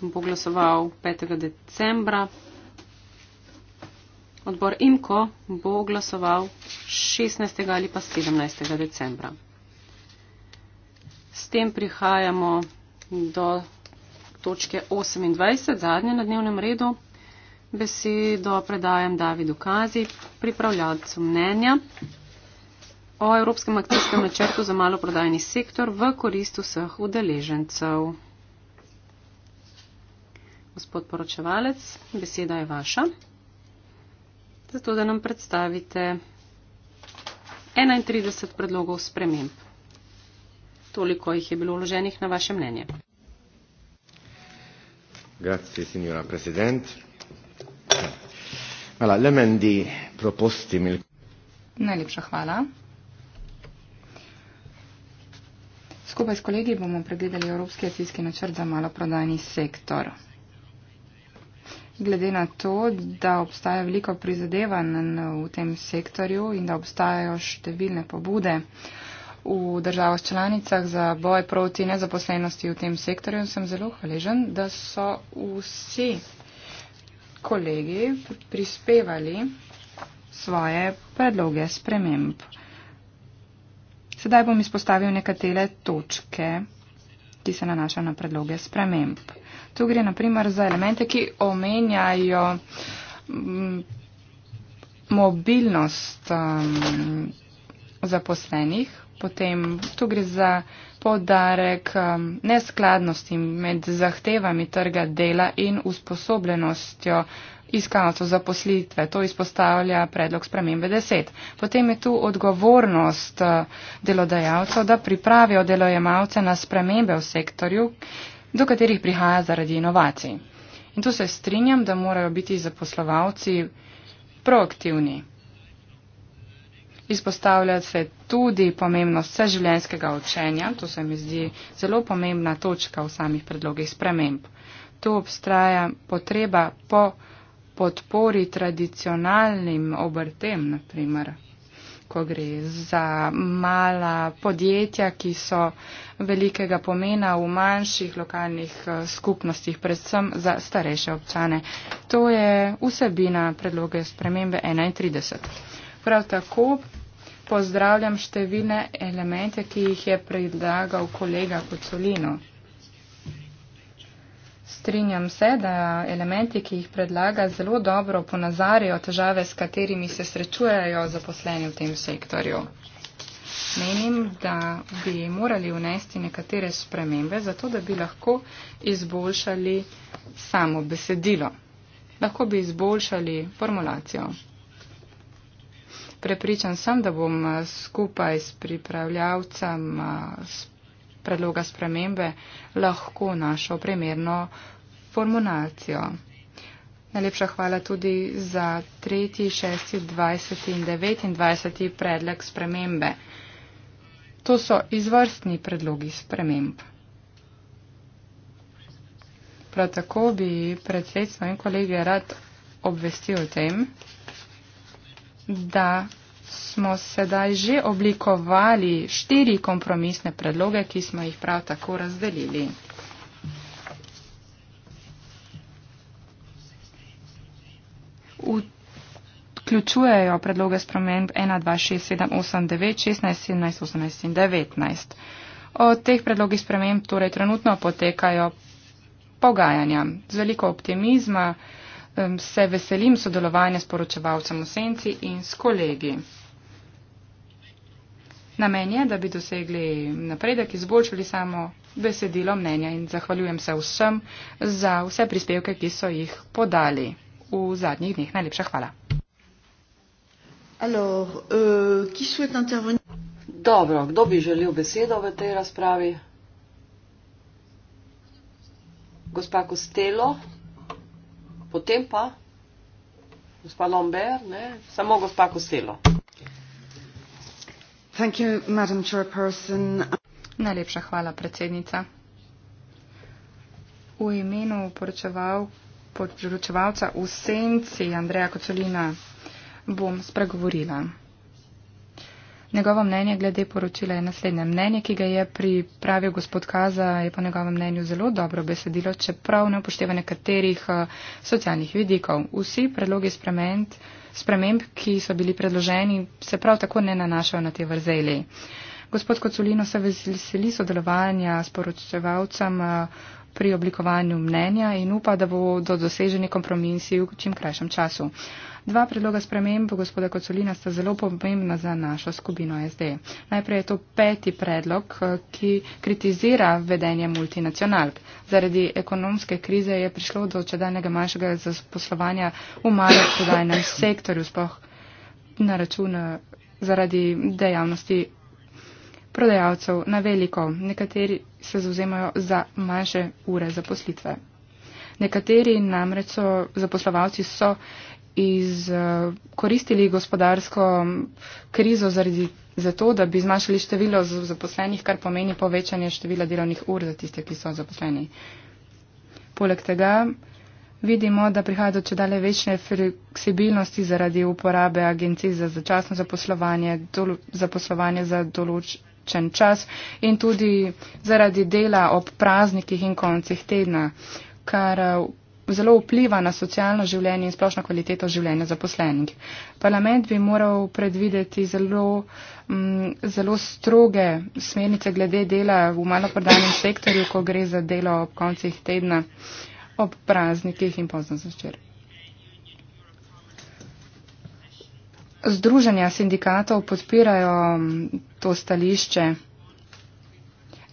bo glasoval 5. decembra. Odbor IMKO bo glasoval 16. ali pa 17. decembra. S tem prihajamo do točke 28, zadnje na dnevnem redu. Besedo predajam Davidu Kazi, pripravljalcu mnenja o Evropskem akcijskem načrtu za maloprodajni sektor v korist vseh udeležencev gospod poročevalec, beseda je vaša, zato da nam predstavite 31 predlogov sprememb. Toliko jih je bilo vloženih na vaše mnenje. Grazie, signora President. Hvala. Le meni proposti mil... Najlepša hvala. Skupaj s kolegi bomo pregledali Evropski asijski načrt za maloprodajni sektor glede na to, da obstaja veliko prizadevanj v tem sektorju in da obstajajo številne pobude v državah članicah za boj proti nezaposlenosti v tem sektorju, sem zelo hvaležen, da so vsi kolegi prispevali svoje predloge sprememb. Sedaj bom izpostavil nekatere točke, ki se nanašajo na predloge sprememb. Tu gre naprimer za elemente, ki omenjajo mm, mobilnost um, zaposlenih, potem tu gre za podarek um, mm, neskladnosti med zahtevami trga dela in usposobljenostjo iskalcev zaposlitve. To izpostavlja predlog spremembe 10. Potem je tu odgovornost uh, delodajalcev, da pripravijo delojemalce na spremembe v sektorju, uh, do katerih prihaja zaradi inovacij. In tu se strinjam, da morajo biti zaposlovalci proaktivni. Izpostavlja se tudi pomembnost vseživljenjskega učenja, to se mi zdi zelo pomembna točka v samih predlogih sprememb. Tu obstaja potreba po podpori tradicionalnim obrtem, naprimer ko gre za mala podjetja, ki so velikega pomena v manjših lokalnih eh, skupnostih, predvsem za starejše občane. To je vsebina predloge spremembe 31. Prav tako pozdravljam številne elemente, ki jih je predlagal kolega Kocolino. Strinjam se, da elementi, ki jih predlaga, zelo dobro ponazarjajo težave, s katerimi se srečujejo zaposleni v tem sektorju. Menim, da bi morali vnesti nekatere spremembe, zato da bi lahko izboljšali samo besedilo. Lahko bi izboljšali formulacijo. Prepričan sem, da bom eh, skupaj s pripravljavcem, s eh, predloga spremembe lahko našo primerno formulacijo. Najlepša hvala tudi za 3., 6., 20. in 29. predlog spremembe. To so izvrstni predlogi sprememb. Prav tako bi predsedstvo in kolege rad obvestil o tem, da smo sedaj že oblikovali štiri kompromisne predloge, ki smo jih prav tako razdelili. Vključujejo predloge sprememb 1, 2, 6, 7, 8, 9, 16, 17, 18 in 19. Od teh predlogih sprememb torej trenutno potekajo pogajanja z veliko optimizma se veselim sodelovanja s poročevalcem v senci in s kolegi. Namen je, da bi dosegli napredek, izboljšali samo besedilo mnenja in zahvaljujem se vsem za vse prispevke, ki so jih podali v zadnjih dneh. Najlepša hvala. Alors, uh, Dobro, kdo bi želel besedo v tej razpravi? Gospa Kostelo potem pa, gospa Lomber, ne, samo gospa Koselo. Thank you, Madam Chairperson. Najlepša hvala, predsednica. V imenu poročevalca v senci Andreja Kocolina bom spregovorila. Njegovo mnenje glede poročila je naslednje. Mnenje, ki ga je pripravil gospod Kaza, je po njegovem mnenju zelo dobro besedilo, čeprav ne upošteva nekaterih eh, socialnih vidikov. Vsi predlogi sprememb, sprememb, ki so bili predloženi, se prav tako ne nanašajo na te vrzeli. Gospod Koculino se veseli sodelovanja s poročevalcem eh, pri oblikovanju mnenja in upa, da bodo doseženi kompromisi v čim krajšem času. Dva predloga sprememb gospoda Kocolina sta zelo pomembna za našo skupino SD. Najprej je to peti predlog, ki kritizira vedenje multinacionalk. Zaradi ekonomske krize je prišlo do očedanjega manjšega zaposlovanja v malem prodajnem sektorju, spoh na račun eh, zaradi dejavnosti prodajalcev na veliko, nekateri se zauzemajo za manjše ure zaposlitve. Nekateri namreč so zaposlovalci so izkoristili eh, gospodarsko krizo zaradi zato, da bi zmanjšali število zaposlenih, kar pomeni povečanje števila delovnih ur za tiste, ki so zaposleni. Poleg tega vidimo, da prihaja do čedale večne fleksibilnosti zaradi uporabe agencij za začasno zaposlovanje, dolo, zaposlovanje za določ, določen čas in tudi zaradi dela ob praznikih in koncih tedna, kar eh, zelo vpliva na socialno življenje in splošno kvaliteto življenja zaposlenih. Parlament bi moral predvideti zelo, m, mm, zelo stroge smernice glede dela v maloprodajnem sektorju, ko gre za delo ob koncih tedna, ob praznikih in pozno začerih. Združenja sindikatov podpirajo mm, to stališče.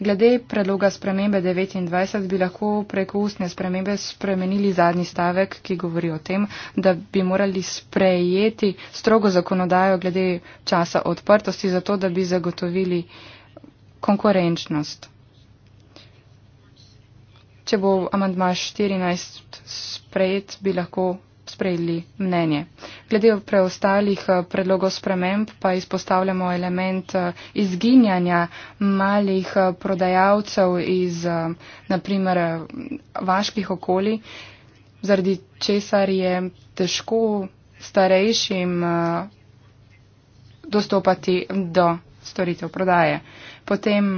Glede predloga spremembe 29 bi lahko preko ustne spremembe spremenili zadnji stavek, ki govori o tem, da bi morali sprejeti strogo zakonodajo glede časa odprtosti, zato da bi zagotovili konkurenčnost. Če bo amandma 14 sprejet, bi lahko sprejeli mnenje. Glede preostalih eh, predlogov sprememb pa izpostavljamo element eh, izginjanja malih eh, prodajalcev iz naprimer vaških okoli, zaradi česar je težko starejšim dostopati do storitev prodaje. Potem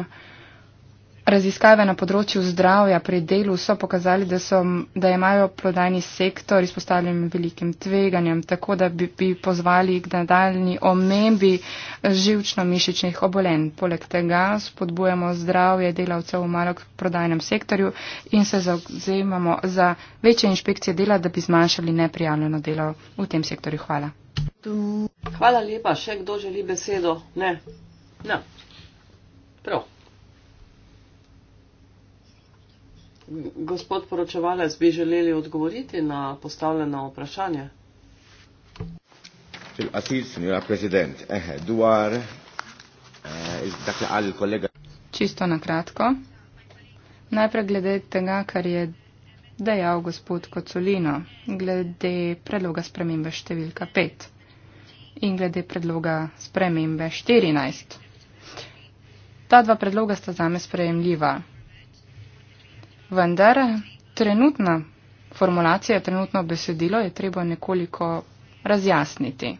Raziskave na področju zdravja pri delu so pokazali, da, so, da imajo prodajni sektor izpostavljen velikim tveganjem, tako da bi, bi pozvali k nadaljni omembi živčno-mišičnih obolen. Poleg tega spodbujamo zdravje delavcev v malok prodajnem sektorju in se zauzemamo za večje inšpekcije dela, da bi zmanjšali neprijavljeno delo v tem sektorju. Hvala. Hvala lepa. Še kdo želi besedo? Ne. Ne. Prav. Gospod poročevalec, bi želeli odgovoriti na postavljeno vprašanje? Eh, eh, Čisto na kratko. Najprej glede tega, kar je dejal gospod Kocolino, glede predloga spremembe številka 5 in glede predloga spremembe 14. Ta dva predloga sta zame sprejemljiva. Vendar trenutna formulacija, trenutno besedilo je treba nekoliko razjasniti.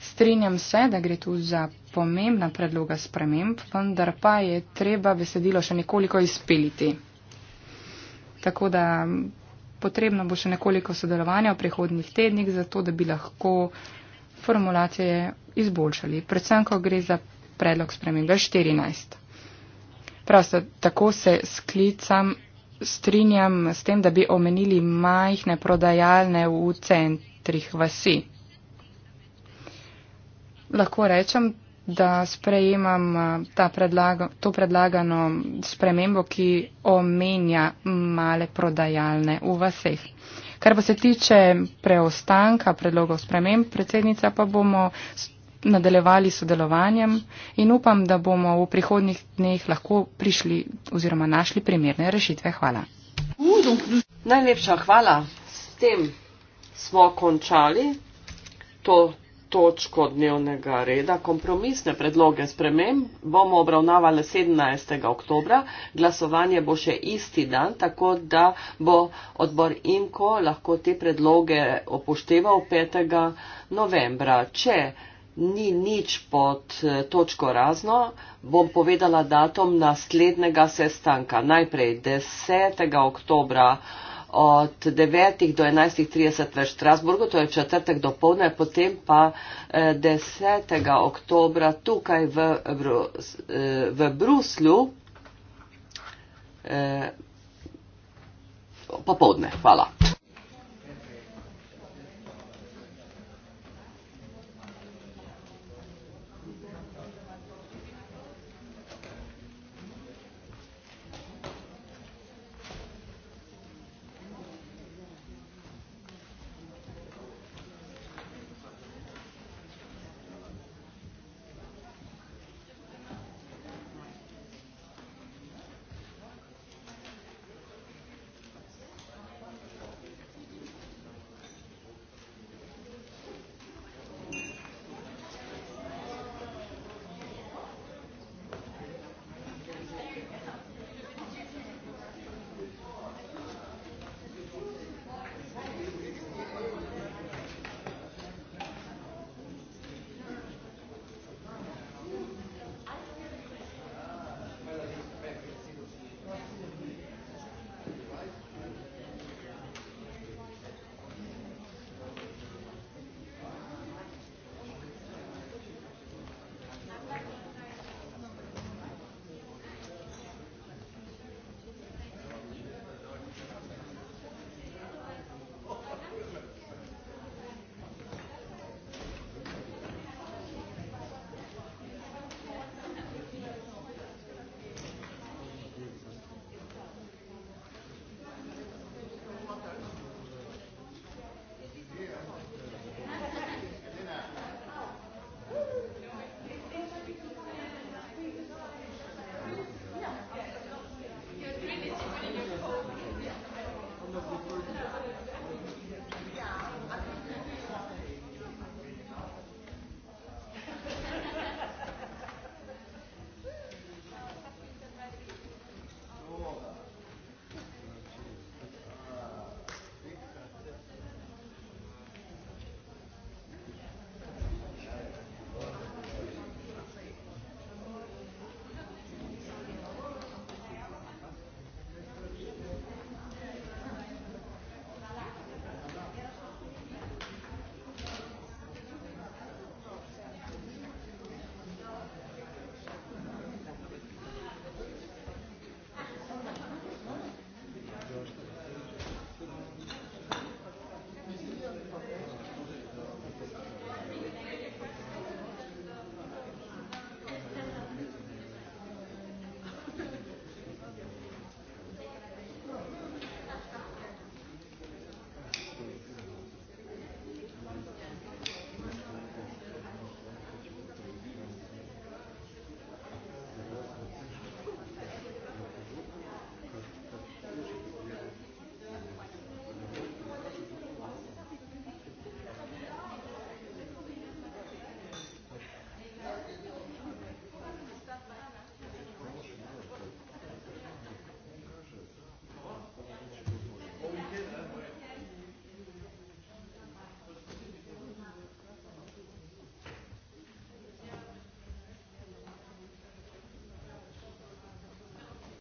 Strinjam se, da gre tu za pomembna predloga sprememb, vendar pa je treba besedilo še nekoliko izpiliti. Tako da potrebno bo še nekoliko sodelovanja v prihodnjih tednih, zato da bi lahko formulacije izboljšali. Predvsem, ko gre za predlog spremembe 14. Pravste, tako se sklicam, strinjam s tem, da bi omenili majhne prodajalne v centrih vasi. Lahko rečem, da sprejemam eh, predlaga, to predlagano spremembo, ki omenja male prodajalne v vaseh. Kar pa se tiče preostanka predlogov sprememb, predsednica, pa bomo s nadaljevali sodelovanjem in upam, da bomo v prihodnih dneh lahko prišli oziroma našli primerne rešitve. Hvala. Najlepša hvala. S tem smo končali to točko dnevnega reda. Kompromisne predloge sprememb bomo obravnavali 17. oktobra. Glasovanje bo še isti dan, tako da bo odbor IMKO lahko te predloge upošteval 5. novembra. Če ni nič pod eh, točko razno, bom povedala datum naslednjega sestanka. Najprej 10. oktobra od 9. do 11.30 v Štrasburgu, to je četrtek do povdne, potem pa 10. Eh, oktobra tukaj v, v eh, Bruslju. Popovdne, hvala.